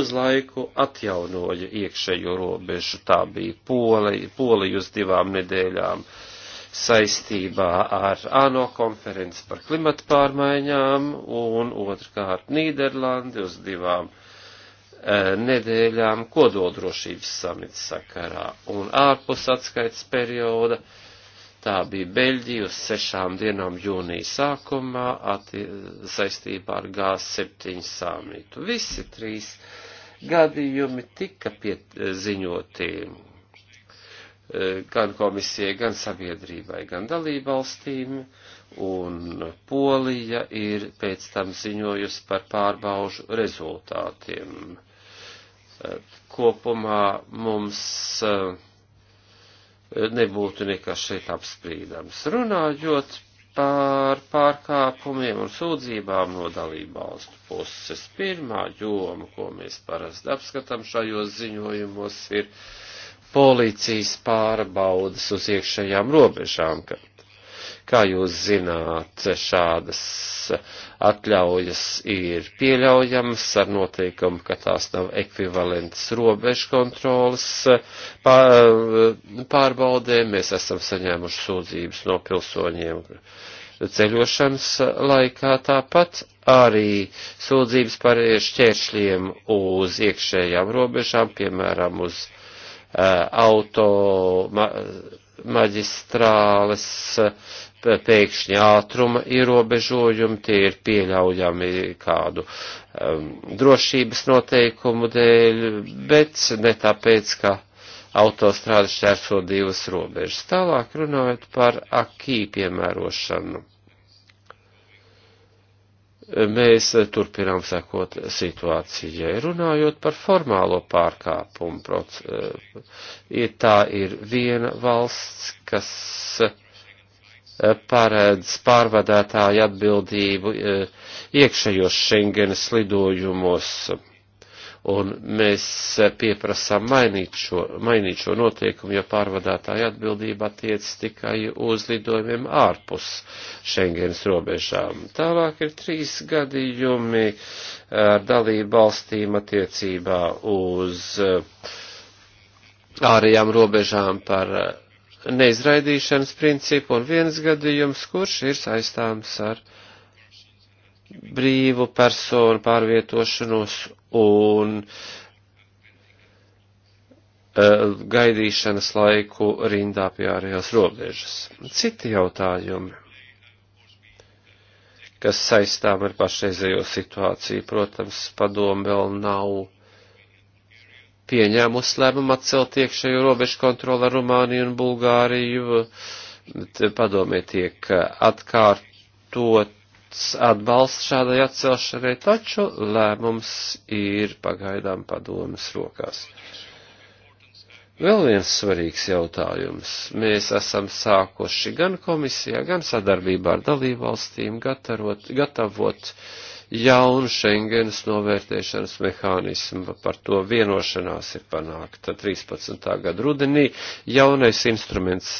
S1: uz laiku atjaunoja iekšējo robežu. Tā bija Polija, Polija uz divām nedēļām. Uh, saistībā ar ANO konferenci par klimatu pārmaiņām un otrkārt Nīderlandi uz divām e, nedēļām kodoldrošības samits sakarā un ārpus atskaits perioda. Tā bija Beļģija uz sešām dienām jūnija sākumā atti, saistībā ar G7 samitu. Visi trīs gadījumi tika pieziņoti gan komisijai, gan sabiedrībai, gan dalībvalstīm, un Polija ir pēc tam ziņojusi par pārbaužu rezultātiem. Kopumā mums eh, nebūtu nekas šeit apsprīdams. Runājot par pārkāpumiem un sūdzībām no dalībvalstu puses, pirmā joma, ko mēs parasti apskatām šajos ziņojumos, ir policijas pārbaudas uz iekšējām robežām. Ka, kā jūs zināt, šādas atļaujas ir pieļaujamas ar noteikumu, ka tās nav ekvivalents robežu kontrolas pārbaudē. Mēs esam saņēmuši sūdzības no pilsoņiem ceļošanas laikā tāpat arī sūdzības par šķēršļiem uz iekšējām robežām, piemēram, uz Eh, auto ma, maģistrāles eh, pēkšņi ātruma ierobežojumi, tie ir pieļaujami kādu um, drošības noteikumu dēļ, bet ne tāpēc, ka autostrāde šķērso divas robežas. Tālāk runājot par akī piemērošanu mēs turpinām sekot situācijai. Runājot par formālo pārkāpumu, proc, eh, tā ir viena valsts, kas eh, paredz pārvadātāju atbildību eh, iekšējos Schengenes lidojumos un mēs pieprasām mainīt šo, mainīt šo noteikumu, jo pārvadātāja atbildība attiec tikai uz lidojumiem ārpus Schengens robežām. Tālāk ir trīs gadījumi ar dalību valstīm attiecībā uz eh, ārējām robežām par eh, neizraidīšanas principu un viens gadījums, kurš ir saistāms ar uh, brīvu personu pārvietošanos un e, gaidīšanas laiku rindā pie ārējās robežas. Citi jautājumi, kas saistām ar pašreizējo situāciju, protams, padomu vēl nav pieņēmusi lēmumu atcelt iekšējo robežu kontroli ar Rumāniju un Bulgāriju. Padomē tiek atkārtot pausts atbalsts šādai atcelšanai, taču lēmums ir pagaidām padomas rokās. Vēl viens svarīgs jautājums. Mēs esam sākoši gan komisijā, gan sadarbībā ar dalībvalstīm gatavot, gatavot jaunu Schengenas novērtēšanas mehānismu. Par to vienošanās ir panākta 13. gada rudenī. Jaunais instruments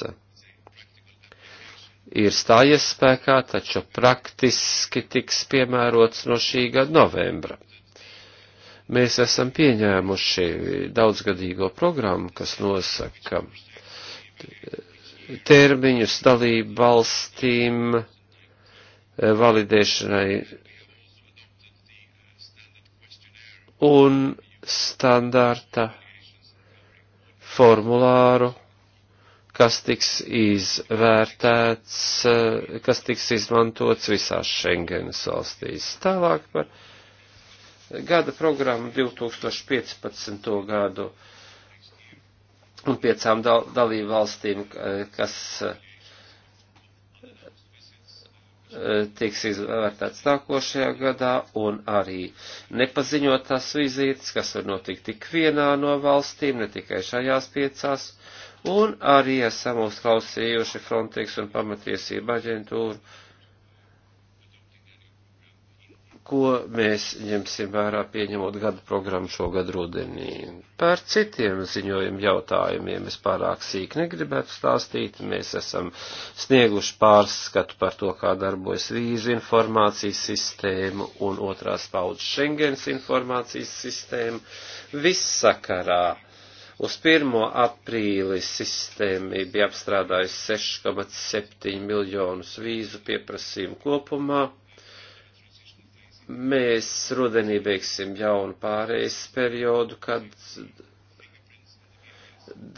S1: ir stājies spēkā, taču praktiski tiks piemērots no šī gada novembra. Mēs esam pieņēmuši daudzgadīgo programmu, kas nosaka termiņus dalību valstīm eh, validēšanai un standarta formulāru kas tiks izvērtēts, eh, kas tiks izmantots visās Schengenas valstīs. Tālāk par gada programmu 2015. gadu un piecām dal dalību valstīm, kas eh, tiks izvērtēts nākošajā gadā, un arī nepaziņotās vizītes, kas var notikt tik vienā no valstīm, ne tikai šajās piecās, un arī esam uzklausījuši Frontex un pamatiesība aģentūru, ko mēs ņemsim vērā pieņemot gadu programmu šogad rudenī. Par citiem ziņojumu jautājumiem es pārāk sīk negribētu stāstīt. Mēs esam snieguši pārskatu par to, kā darbojas vīzu informācijas sistēma un otrās paudzes Schengens informācijas sistēma vissakarā Uz 1. aprīli sistēma bija apstrādājusi 6,7 miljonus vīzu pieprasījumu kopumā. Mēs rudenī beigsim jaunu pārējais periodu, kad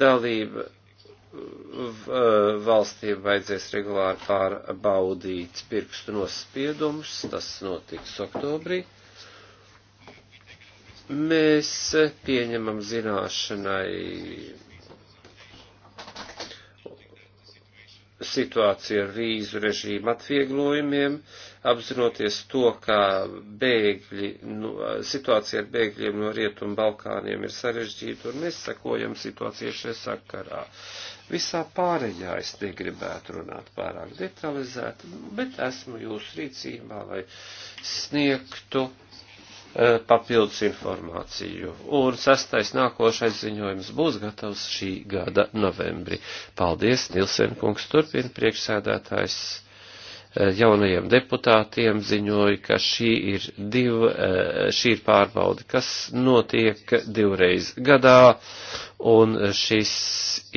S1: dalība e, valstīm vajadzēs regulāri pārbaudīt pirkstu nospiedumus. Tas notiks oktobrī. Mēs pieņemam zināšanai situāciju ar vīzu režīmu atvieglojumiem, apzinoties to, ka bēgļi, nu, situācija ar bēgļiem no Rietumu Balkāniem ir sarežģīta, un mēs sakojam situācijai šajā sakarā. Visā pārējā es negribētu runāt pārāk detalizēti, bet esmu jūsu rīcībā, lai sniegtu Eh, papildus informāciju. Un sastais nākošais ziņojums būs gatavs šī gada novembrī. Paldies, Nilsen kungs, turpina priekšsēdētājs eh, jaunajiem deputātiem ziņoja, ka šī ir, div, eh, šī ir pārbauda, kas notiek divreiz gadā, un šis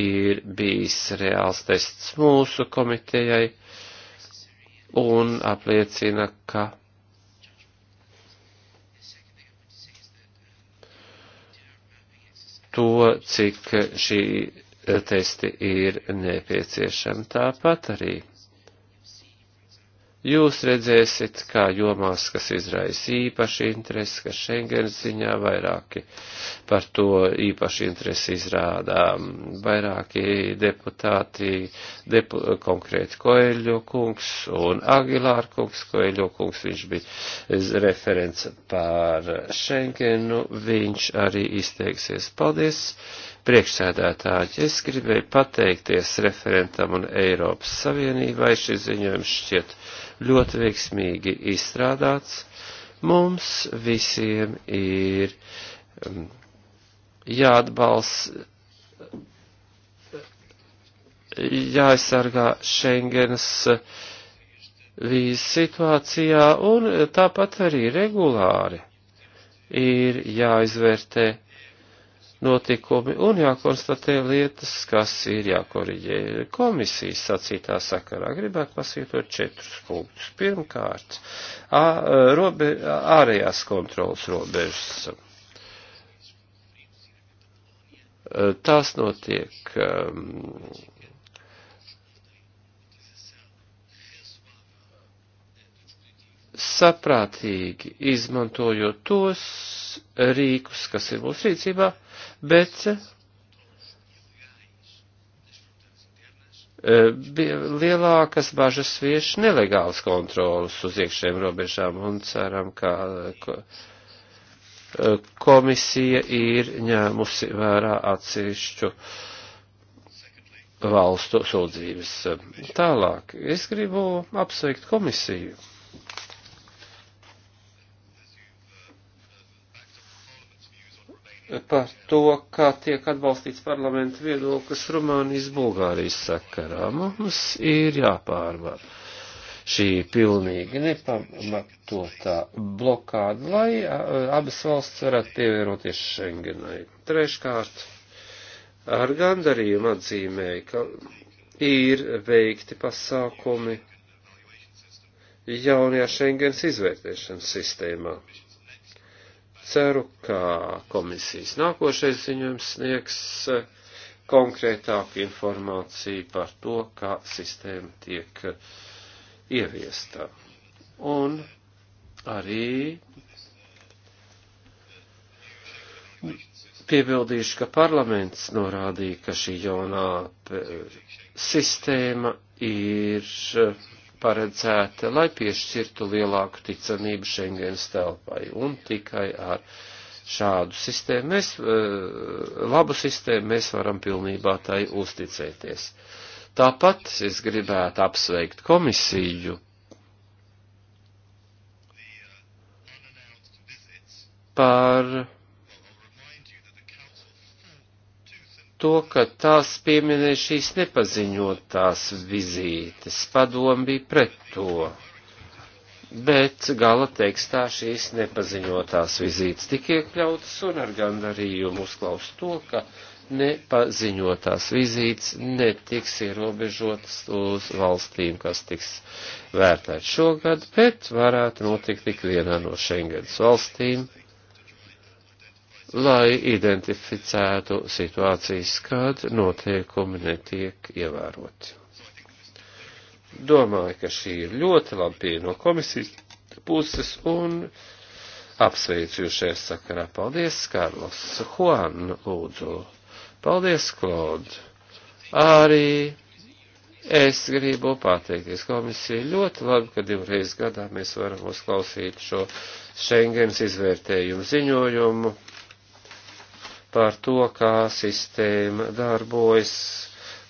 S1: ir bijis reāls tests mūsu komitejai un apliecina, ka to, cik šī testi ir nepieciešami. Tāpat arī Jūs redzēsiet, kā jomās, kas izraisa īpaši interesi, ka Schengens ziņā vairāki par to īpaši interesi izrādā, vairāki deputāti, depu, konkrēti Koeļo kungs un Agilār kungs, Koeļo kungs, viņš bija referents pār Schengenu, viņš arī izteiksies. Paldies! priekšsēdētāji. Es gribēju pateikties referentam un Eiropas Savienībai. Šis ziņojums šķiet ļoti veiksmīgi izstrādāts. Mums visiem ir um, jāatbalsta, jāaizsargā Schengenas uh, vīzes situācijā un tāpat arī regulāri ir jāizvērtē notikumi un jākonstatē lietas, kas ir jākoriģē. Komisijas sacītā sakarā gribētu pasvītot četrus punktus. Pirmkārt, robe, ārējās kontrolas robežas. Tās notiek um, saprātīgi izmantojot tos rīkus, kas ir mūsu rīcībā, uh, bet eh, bija lielākas bažas vieš nelegāls kontrolas uz iekšējiem robežām un ceram, ka, eh, ka eh, komisija ir ņēmusi vērā atsevišķu valstu sūdzības. Tālāk, es gribu apsveikt komisiju par to, kā tiek atbalstīts parlamenta viedoklis Rumānijas Bulgārijas sakarā. Mums ir jāpārvar šī pilnīgi nepamatotā blokāda, lai abas valsts varētu pievēroties Schengenai. Treškārt, ar gandarījumu atzīmēja, ka ir veikti pasākumi jaunajā Schengens izvērtēšanas sistēmā ceru, ka komisijas nākošais ziņojums sniegs e, konkrētāku informāciju par to, kā sistēma tiek e, ieviesta. Un arī piebildīšu, ka parlaments norādīja, ka šī jaunā e, sistēma ir paredzēta, lai piešķirtu lielāku ticamību Schengens telpai. Un tikai ar šādu sistēmu mēs, eh, labu sistēmu mēs varam pilnībā tai uzticēties. Tāpat es gribētu apsveikt komisiju par to, ka tās pieminē šīs nepaziņotās vizītes. Padomi bija pret to. Bet gala tekstā šīs nepaziņotās vizītes tika iekļautas un ar gandarījumu uzklaus to, ka nepaziņotās vizītes netiks ierobežotas uz valstīm, kas tiks vērtēt šogad, bet varētu notikt tik vienā no Schengens valstīm lai identificētu situācijas, kad noteikumi netiek ievēroti. Domāju, ka šī ir ļoti laba pieeja no komisijas puses un apsveicu jūs šajā sakarā. Paldies, Karlos. Juan, lūdzu. Paldies, Klod. Arī es gribu pateikties komisijai. Ļoti labi, ka divreiz gadā mēs varam uzklausīt šo Schengens izvērtējumu ziņojumu par to, kā sistēma darbojas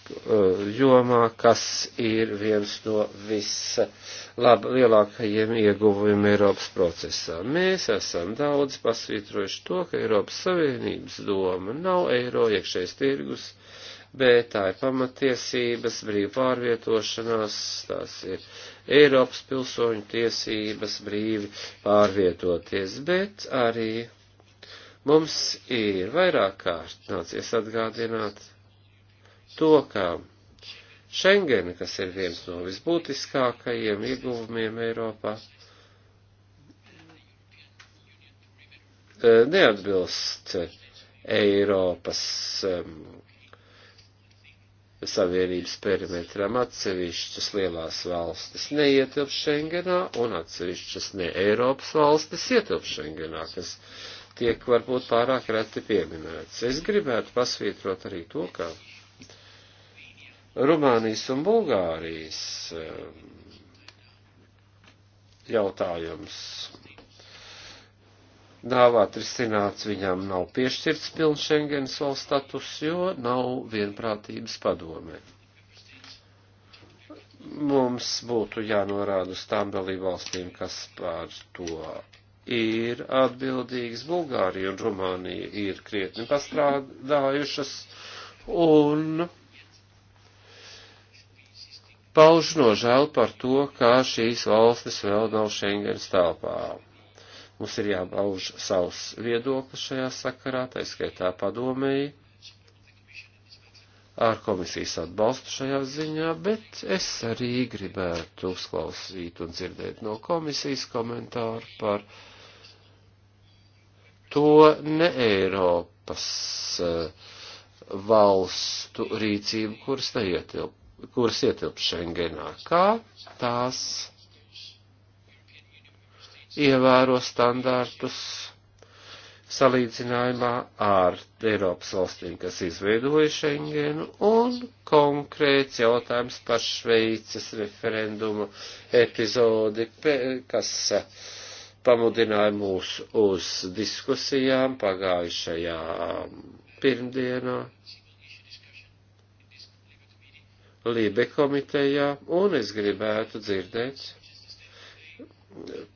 S1: uh, jomā, kas ir viens no vislielākajiem ieguvumiem Eiropas procesā. Mēs esam daudz pasvītrojuši to, ka Eiropas Savienības doma nav eiro iekšējais tirgus, bet tā ir pamatiesības, brīva pārvietošanās, tās ir Eiropas pilsoņu tiesības brīvi pārvietoties, bet arī Mums ir vairāk kārt nācies atgādināt to, ka Schengena, kas ir viens no visbūtiskākajiem ieguvumiem Eiropā, eh, neatbilst Eiropas um, Savienības perimetram atsevišķas lielās valstis neietilp Schengenā un atsevišķas ne Eiropas valstis ietilp Schengenā, kas tiek varbūt pārāk reti pieminēts. Es gribētu pasvītrot arī to, ka Rumānijas un Bulgārijas um, jautājums nav atrisināts, viņām nav piešķirts pilns Schengens valsts status, jo nav vienprātības padomē. Mums būtu jānorāda uz tām dalībvalstīm, kas pār to ir atbildīgas. Bulgārija un Rumānija ir krietni pastrādājušas un pauž nožēlu par to, kā šīs valstis vēl nav Schengens telpā. Mums ir jābauž savs viedoklis šajā sakarā, tā skaitā padomēji, ar komisijas atbalstu šajā ziņā, bet es arī gribētu uzklausīt un dzirdēt no komisijas komentāru par uh, to ne Eiropas eh, valstu rīcību, kuras, neietilp, kuras ietilp Schengenā, kā tās ievēro standārtus salīdzinājumā ar Eiropas valstīm, kas izveidoja Schengenu, un konkrēts jautājums par Šveices referendumu epizodi, kas uh, pamudināja mūs uz diskusijām pagājušajā pirmdienā Lībe komitejā, un es gribētu dzirdēt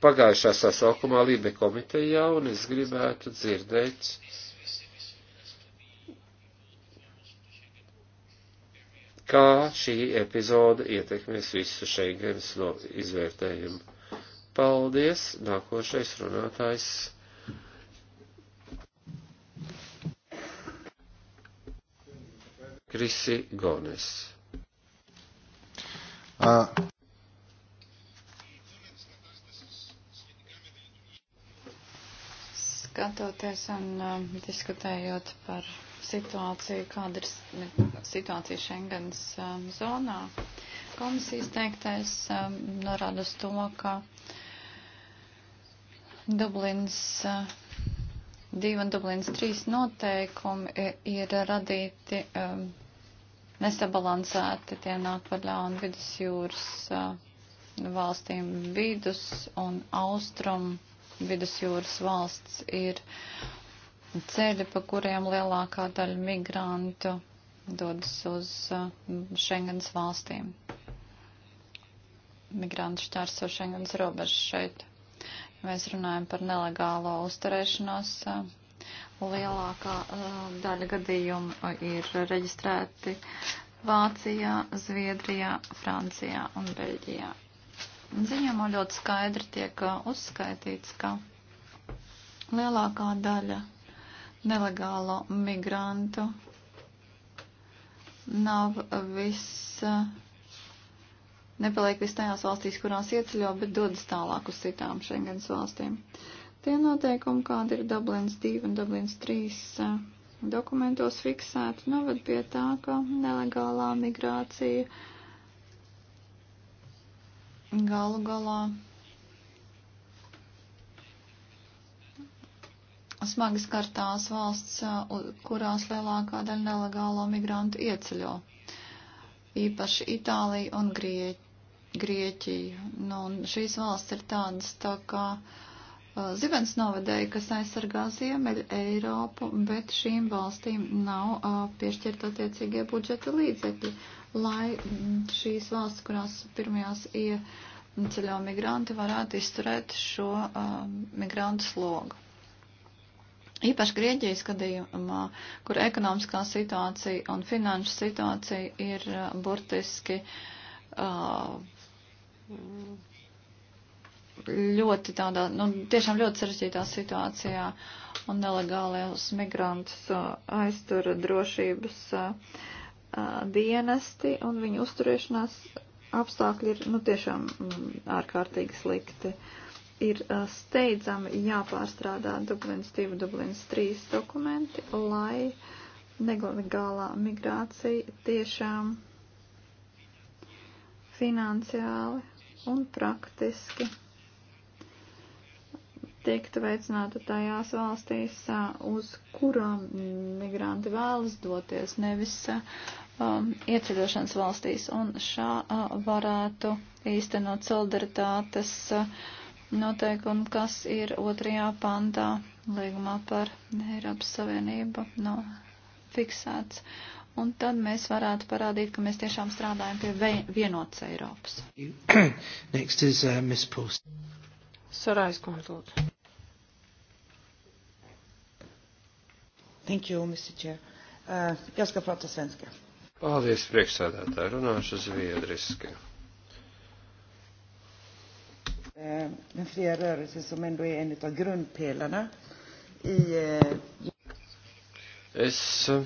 S1: pagājušā sasaukumā Lībe komitejā, un es gribētu dzirdēt kā šī epizode ietekmēs visu Schengens no izvērtējumu Paldies, nākošais runātājs. Krisi Gones. Uh.
S2: Skatoties un um, uh, diskutējot par situāciju, kāda ir situācija Schengens um, zonā, komisijas teiktais um, norāda uz to, ka Dublins 2 un Dublins 3 noteikumi ir radīti um, nesabalansēti, tie nāk par ļaunu vidusjūras uh, valstīm vidus un austrum vidusjūras valsts ir ceļi, pa kuriem lielākā daļa migrantu dodas uz Schengens valstīm. Migrantu šķērso Schengens robežu šeit. Mēs runājam par nelegālo uzturēšanos. Lielākā daļa gadījumu ir reģistrēti Vācijā, Zviedrijā, Francijā un Beļģijā. Ziņojumā ļoti skaidri tiek uzskaitīts, ka lielākā daļa nelegālo migrantu nav viss nepaliek vis tajās valstīs, kurās ieceļo, bet dodas tālāk uz citām Schengens valstīm. Tie noteikumi, kādi ir Dublins 2 un Dublins 3 eh, dokumentos fiksēti, noved pie tā, ka nelegālā migrācija galu galā smagi skar tās valsts, eh, kurās lielākā daļa nelegālo migrantu ieceļo īpaši Itālija un Grie Grieķija. Nu, un šīs valsts ir tādas tā kā uh, zibens novadēja, kas aizsargā Ziemeļu Eiropu, bet šīm valstīm nav uh, piešķirt attiecīgie budžeta līdzekļi, lai mm, šīs valsts, kurās pirmajās ieceļo migranti, varētu izturēt šo uh, migrantu slogu. Īpaši Grieķijas gadījumā, kur ekonomiskā situācija un finanšu situācija ir uh, burtiski uh, ļoti tādā, nu, tiešām ļoti sarežģītā situācijā un nelegālajos migrantus uh, aiztura drošības uh, uh dienesti un viņu uzturēšanās apstākļi ir, nu, tiešām mm, ārkārtīgi slikti. Uh, ir steidzami jāpārstrādā Dublins 2, Dublins 3 dokumenti, lai nelegālā migrācija tiešām finansiāli un praktiski tiktu veicināta tajās valstīs, uz kurām migranti vēlas doties, nevis um, ieceļošanas valstīs. Un šā uh, varētu īstenot solidaritātes uh, noteikumu, kas ir otrajā pantā līgumā par Eiropas Savienību no fiksēts. Un tad mēs varētu parādīt, ka mēs tiešām strādājam pie vienotas Eiropas.
S1: Next is uh, Miss Post.
S2: Sarais kundze. Thank you, Mr. Chair. Uh, jāskapā to svenskā.
S1: Paldies, priekšsēdētāji, runāšu zviedriski. Uh, den eh, fria rörelsen som ändå är en av grundpelarna i... Eh, es eh,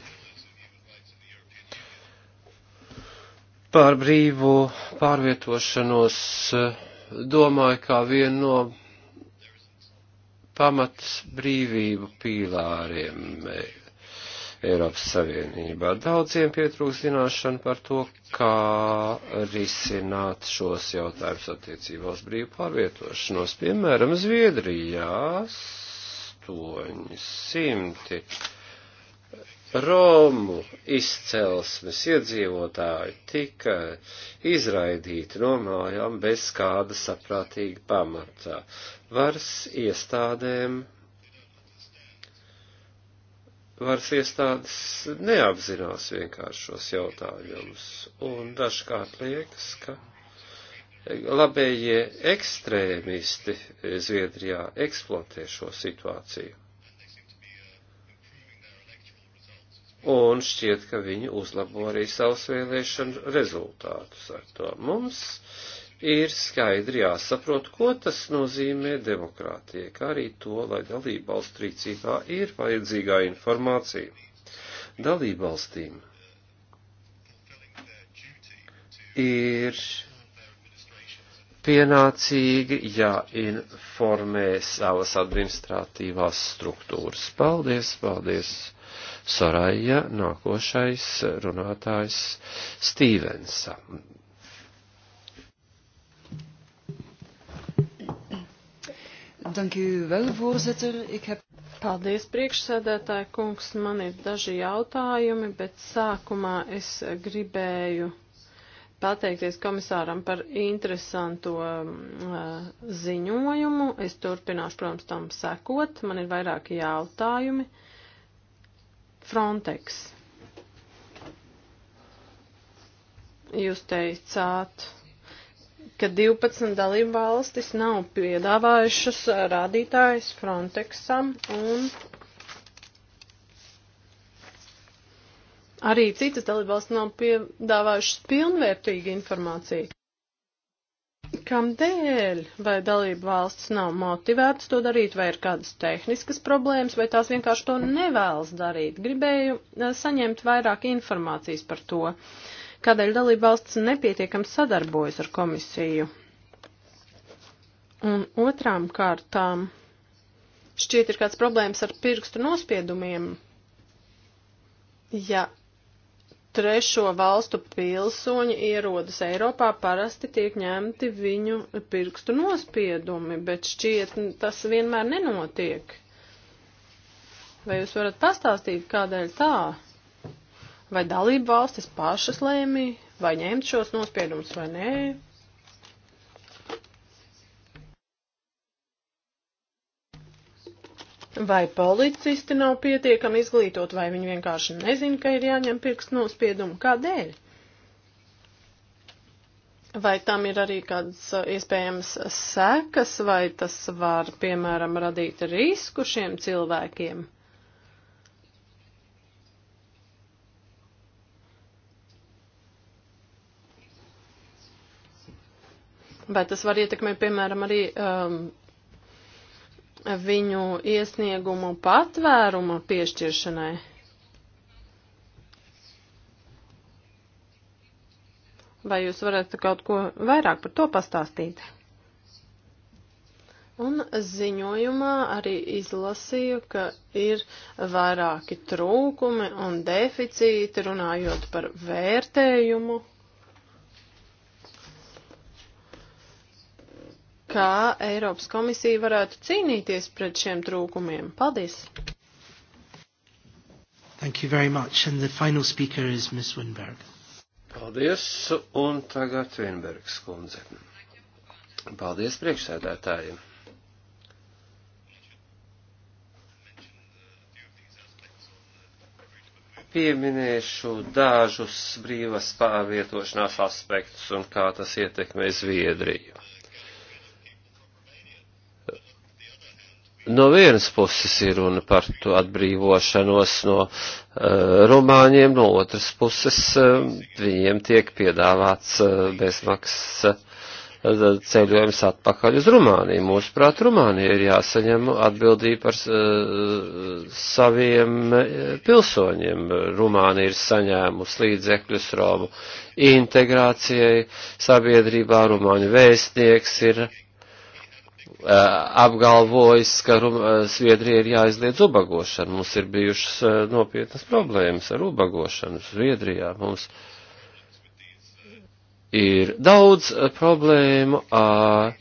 S1: par brīvo pārvietošanos domāju kā vienu no pamats brīvību pīlāriem Eiropas Savienībā. Daudziem pietrūkst zināšana par to, kā risināt šos jautājumus attiecībā uz brīvu pārvietošanos. Piemēram, Zviedrijā 800 Romu izcelsmes iedzīvotāji tika izraidīti no mājām bez kāda saprātīga pamatā. Varas iestādēm varas iestādes neapzinās vienkārši šos jautājumus. Un dažkārt liekas, ka labējie ekstrēmisti Zviedrijā eksploatē šo situāciju. Un šķiet, ka viņi uzlabo arī savus vēlēšanu rezultātus ar to. Mums uh, ir skaidri jāsaprot, ko tas nozīmē demokrātija, kā arī to, lai dalībvalstu rīcībā ir vajadzīgā informācija. Dalībvalstīm ir pienācīgi jāinformē savas administratīvās struktūras. Paldies, paldies! Soraja nākošais runātājs Stīvensa. Dank
S3: u wel, voorzitter. Ik heb... Paldies, priekšsēdētāji kungs. Man ir daži jautājumi, bet sākumā es gribēju pateikties komisāram par interesanto uh, ziņojumu. Es turpināšu, protams, tam sekot. Man ir vairāki jautājumi. Frontex. Jūs teicāt ka 12 dalību valstis nav piedāvājušas rādītājus Frontexam un arī citas dalību valstis nav piedāvājušas pilnvērtīgu informāciju. Kamdēļ? Vai dalību valstis nav motivētas to darīt, vai ir kādas tehniskas problēmas, vai tās vienkārši to nevēlas darīt? Gribēju eh, saņemt vairāk informācijas par to. Uh, kādēļ dalībvalsts nepietiekam sadarbojas ar komisiju. Un otrām kārtām šķiet ir kāds problēmas ar pirkstu nospiedumiem. Ja trešo valstu pilsoņi ierodas Eiropā, parasti tiek ņemti viņu pirkstu nospiedumi, bet šķiet tas vienmēr nenotiek. Vai jūs varat pastāstīt, kādēļ tā? vai dalību valstis pašas lēmīja, vai ņemt šos nospiedumus vai nē. Vai policisti nav pietiekami izglītot, vai viņi vienkārši nezina, ka ir jāņem pirkstu nospiedumu? Kādēļ? Vai tam ir arī kādas uh, iespējamas sekas, vai tas var, piemēram, radīt risku šiem cilvēkiem?
S1: vai tas var ietekmēt, piemēram,
S3: arī um, viņu iesniegumu patvērumu piešķiršanai? Vai jūs varat kaut ko vairāk par to pastāstīt? Un ziņojumā arī izlasīju, ka ir vairāki trūkumi un deficīti runājot par vērtējumu. kā Eiropas komisija varētu cīnīties pret šiem trūkumiem. Paldies!
S1: Thank you very much. And the final speaker is Ms. Winberg. Paldies, un tagad Vinbergs kundze. Paldies priekšsēdētājiem. Pieminēšu dažus brīvas pārvietošanās aspektus un kā tas ietekmē Zviedriju. no vienas puses ir runa par to atbrīvošanos no uh, romāņiem, no otras puses uh, viņiem tiek piedāvāts uh, bezmaksas uh, ceļojums atpakaļ uz Rumāniju. Mūsuprāt, Rumānija ir jāsaņem atbildība par uh, saviem pilsoņiem. Rumānija ir saņēmusi līdzekļus Romu integrācijai sabiedrībā. Rumāņu vēstnieks ir Eh, apgalvojis, ka eh, Zviedrija ir jāizliedz ubagošana. Mums ir bijušas eh, nopietnas problēmas ar ubagošanu Zviedrijā. Mums ir daudz problēmu ar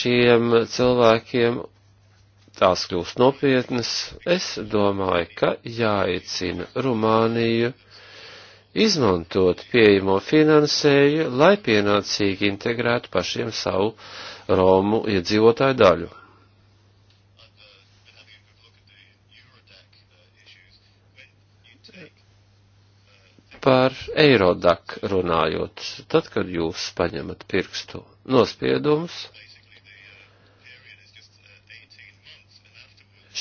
S1: šiem cilvēkiem. Tās kļūst nopietnas. Es domāju, ka jāicina Rumāniju izmantot pieejamo finansēju, lai pienācīgi integrētu pašiem savu uh, Romu iedzīvotāju daļu. Par Eirodak runājot, tad, kad jūs paņemat pirkstu nospiedumus,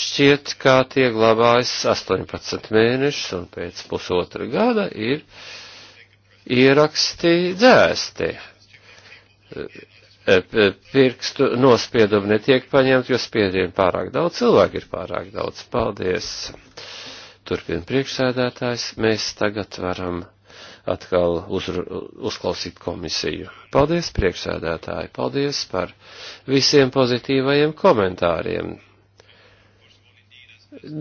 S1: šķiet, kā tie glabājas 18 mēnešus un pēc pusotra gada ir ieraksti dzēsti E, e, pirkstu nospiedumi netiek paņemti, jo spiedienu pārāk daudz, cilvēku ir pārāk daudz. Paldies! Turpin priekšsēdētājs, mēs tagad varam atkal uzru, uzklausīt komisiju. Paldies, priekšsēdētāji, paldies par visiem pozitīvajiem komentāriem.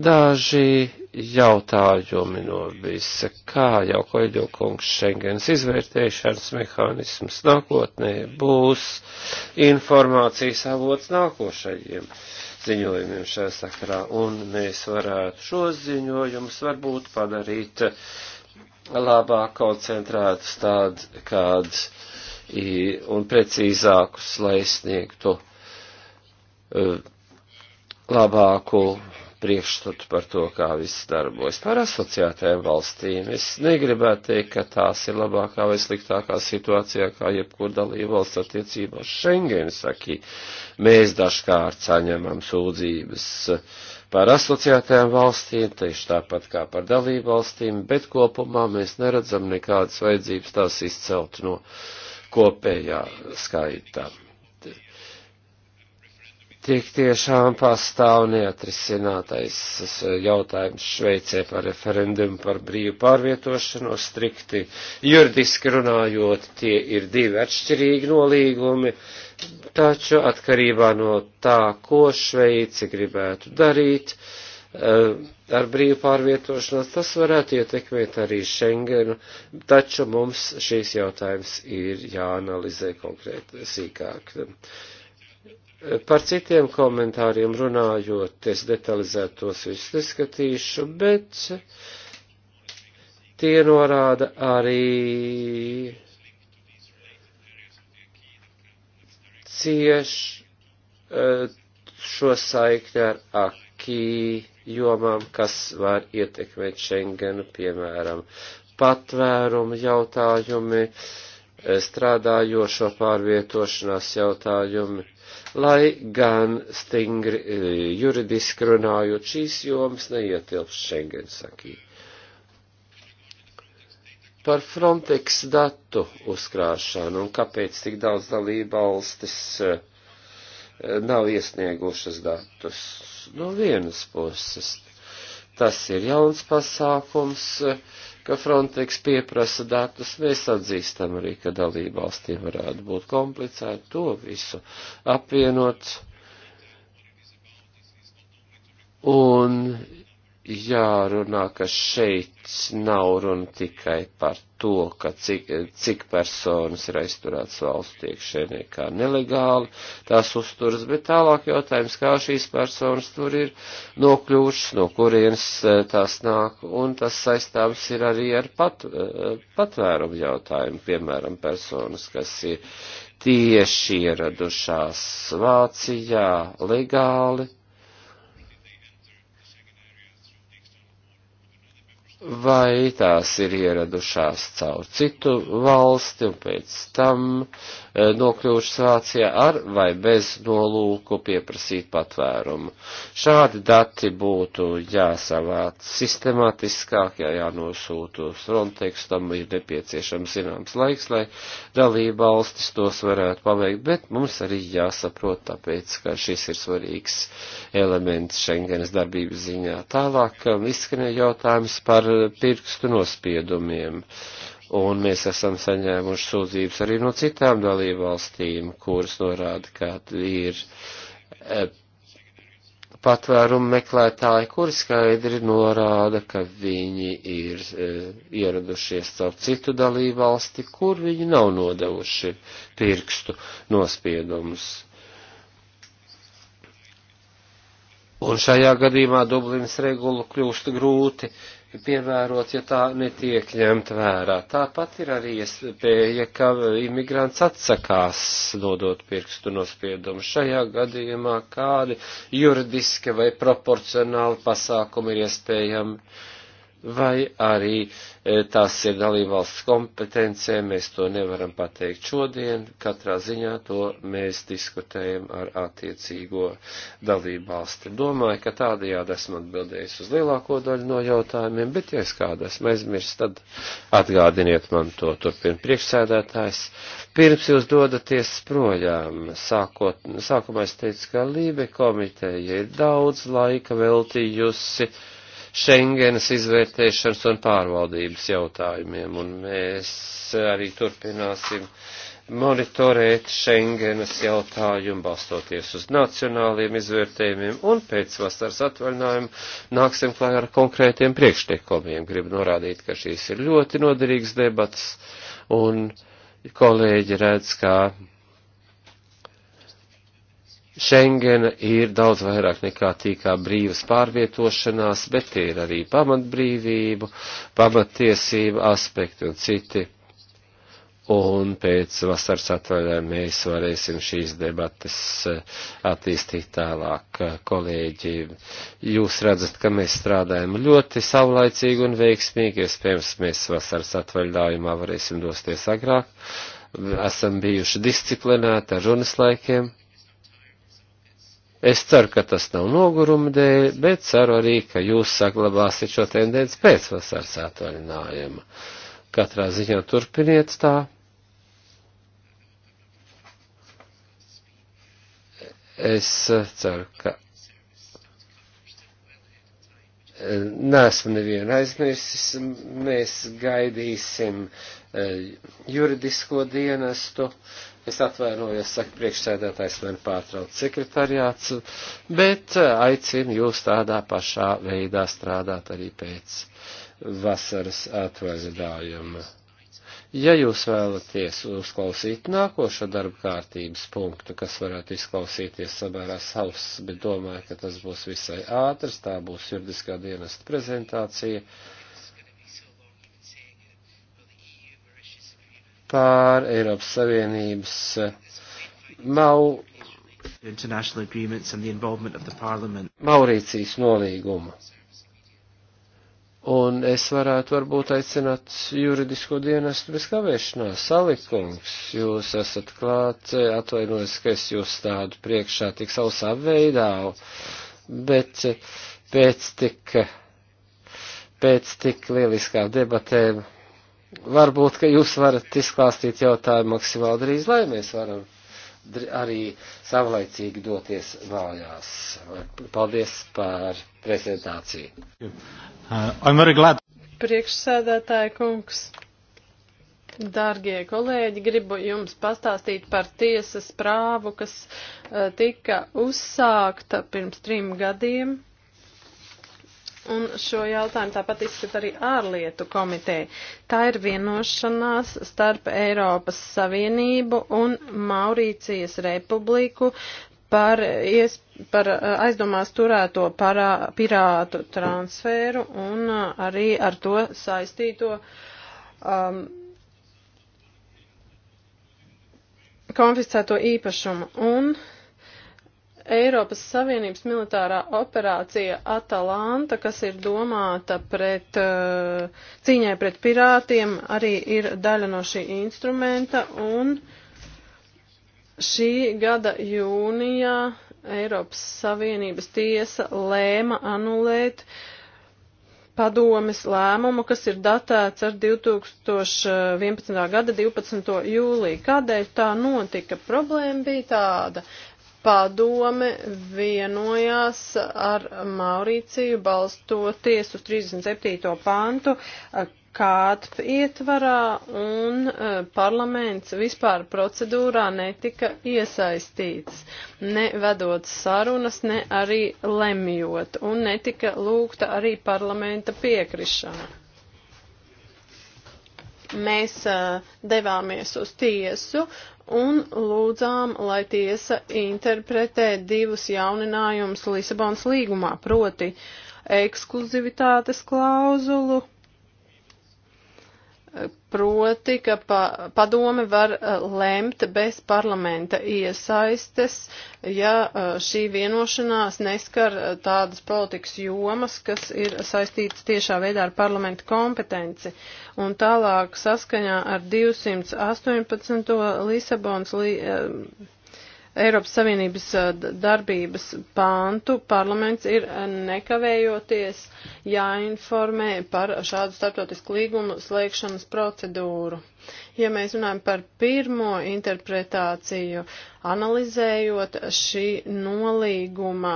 S1: Daži jautājumi no visa, kā jau Koļģo kungs Schengens izvērtēšanas mehānisms nākotnē būs informācijas avots nākošajiem ziņojumiem šajā sakarā, un mēs varētu šos ziņojumus varbūt padarīt labāk koncentrētus tāds, kāds un precīzākus, lai sniegtu eh, labāku priekšstatu par to, kā viss darbojas. Par asociētajām valstīm es negribētu teikt, ka tās ir labākā vai sliktākā situācijā, kā jebkur dalība valsts attiecībā uz Schengen, saki. Mēs dažkārt saņemam sūdzības par asociētajām valstīm, tieši tāpat kā par dalību valstīm, bet kopumā mēs neredzam nekādas vajadzības tās izcelt no kopējā skaitā. Tik tiešām pastāv neatrisinātais jautājums Šveicē par referendumu par brīvu pārvietošanos, strikti juridiski runājot, tie ir divi atšķirīgi nolīgumi, taču atkarībā no tā, ko Šveici gribētu darīt, eh, ar brīvu pārvietošanos, tas varētu ietekmēt arī Schengenu, taču mums šīs jautājums ir jāanalizē konkrēti sīkāk. Par citiem komentāriem runājot, es detalizētos visus neskatīšu, bet tie norāda arī cieš e, šo saikni ar akī jomām, kas var ietekmēt Schengenu, piemēram, patvērumu jautājumi, e, strādājošo pārvietošanās jautājumi lai gan stingri e, juridiski runājot šīs jomas neietilps Schengen sakī. Par Frontex datu uzkrāšanu un kāpēc tik daudz dalībvalstis e, e, nav iesniegušas datus. No vienas puses Tas ir jauns pasākums, ka Frontex pieprasa datus. Mēs atzīstam arī, ka dalība valstīm varētu būt komplicēti to visu apvienot. Un jārunā, ka šeit nav runa tikai par to, ka cik, cik personas ir aizturētas valsts iekšēnē kā nelegāli, tās uzturas, bet tālāk jautājums, kā šīs personas tur ir nokļūšas, no kurienes eh, tās nāk, un tas saistāms ir arī ar pat, eh, patvērumu jautājumu, piemēram, personas, kas ir tieši ieradušās Vācijā legāli vai tās ir ieradušās caur citu valsti un pēc tam e, nokļuvušas Vācijā ar vai bez nolūku pieprasīt patvērumu. Šādi dati būtu jāsavāc sistemātiskāk, ja jānosūta uz Frontex, tam ir nepieciešams zināms laiks, lai dalība valstis tos varētu paveikt, bet mums arī jāsaprot, tāpēc, ka šis ir svarīgs elements Schengenas darbības ziņā. Tālāk um, izskanēja jautājums par pirkstu nospiedumiem. Un mēs esam saņēmuši sūdzības arī no citām dalībvalstīm, kuras norāda, ka ir e, patvērumu meklētāji, kuri skaidri norāda, ka viņi ir e, ieradušies caur citu dalību valsti, kur viņi nav nodevuši pirkstu nospiedumus. Un šajā gadījumā Dublinas regulu kļūst grūti piemērots, ja tā netiek ņemt vērā. Tāpat ir arī iespēja, ka imigrants atsakās dodot pirkstu nospiedumu. Šajā gadījumā kādi juridiski vai proporcionāli pasākumi ir iespējami vai arī e, tās ir dalībvalsts kompetencē, mēs to nevaram pateikt šodien, katrā ziņā to mēs diskutējam ar attiecīgo dalībvalsti. Domāju, ka tādajādi esmu atbildējis uz lielāko daļu no jautājumiem, bet ja es kādu esmu aizmirst, tad atgādiniet man to turpin priekšsēdētājs. Pirms jūs dodaties projām, sākot, sākumā es teicu, ka Lībe komiteja ir daudz laika veltījusi, Schengenas izvērtēšanas un pārvaldības jautājumiem, un mēs arī turpināsim monitorēt Schengenas jautājumu, balstoties uz nacionāliem izvērtējumiem, un pēc vasaras atvaļinājuma nāksim klāt ar konkrētiem priekšteikumiem. Gribu norādīt, ka šīs ir ļoti noderīgas debatas, un kolēģi redz, kā Šengena ir daudz vairāk nekā tīkā brīvas pārvietošanās, bet ir arī pamatbrīvību, pamatiesību aspekti un citi. Un pēc vasaras atvaļājuma mēs varēsim šīs debates eh, attīstīt tālāk, kolēģi. Jūs redzat, ka mēs strādājam ļoti savlaicīgi un veiksmīgi, iespējams, mēs vasaras atvaļājumā varēsim dosties agrāk. Esam bijuši disciplinēti ar runas laikiem Es ceru, ka tas nav noguruma dēļ, bet ceru arī, ka jūs saglabāsiet šo tendenci pēc vasaras atvaļinājuma. Katrā ziņā turpiniet tā. Es ceru, ka neesmu nevienu aizmirsis. Mēs gaidīsim eh, juridisko dienestu. Uh, Es atvainojos, saka priekšsēdētājs man pārtrauc sekretariāts, bet eh, aicinu jūs tādā pašā veidā strādāt arī pēc vasaras atvaļinājuma. Ja jūs vēlaties uzklausīt nākošo darba kārtības punktu, kas varētu izklausīties samērā savs, bet domāju, ka tas būs visai ātrs, tā būs juridiskā dienesta prezentācija pār Eiropas Savienības eh, mau. Maurīcijas nolīgumu. Un es varētu varbūt aicināt juridisko dienestu bez kavēšanās. Salikums, jūs esat klāt, atvainojos, ka es jūs tādu priekšā tik sausā veidā, bet pēc tik, pēc tik lieliskām debatēm varbūt, ka jūs varat izklāstīt jautājumu maksimāli drīz, lai mēs varam arī savlaicīgi doties mājās. Paldies par prezentāciju. Uh,
S3: Priekšsēdētāja kungs, dārgie kolēģi, gribu jums pastāstīt par tiesas prāvu, kas uh, tika uzsākta pirms trim gadiem Un šo jautājumu tāpat izskata arī ārlietu komiteja. Tā ir vienošanās starp Eiropas Savienību un Maurīcijas republiku par, ies, par eh, aizdomās turēto parā, pirātu transferu un eh, arī ar to saistīto um, konfiscēto īpašumu. Un Eiropas Savienības militārā operācija Atalanta, kas ir domāta pret eh, cīņai pret pirātiem, arī ir daļa no šī instrumenta un šī gada jūnijā Eiropas Savienības tiesa lēma anulēt padomes lēmumu, kas ir datēts ar 2011. Eh, gada 12. jūliju. Kādēļ tā notika? Problēma bija tāda, padome vienojās ar Maurīciju balstoties uz 37. pantu kādu ietvarā un parlaments vispār procedūrā netika iesaistīts, ne vedot sarunas, ne arī lemjot, un netika lūgta arī parlamenta piekrišana. Mēs devāmies uz tiesu un lūdzām, lai tiesa interpretē divus jauninājumus Lisabonas līgumā, proti ekskluzivitātes klauzulu proti, ka pa, padome var eh, lemt bez parlamenta iesaistes, ja eh, šī vienošanās neskar eh, tādas politikas jomas, kas ir saistītas tiešā veidā ar parlamenta kompetenci. Un tālāk saskaņā ar 218. Lisabons. Li, Eiropas Savienības eh, darbības pāntu parlaments ir eh, nekavējoties jāinformē par šādu starptautisku līgumu slēgšanas procedūru. Ja mēs runājam par pirmo interpretāciju, analizējot šī nolīguma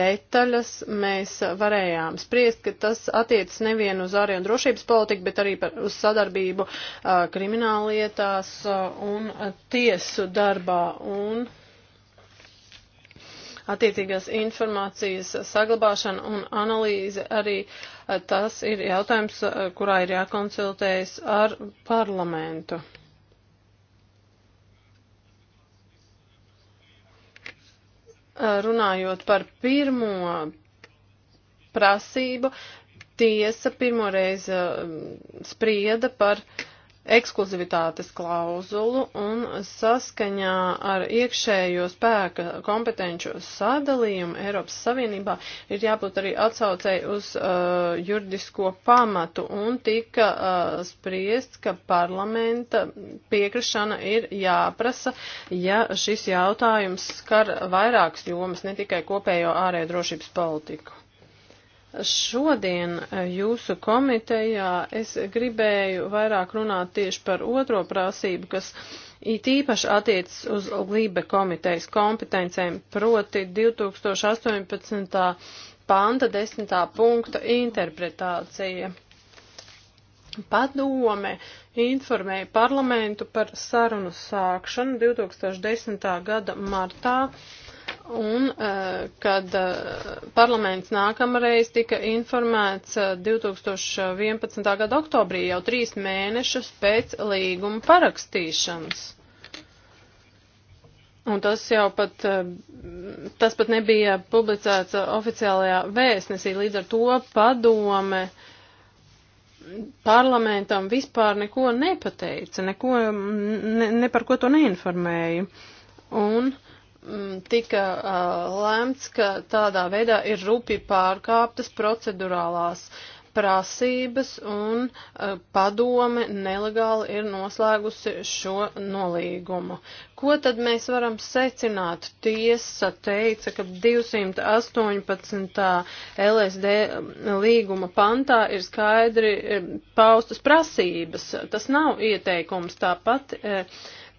S3: detaļas, mēs varējām spriest, ka tas attiecas nevien uz ārēju un drošības politiku, bet arī par, uz sadarbību eh, krimināllietās un tiesu darbā. Un attiecīgās informācijas saglabāšana un analīze arī eh, tas ir jautājums, eh, kurā ir jākonsultējas ar parlamentu. Eh, runājot par pirmo prasību, tiesa pirmoreiz sprieda par uh, ekskluzivitātes klauzulu un saskaņā ar iekšējo spēka kompetenču sadalījumu Eiropas Savienībā ir jābūt arī atsaucei uz uh, juridisko pamatu un tika uh, spriests, ka parlamenta piekrišana ir jāprasa, ja šis jautājums skar vairākas jomas, ne tikai kopējo ārējo drošības politiku. Šodien eh, jūsu komitejā es gribēju vairāk runāt tieši par otro prasību, kas it īpaši attiecas uz Lībe komitejas kompetencēm, proti 2018. panta 10. punkta interpretācija. Padome informēja parlamentu par sarunu sākšanu 2010. gada martā Un, eh, kad eh, parlaments nākamreiz tika informēts 2011. Eh, gada oktobrī, jau trīs mēnešus pēc līguma parakstīšanas. Un tas jau pat, tas pat nebija publicēts oficiālajā vēstnesī, līdz ar to padome parlamentam vispār neko nepateica, neko, ne, ne par ko to neinformēja. Un, uh, Mm, tika uh, lemts, ka tādā veidā ir rupi pārkāptas procedurālās prasības un uh, padome nelegāli ir noslēgusi šo nolīgumu. Ko tad mēs varam secināt? Tiesa teica, ka 218. LSD um, līguma pantā ir skaidri um, paustas prasības. Tas nav ieteikums tāpat. Uh,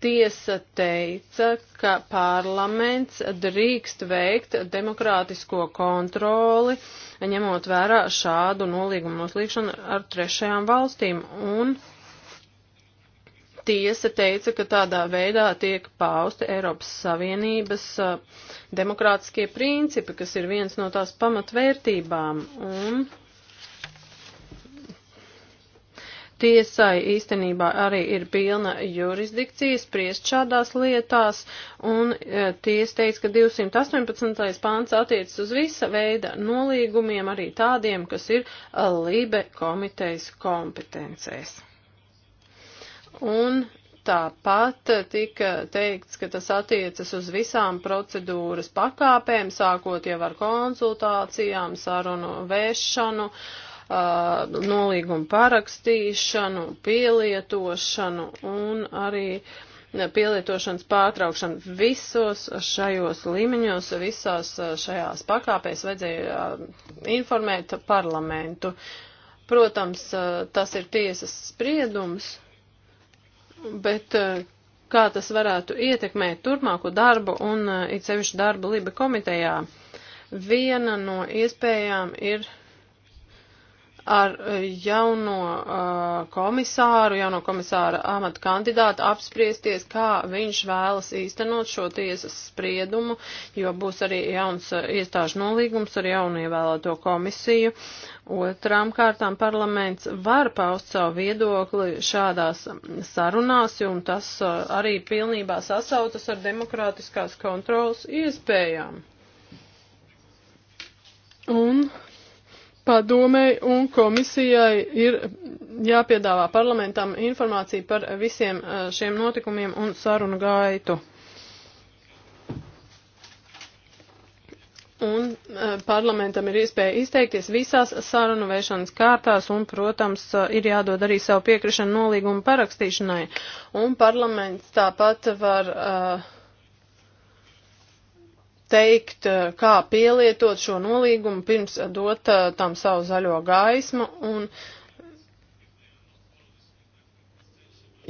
S3: tiesa teica, ka parlaments drīkst veikt demokrātisko kontroli, ņemot vērā šādu nolīgumu noslīgšanu ar trešajām valstīm. Un tiesa teica, ka tādā veidā tiek pausti Eiropas Savienības eh, demokrātiskie principi, kas ir viens no tās pamatvērtībām. Un tiesai īstenībā arī ir pilna jurisdikcija spriest šādās lietās, un e, tiesa teica, ka 218. pāns attiecas uz visa veida nolīgumiem, arī tādiem, kas ir e, Libe komitejas kompetencēs. Un Tāpat e, tika teikts, ka tas attiecas uz visām procedūras pakāpēm, sākot jau ar konsultācijām, sarunu vēršanu, uh, Uh, nolīgumu parakstīšanu, pielietošanu un arī pielietošanas pārtraukšanu. Visos šajos līmeņos, visās uh, šajās pakāpēs vajadzēja uh, informēt parlamentu. Protams, tas ir tiesas spriedums, bet kā tas varētu ietekmēt turpmāku darbu un it sevišķu darbu Liba komitejā. Viena no iespējām ir ar e, jauno uh, komisāru, jauno komisāra amatu kandidātu apspriesties, kā viņš vēlas īstenot šo tiesas spriedumu, jo būs arī jauns e, iestāžu nolīgums ar jaunievēlēto komisiju. Otrām kārtām parlaments var paust savu viedokli šādās sarunās, un tas arī pilnībā sasautas ar demokrātiskās kontrolas iespējām. Un padomēji un komisijai ir jāpiedāvā parlamentam informācija par visiem eh, šiem notikumiem un sarunu gaitu. Un eh, parlamentam ir iespēja izteikties visās sarunu vēšanas kārtās un, protams, eh, ir jādod arī savu piekrišanu nolīgumu parakstīšanai. Un parlaments tāpat var uh, teikt, eh, kā pielietot šo nolīgumu pirms dot eh, tam savu zaļo gaismu. Un,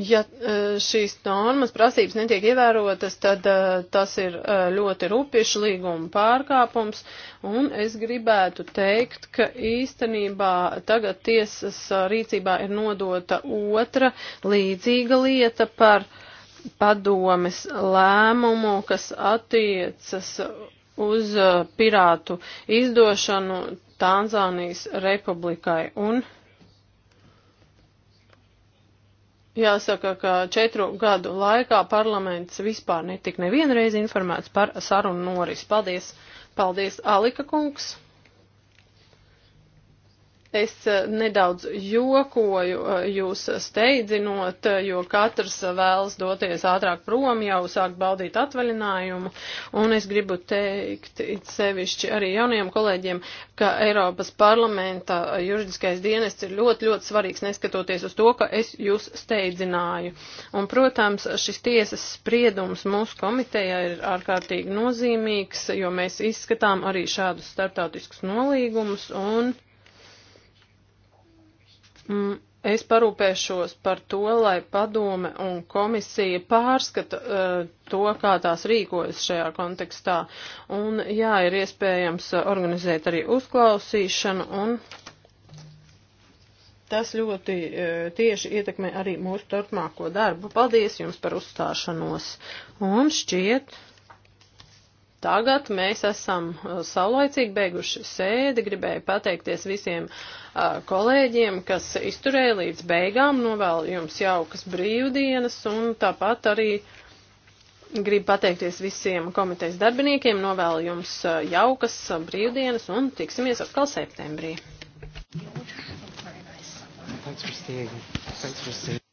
S3: ja eh, šīs normas prasības netiek ievērotas, tad tas ir ļoti rupiešu līguma pārkāpums. Un es gribētu teikt, ka īstenībā tagad tiesas rīcībā ir nodota otra līdzīga lieta par uh, padomes lēmumu, kas attiecas uz uh, pirātu izdošanu Tanzānijas republikai. Un jāsaka, ka četru gadu laikā parlaments vispār netika nevienreiz informēts par sarunu noris. Paldies! Paldies, Alika kungs! Es eh, nedaudz jokoju eh, jūs steidzinot, eh, jo katrs vēlas doties ātrāk prom, jau sāk baudīt atvaļinājumu, un es gribu teikt it sevišķi arī jaunajiem kolēģiem, ka Eiropas parlamenta juridiskais dienests ir ļoti, ļoti svarīgs, neskatoties uz to, ka es jūs steidzināju. Un, protams, šis tiesas spriedums mūsu komitejā ir ārkārtīgi nozīmīgs, jo mēs izskatām arī šādus startautiskus nolīgumus un Mm, es parūpēšos par to, lai padome un komisija pārskata uh, to, kā tās rīkojas šajā kontekstā. Un jā, ir iespējams organizēt arī uzklausīšanu un tas ļoti uh, tieši ietekmē arī mūsu turpmāko darbu. Paldies jums par uzstāšanos. Un šķiet. Tagad mēs esam uh, saulaicīgi beiguši sēdi, gribēju pateikties visiem uh, kolēģiem, kas izturēja līdz beigām, novēlu jums jaukas brīvdienas un tāpat arī gribu pateikties visiem komitejas darbiniekiem, novēlu jums uh, jaukas uh, brīvdienas un tiksimies atkal septembrī.
S1: Thanks for staying. Thanks for staying.